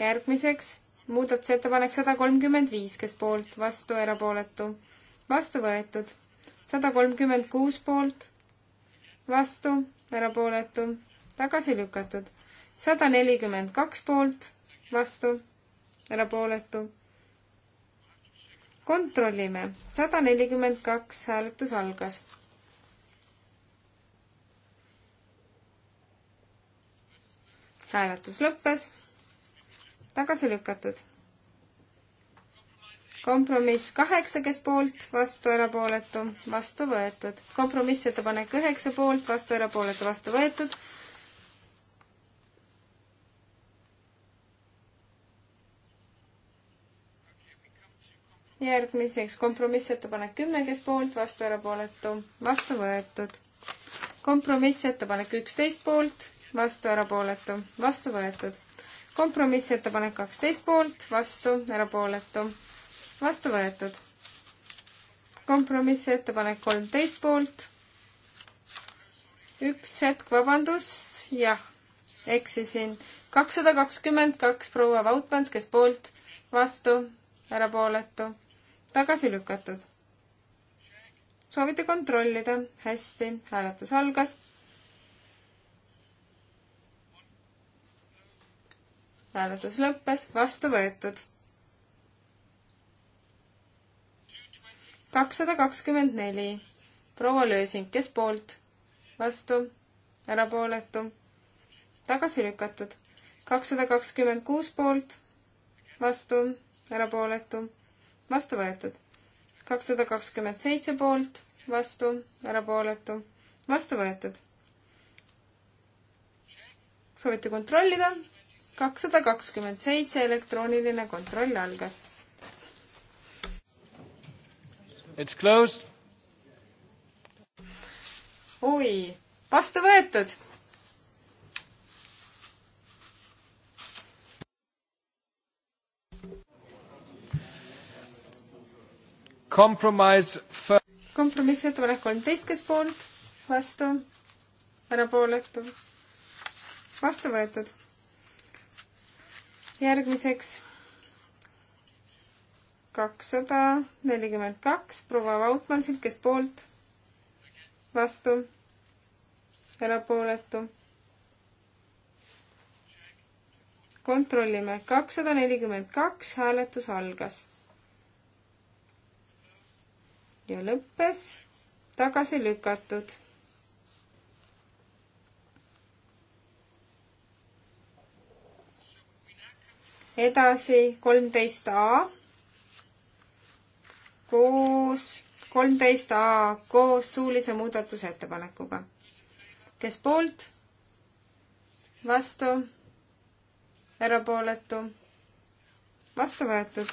S2: järgmiseks muudatusettepanek sada kolmkümmend viis, kes poolt, vastu, erapooletu. vastu võetud. sada kolmkümmend kuus poolt, vastu, erapooletu, tagasi lükatud sada nelikümmend kaks poolt, vastu, erapooletu. kontrollime, sada nelikümmend kaks, hääletus algas. hääletus lõppes, tagasi lükatud kompromiss kaheksa, kes poolt, vastu, erapooletu, vastu võetud. kompromissettepanek üheksa poolt, vastu, erapooletu, vastu võetud. järgmiseks kompromissettepanek kümme, kes poolt, vastu, erapooletu, vastu võetud. kompromissettepanek üksteist poolt, vastu, erapooletu, vastu võetud. kompromissettepanek kaksteist poolt, vastu, erapooletu, vastu võetud. kompromissettepanek kolmteist poolt. üks hetk, vabandust, jah, eksisin. kakssada kakskümmend kaks proua Vautmans, kes poolt, vastu, erapooletu tagasi lükatud. soovite kontrollida? hästi, hääletus algas. hääletus lõppes, vastu võetud. kakssada kakskümmend neli. proua Lösing, kes poolt? vastu, erapooletu, tagasi lükatud. kakssada kakskümmend kuus poolt, vastu, erapooletu vastu võetud. kakssada kakskümmend seitse poolt, vastu, erapooletu, vastu võetud. soovite kontrollida? kakssada kakskümmend seitse elektrooniline kontroll algas.
S1: It's closed.
S2: oi, vastu võetud kompromissettepanek kolmteist, kes poolt, vastu, erapooletu, vastu võetud. järgmiseks kakssada nelikümmend kaks proua Vautmansilt, kes poolt, vastu, erapooletu. kontrollime, kakssada nelikümmend kaks, hääletus algas ja lõppes tagasi lükatud. edasi kolmteist A koos, kolmteist A koos suulise muudatusettepanekuga. kes poolt? vastu? erapooletu? vastu võetud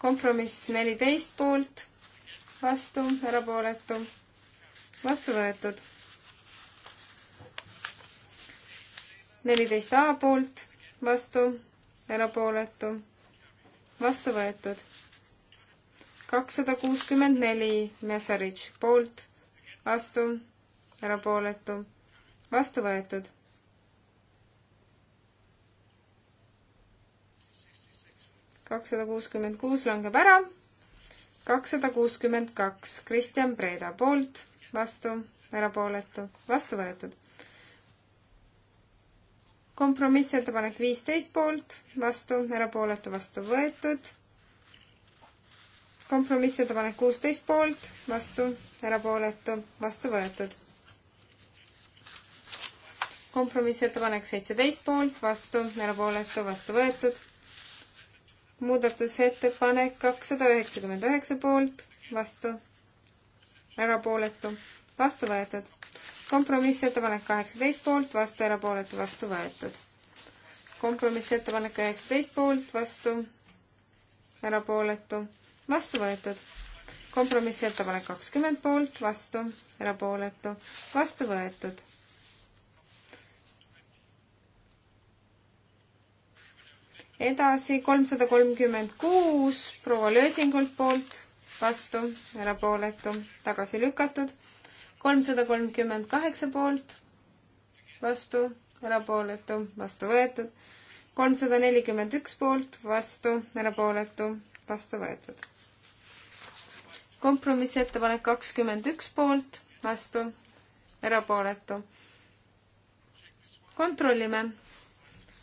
S2: kompromiss neliteist poolt, vastu, erapooletu, vastu võetud. neliteist A poolt, vastu, erapooletu, vastu võetud. kakssada kuuskümmend neli Messerich poolt, vastu, erapooletu, vastu võetud kakssada kuuskümmend kuus langeb ära. kakssada kuuskümmend kaks Kristjan Preda poolt, vastu, erapooletu, vastu võetud. kompromissettepanek viisteist poolt, vastu, erapooletu, vastu võetud. kompromissettepanek kuusteist poolt, vastu, erapooletu, vastu võetud kompromissettepanek seitseteist poolt, vastu, erapooletu, vastu võetud muudatusettepanek kakssada üheksakümmend üheksa poolt, vastu, erapooletu, vastu võetud. kompromissettepanek kaheksateist poolt, vastu, erapooletu, vastu võetud. kompromissettepanek üheksateist poolt, vastu, erapooletu, vastu võetud. kompromissettepanek kakskümmend poolt, vastu, erapooletu, vastu võetud edasi kolmsada kolmkümmend kuus proua Lösingult poolt, vastu, erapooletu, tagasi lükatud. kolmsada kolmkümmend kaheksa poolt, vastu, erapooletu, vastu võetud. kolmsada nelikümmend üks poolt, vastu, erapooletu, vastu võetud. kompromissettepanek kakskümmend üks poolt, vastu, erapooletu. kontrollime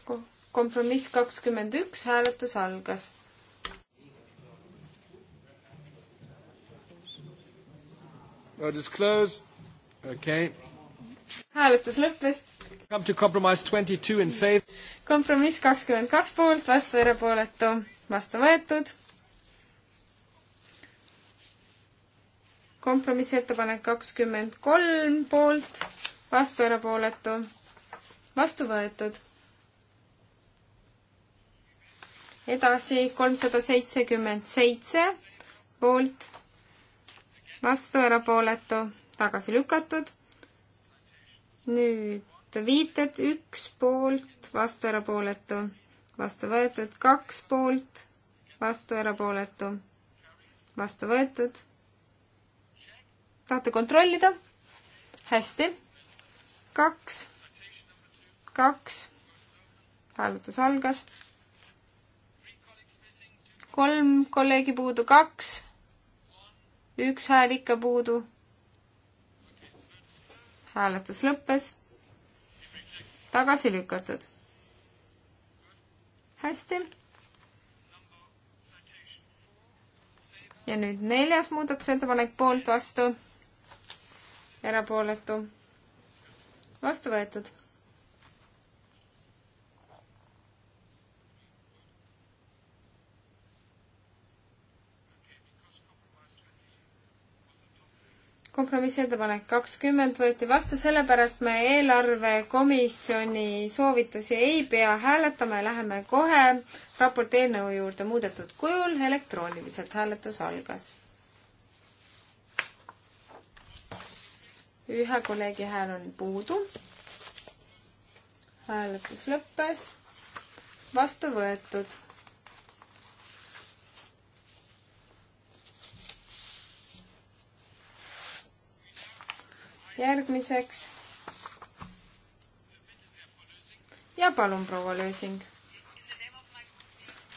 S2: Ko kompromiss kakskümmend üks, hääletus algas. Okay. hääletus lõppes. kompromiss kakskümmend kaks poolt, vastu erapooletu, vastu võetud. kompromissettepanek kakskümmend kolm poolt, vastu erapooletu, vastu võetud edasi kolmsada seitsekümmend seitse poolt, vastu, erapooletu, tagasi lükatud. nüüd viited, üks poolt, vastu, erapooletu, vastu võetud, kaks poolt, vastu, erapooletu, vastu võetud. tahate kontrollida? hästi. kaks, kaks, hääletus algas kolm kolleegi puudu, kaks, üks hääl ikka puudu. hääletus lõppes. tagasi lükatud. hästi. ja nüüd neljas muudatusettepanek poolt vastu, erapooletu, vastu võetud kompromissettepanek kakskümmend võeti vastu, sellepärast me eelarvekomisjoni soovitusi ei pea hääletama ja läheme kohe raporti eelnõu juurde muudetud kujul, elektrooniliselt hääletus algas. ühe kolleegi hääl on puudu. hääletus lõppes, vastu võetud järgmiseks. ja palun, proua Lösing.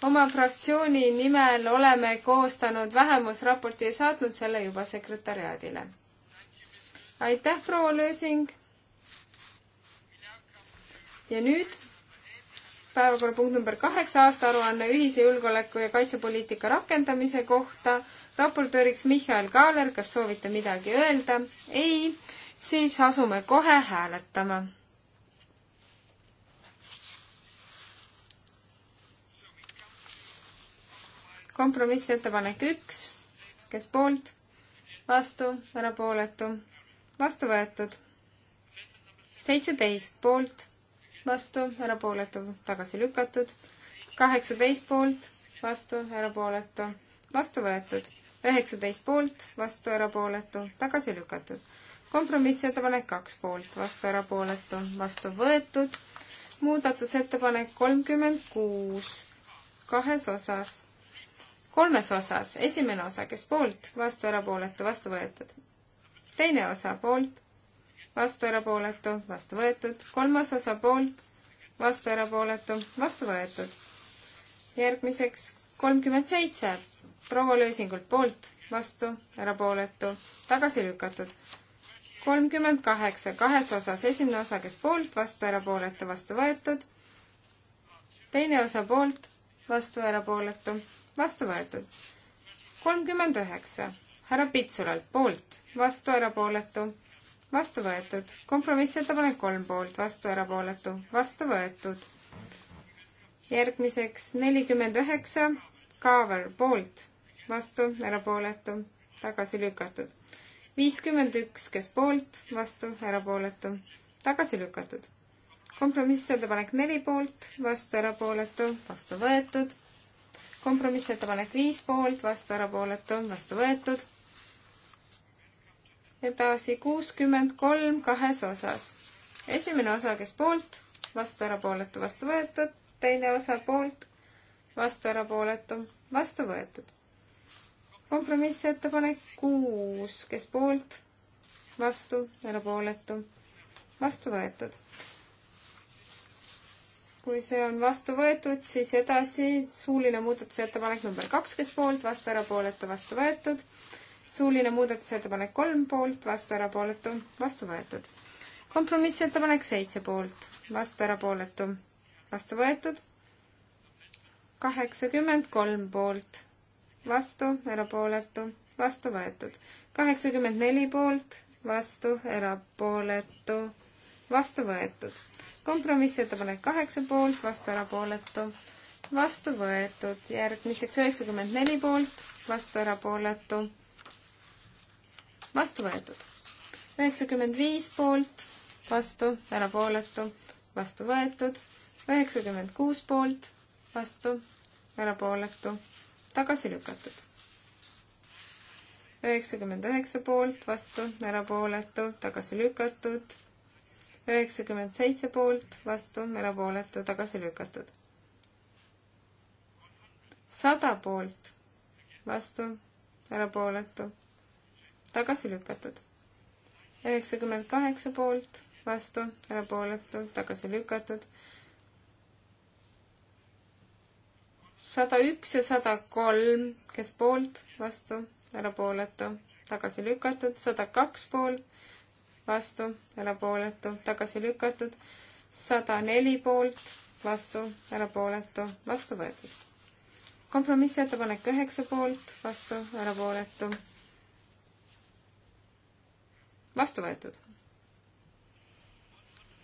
S2: oma fraktsiooni nimel oleme koostanud vähemusraporti ja saatnud selle juba sekretäriaadile. aitäh, proua Lösing. ja nüüd päevakorrapunkt number kaheksa, aastaaruanne ühise julgeoleku ja kaitsepoliitika rakendamise kohta. raportööriks Michael Kaaler, kas soovite midagi öelda? ei siis asume kohe hääletama. kompromissettepanek üks, kes poolt, vastu, erapooletu, vastu võetud. seitseteist poolt, vastu, erapooletu, tagasi lükatud. kaheksateist poolt, vastu, erapooletu, vastu võetud. üheksateist poolt, vastu, erapooletu, tagasi lükatud kompromissettepanek kaks poolt, vastu erapooletu, vastu võetud. muudatusettepanek kolmkümmend kuus, kahes osas, kolmes osas, esimene osa, kes poolt, vastu erapooletu, vastu võetud. teine osa poolt, vastu erapooletu, vastu võetud. kolmas osa poolt, vastu erapooletu, vastu võetud. järgmiseks kolmkümmend seitse, proua Lösingult poolt, vastu erapooletu, tagasi lükatud kolmkümmend kaheksa, kahes osas, esimene osa, kes poolt, vastu, erapooletu, vastu võetud. teine osa poolt, vastu, erapooletu, vastu võetud. kolmkümmend üheksa, härra Pitsulalt poolt, vastu, erapooletu, vastu võetud. kompromissettepanek kolm poolt, vastu, erapooletu, vastu võetud. järgmiseks nelikümmend üheksa, Kaaver poolt, vastu, erapooletu, tagasi lükatud viiskümmend üks, kes poolt, vastu, erapooletu, tagasi lükatud. kompromissettepanek neli poolt, vastu, erapooletu, vastu võetud. kompromissettepanek viis poolt, vastu, erapooletu, vastu võetud. edasi kuuskümmend kolm kahes osas. esimene osa, kes poolt, vastu, erapooletu, vastu võetud, teine osa poolt, vastu, erapooletu, vastu võetud kompromissettepanek kuus, kes poolt, vastu, erapooletu, vastu võetud. kui see on vastu võetud, siis edasi suuline muudatusettepanek number kaks, kes poolt, vastu, erapooletu, vastu võetud. suuline muudatusettepanek kolm poolt, vastu, erapooletu, vastu võetud. kompromissettepanek seitse poolt, vastu, erapooletu, vastu võetud kaheksakümmend kolm poolt, vastu, erapooletu, vastu võetud. kaheksakümmend neli poolt, vastu, erapooletu, vastu võetud. kompromissettepanek kaheksa poolt, vastu, erapooletu, vastu võetud. järgmiseks üheksakümmend neli poolt, vastu, erapooletu, vastu võetud. üheksakümmend viis poolt, vastu, erapooletu, vastu võetud. üheksakümmend kuus poolt, vastu, erapooletu tagasi lükatud. üheksakümmend üheksa poolt, vastu, erapooletu, tagasi lükatud. üheksakümmend seitse poolt, vastu, erapooletu, tagasi lükatud. sada poolt, vastu, erapooletu, tagasi lükatud. üheksakümmend kaheksa poolt, vastu, erapooletu, tagasi lükatud sada üks ja sada kolm, kes poolt, vastu, erapooletu, tagasi lükatud, sada kaks poolt, vastu, erapooletu, tagasi lükatud, sada neli poolt, vastu, erapooletu, vastu võetud. kompromissettepanek üheksa poolt, vastu, erapooletu, vastu võetud.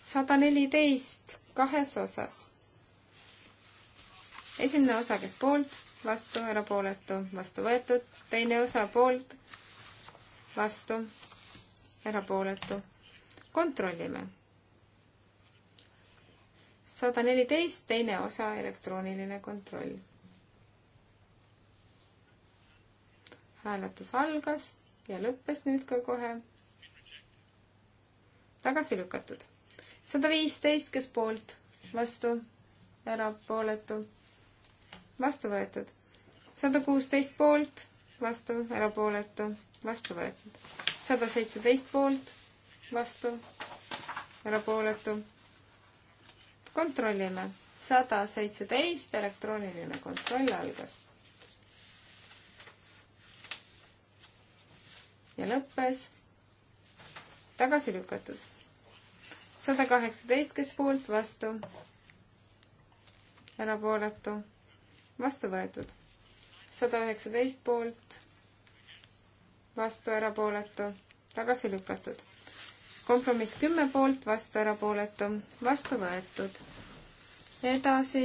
S2: sada neliteist kahes osas esimene osa, kes poolt, vastu, erapooletu, vastu võetud, teine osa poolt, vastu, erapooletu. kontrollime. sada neliteist, teine osa, elektrooniline kontroll. hääletus algas ja lõppes nüüd ka kohe. tagasi lükatud. sada viisteist, kes poolt, vastu, erapooletu vastu võetud. sada kuusteist poolt, vastu, erapooletu, vastu võetud. sada seitseteist poolt, vastu, erapooletu. kontrollime. sada seitseteist, elektrooniline kontroll algas. ja lõppes. tagasi lükatud. sada kaheksateist, kes poolt, vastu, erapooletu vastu võetud. sada üheksateist poolt, vastu erapooletu, tagasi lükatud. kompromiss kümme poolt, vastu erapooletu, vastu võetud. edasi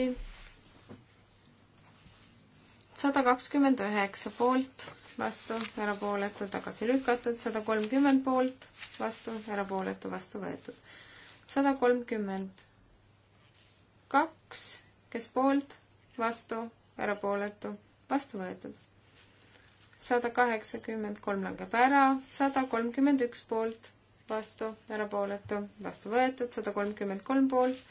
S2: sada kakskümmend üheksa poolt, vastu, erapooletu, tagasi lükatud, sada kolmkümmend poolt, vastu, erapooletu, vastu võetud. sada kolmkümmend kaks, kes poolt, vastu, erapooletu, vastu võetud. sada kaheksakümmend kolm langeb ära, sada kolmkümmend üks poolt, vastu, erapooletu, vastu võetud, sada kolmkümmend kolm poolt,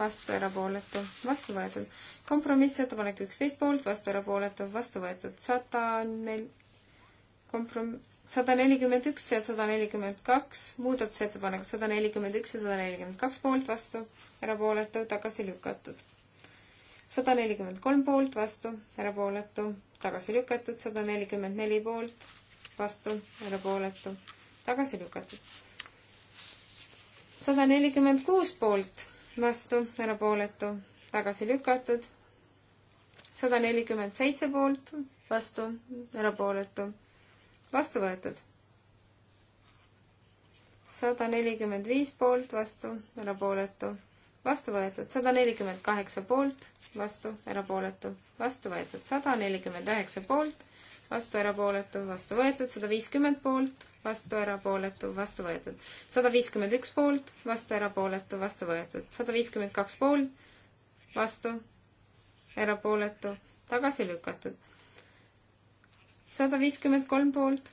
S2: vastu, erapooletu, vastu võetud. kompromissettepanek üksteist poolt, vastu, erapooletu, vastu võetud, sada nel-, komprom-, sada nelikümmend üks ja sada nelikümmend kaks, muudatusettepanekud sada nelikümmend üks ja sada nelikümmend kaks poolt, vastu, erapooletu, tagasi lükatud sada nelikümmend kolm poolt, vastu, erapooletu, tagasi lükatud, sada nelikümmend neli poolt, vastu, erapooletu, tagasi lükatud. sada nelikümmend kuus poolt, vastu, erapooletu, tagasi lükatud. sada nelikümmend seitse poolt, vastu, erapooletu, vastu võetud. sada nelikümmend viis poolt, vastu, erapooletu vastu võetud sada nelikümmend kaheksa poolt, vastu, erapooletu, vastu võetud sada nelikümmend üheksa poolt, vastu, erapooletu, vastu võetud sada viiskümmend poolt, vastu, erapooletu, vastu võetud sada viiskümmend üks poolt, vastu, erapooletu, vastu võetud sada viiskümmend kaks poolt, vastu, erapooletu, tagasi lükatud sada viiskümmend kolm poolt,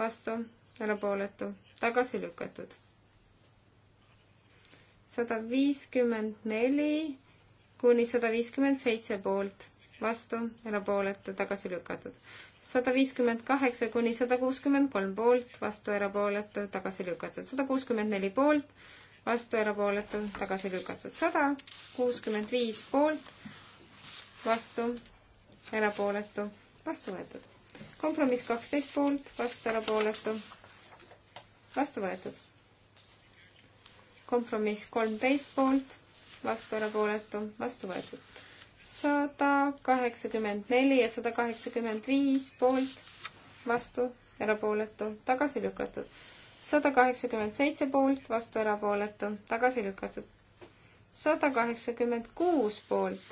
S2: vastu, erapooletu, tagasi lükatud sada viiskümmend neli kuni sada viiskümmend seitse poolt, vastu, erapooletu, tagasi lükatud. sada viiskümmend kaheksa kuni sada kuuskümmend kolm poolt, vastu, erapooletu, tagasi lükatud. sada kuuskümmend neli poolt, vastu, erapooletu, tagasi lükatud. sada kuuskümmend viis poolt, vastu, erapooletu, vastu võetud. kompromiss kaksteist poolt, vastu, erapooletu, vastu võetud kompromiss kolmteist poolt, vastu erapooletu, vastu võetud. sada kaheksakümmend neli ja sada kaheksakümmend viis poolt, vastu erapooletu, tagasi lükatud. sada kaheksakümmend seitse poolt, vastu erapooletu, tagasi lükatud. sada kaheksakümmend kuus poolt,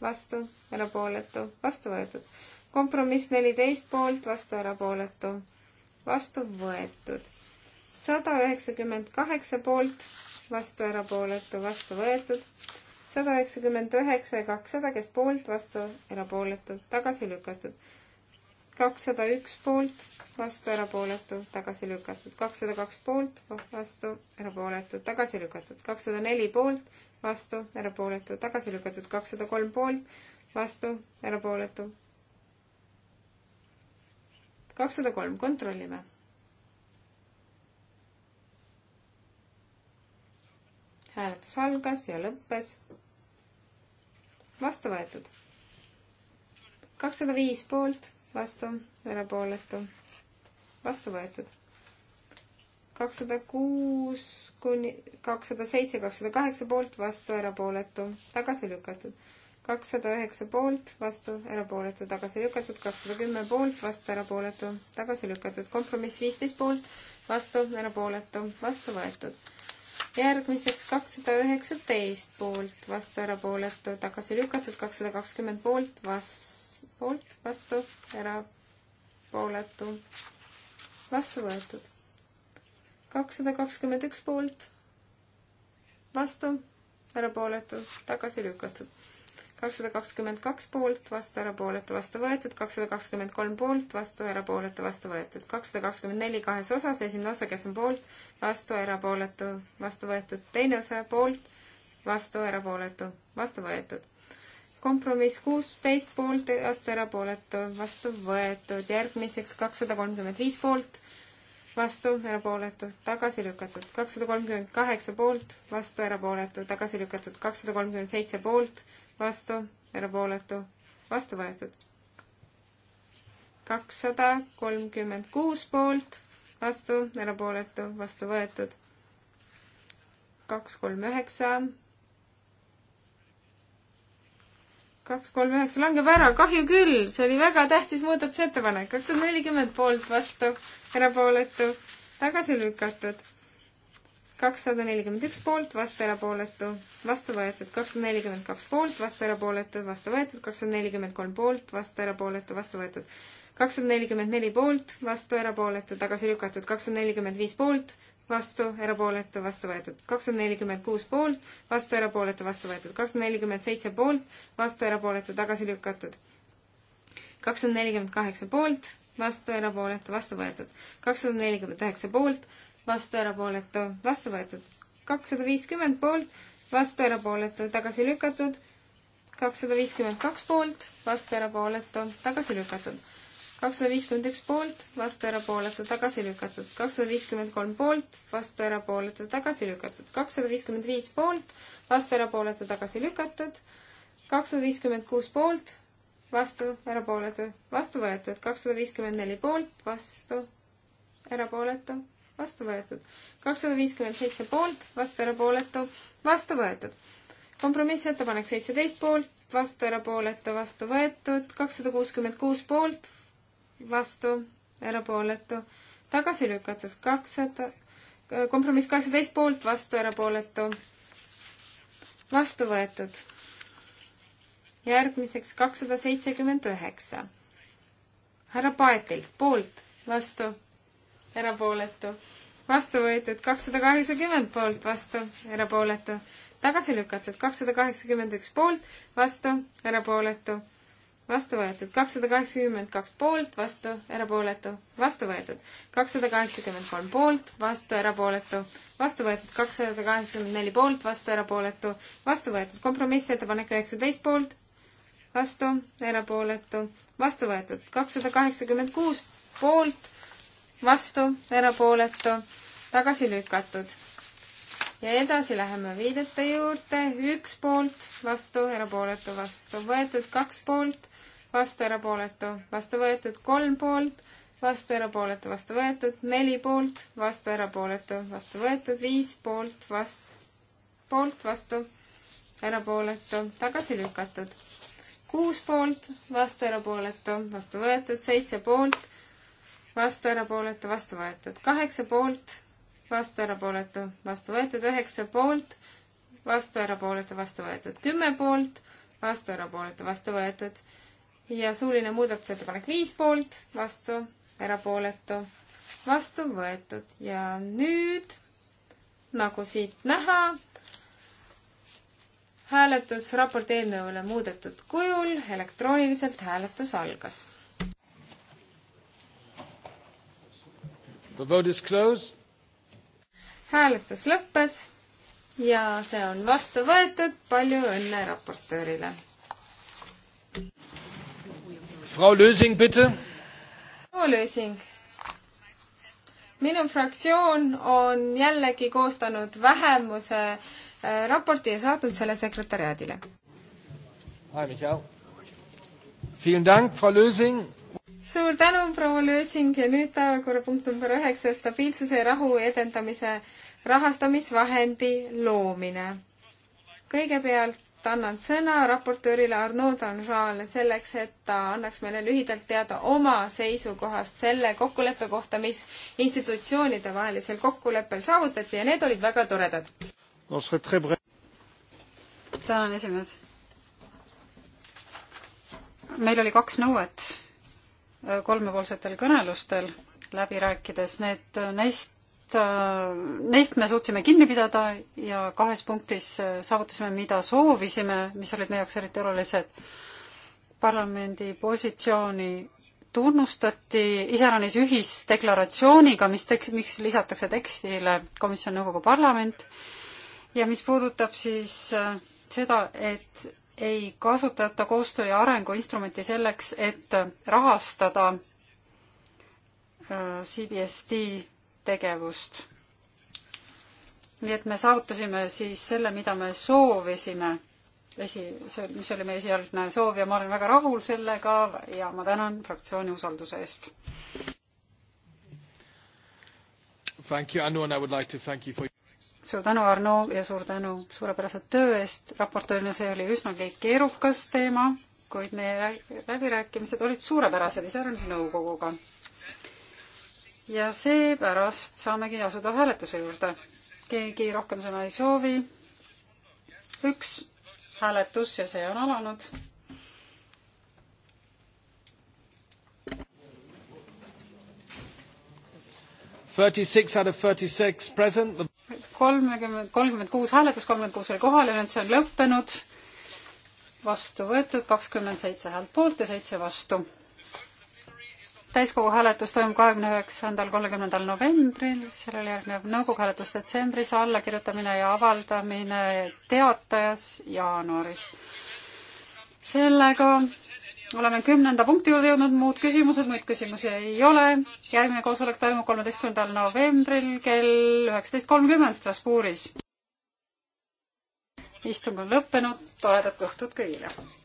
S2: vastu erapooletu, vastu võetud. kompromiss neliteist poolt, vastu erapooletu, vastu võetud sada üheksakümmend kaheksa poolt, vastu erapooletu, vastu võetud. sada üheksakümmend üheksa ja kakssada, kes poolt, vastu erapooletu, tagasi lükatud. kakssada üks poolt, vastu erapooletu, tagasi lükatud. kakssada kaks poolt, vastu erapooletu, tagasi lükatud. kakssada neli poolt, vastu erapooletu, tagasi lükatud. kakssada kolm poolt, vastu erapooletu. kakssada kolm, kontrollime hääletus algas ja lõppes. vastu võetud. kakssada viis poolt, vastu, erapooletu, vastu võetud. kakssada kuus kuni kakssada seitse, kakssada kaheksa poolt, vastu, erapooletu, tagasi lükatud. kakssada üheksa poolt, vastu, erapooletu, tagasi lükatud, kakssada kümme poolt, vastu, erapooletu, tagasi lükatud, kompromiss viisteist poolt, vastu, erapooletu, vastu võetud järgmiseks kakssada üheksateist poolt, vastu, erapooletu, tagasi lükatud, kakssada kakskümmend poolt, vas-, poolt, vastu, erapooletu, vastu võetud. kakssada kakskümmend üks poolt, vastu, erapooletu, tagasi lükatud kakssada kakskümmend kaks poolt, vastu, erapooletu, vastu võetud, kakssada kakskümmend kolm poolt, vastu, erapooletu, vastu võetud, kakssada kakskümmend neli kahes osas, esimene osa, kes on poolt, vastu, erapooletu, vastu võetud, teine osa poolt, vastu, erapooletu, vastu võetud. kompromiss kuusteist poolt, vastu, erapooletu, vastu võetud, järgmiseks kakssada kolmkümmend viis poolt vastu, erapooletu, tagasi lükatud, kakssada kolmkümmend kaheksa poolt, vastu, erapooletu, tagasi lükatud, kakssada kolmkümmend seitse poolt, vastu, erapooletu, vastu võetud. kakssada kolmkümmend kuus poolt, vastu, erapooletu, vastu võetud. kaks, kolm, üheksa. kaks, kolm, üheksa langeb ära, kahju küll, see oli väga tähtis muudatusettepanek, kakssada nelikümmend poolt, vastu, erapooletu, tagasi lükatud kakssada nelikümmend üks poolt, vastu erapooletu, vastu võetud kakssada nelikümmend kaks poolt, vastu erapooletu, vastu võetud kakssada nelikümmend kolm poolt, vastu erapooletu, vastu võetud kakssada nelikümmend neli poolt, vastu erapooletu, tagasi lükatud kakssada nelikümmend viis poolt, vastu erapooletu, vastu võetud kakssada nelikümmend kuus poolt, vastu erapooletu, vastu võetud kakssada nelikümmend seitse poolt, vastu erapooletu, tagasi lükatud kakssada nelikümmend kaheksa poolt, vastu erapooletu, vastu võetud kakssada nelikümmend üheksa poolt vastu, erapooletu, vastu võetud. kakssada viiskümmend poolt, vastu, erapooletu, tagasi lükatud. kakssada viiskümmend kaks poolt, vastu, erapooletu, tagasi lükatud. kakssada viiskümmend üks poolt, vastu, erapooletu, tagasi lükatud. kakssada viiskümmend kolm poolt, vastu, erapooletu, tagasi lükatud. kakssada viiskümmend viis poolt, vastu, erapooletu, tagasi lükatud. kakssada viiskümmend kuus poolt, vastu, erapooletu, vastu võetud. kakssada viiskümmend neli poolt, vastu, erapooletu vastu võetud. kakssada viiskümmend seitse poolt, vastu erapooletu, vastu võetud. kompromissettepanek seitseteist poolt, vastu erapooletu, vastu võetud, kakssada kuuskümmend kuus poolt, vastu erapooletu, tagasi lükatud, kakssada, kompromiss kaheksateist poolt, vastu erapooletu, vastu võetud. järgmiseks kakssada seitsekümmend üheksa. härra Paetilt, poolt, vastu erapooletu, vastu võetud kakssada kaheksakümmend poolt, vastu, erapooletu, tagasi lükatud kakssada kaheksakümmend üks poolt, vastu, erapooletu, vastu võetud kakssada kaheksakümmend kaks poolt, vastu, erapooletu, vastu võetud kakssada kaheksakümmend kolm poolt, vastu, erapooletu, vastu võetud kakssada kaheksakümmend neli poolt, vastu, erapooletu, vastu võetud kompromissettepanek üheksateist poolt, vastu, erapooletu, vastu võetud kakssada kaheksakümmend kuus poolt vastu, erapooletu, tagasi lükatud. ja edasi läheme viidete juurde, üks poolt, vastu, erapooletu, vastu võetud, kaks poolt, vastu, erapooletu, vastu võetud, kolm poolt, vastu, erapooletu, vastu võetud, neli poolt, vastu, erapooletu, vastu võetud, viis poolt, vastu, poolt, vastu, erapooletu, tagasi lükatud. kuus poolt, vastu, erapooletu, vastu võetud, seitse poolt vastu, erapooletu, vastu võetud. kaheksa poolt, vastu, erapooletu, vastu võetud. üheksa poolt, vastu, erapooletu, vastu võetud. kümme poolt, vastu, erapooletu, vastu võetud. ja suuline muudatusettepanek viis poolt, vastu, erapooletu, vastu võetud. ja nüüd, nagu siit näha, hääletus raporti eelnõule muudetud kujul, elektrooniliselt hääletus algas
S1: The vote is closed.
S2: hääletus lõppes ja see on vastu võetud, palju õnne raportöörile.
S1: Frau Lösing, bitte.
S2: Frau Lösing minu fraktsioon on jällegi koostanud vähemuse äh, raporti ja saatnud selle sekretäriaadile suur tänu, proua Lösing ja nüüd päevakorrapunkt number üheksa, stabiilsuse ja rahu edendamise rahastamisvahendi loomine. kõigepealt annan sõna raportöörile Arnaud Danjale selleks, et ta annaks meile lühidalt teada oma seisukohast selle kokkuleppe kohta, mis institutsioonide vahelisel kokkuleppel saavutati ja
S4: need olid väga toredad no,. tänan, esimees. meil oli kaks nõuet kolmepoolsetel kõnelustel läbi rääkides, need neist, neist me suutsime kinni pidada ja kahes punktis saavutasime, mida soovisime, mis olid meie jaoks eriti olulised. parlamendi positsiooni tunnustati iseäranis ühisdeklaratsiooniga, mis tek-, miks lisatakse tekstile komisjon, nõukogu, parlament ja mis puudutab siis äh, seda, et ei kasutata koostöö ja arengu instrumenti selleks, et rahastada äh, CBSD tegevust. nii et me saavutasime siis selle, mida me soovisime, esi, see, mis oli meie esialgne soov ja ma olen väga rahul sellega ja ma tänan fraktsiooni usalduse eest.
S1: Thank you, Anu, and I would like to thank you for
S4: suur tänu, Arno, ja suur tänu suurepärase töö eest. raportöörina see oli üsnagi keerukas teema, kuid meie läbirääkimised olid suurepärased iseäranis nõukoguga. ja seepärast saamegi asuda hääletuse juurde. keegi rohkem sõna ei soovi. üks hääletus ja see on alanud
S1: 36 out of 36 present.
S4: kolmekümmend, kolmkümmend kuus hääletas, kolmkümmend kuus oli kohal ja nüüd see on lõppenud. vastu võetud kakskümmend seitse häält poolt ja seitse vastu. täiskogu hääletus toimub kahekümne üheksandal, kolmekümnendal novembril, sellele järgneb nõukogu hääletus detsembris, allakirjutamine ja avaldamine teatajas jaanuaris. sellega oleme kümnenda punkti juurde jõudnud, muud küsimused, muid küsimusi ei ole. järgmine koosolek toimub kolmeteistkümnendal novembril kell üheksateist kolmkümmend Strasbourgis. istung on lõppenud, toredat õhtut kõigile!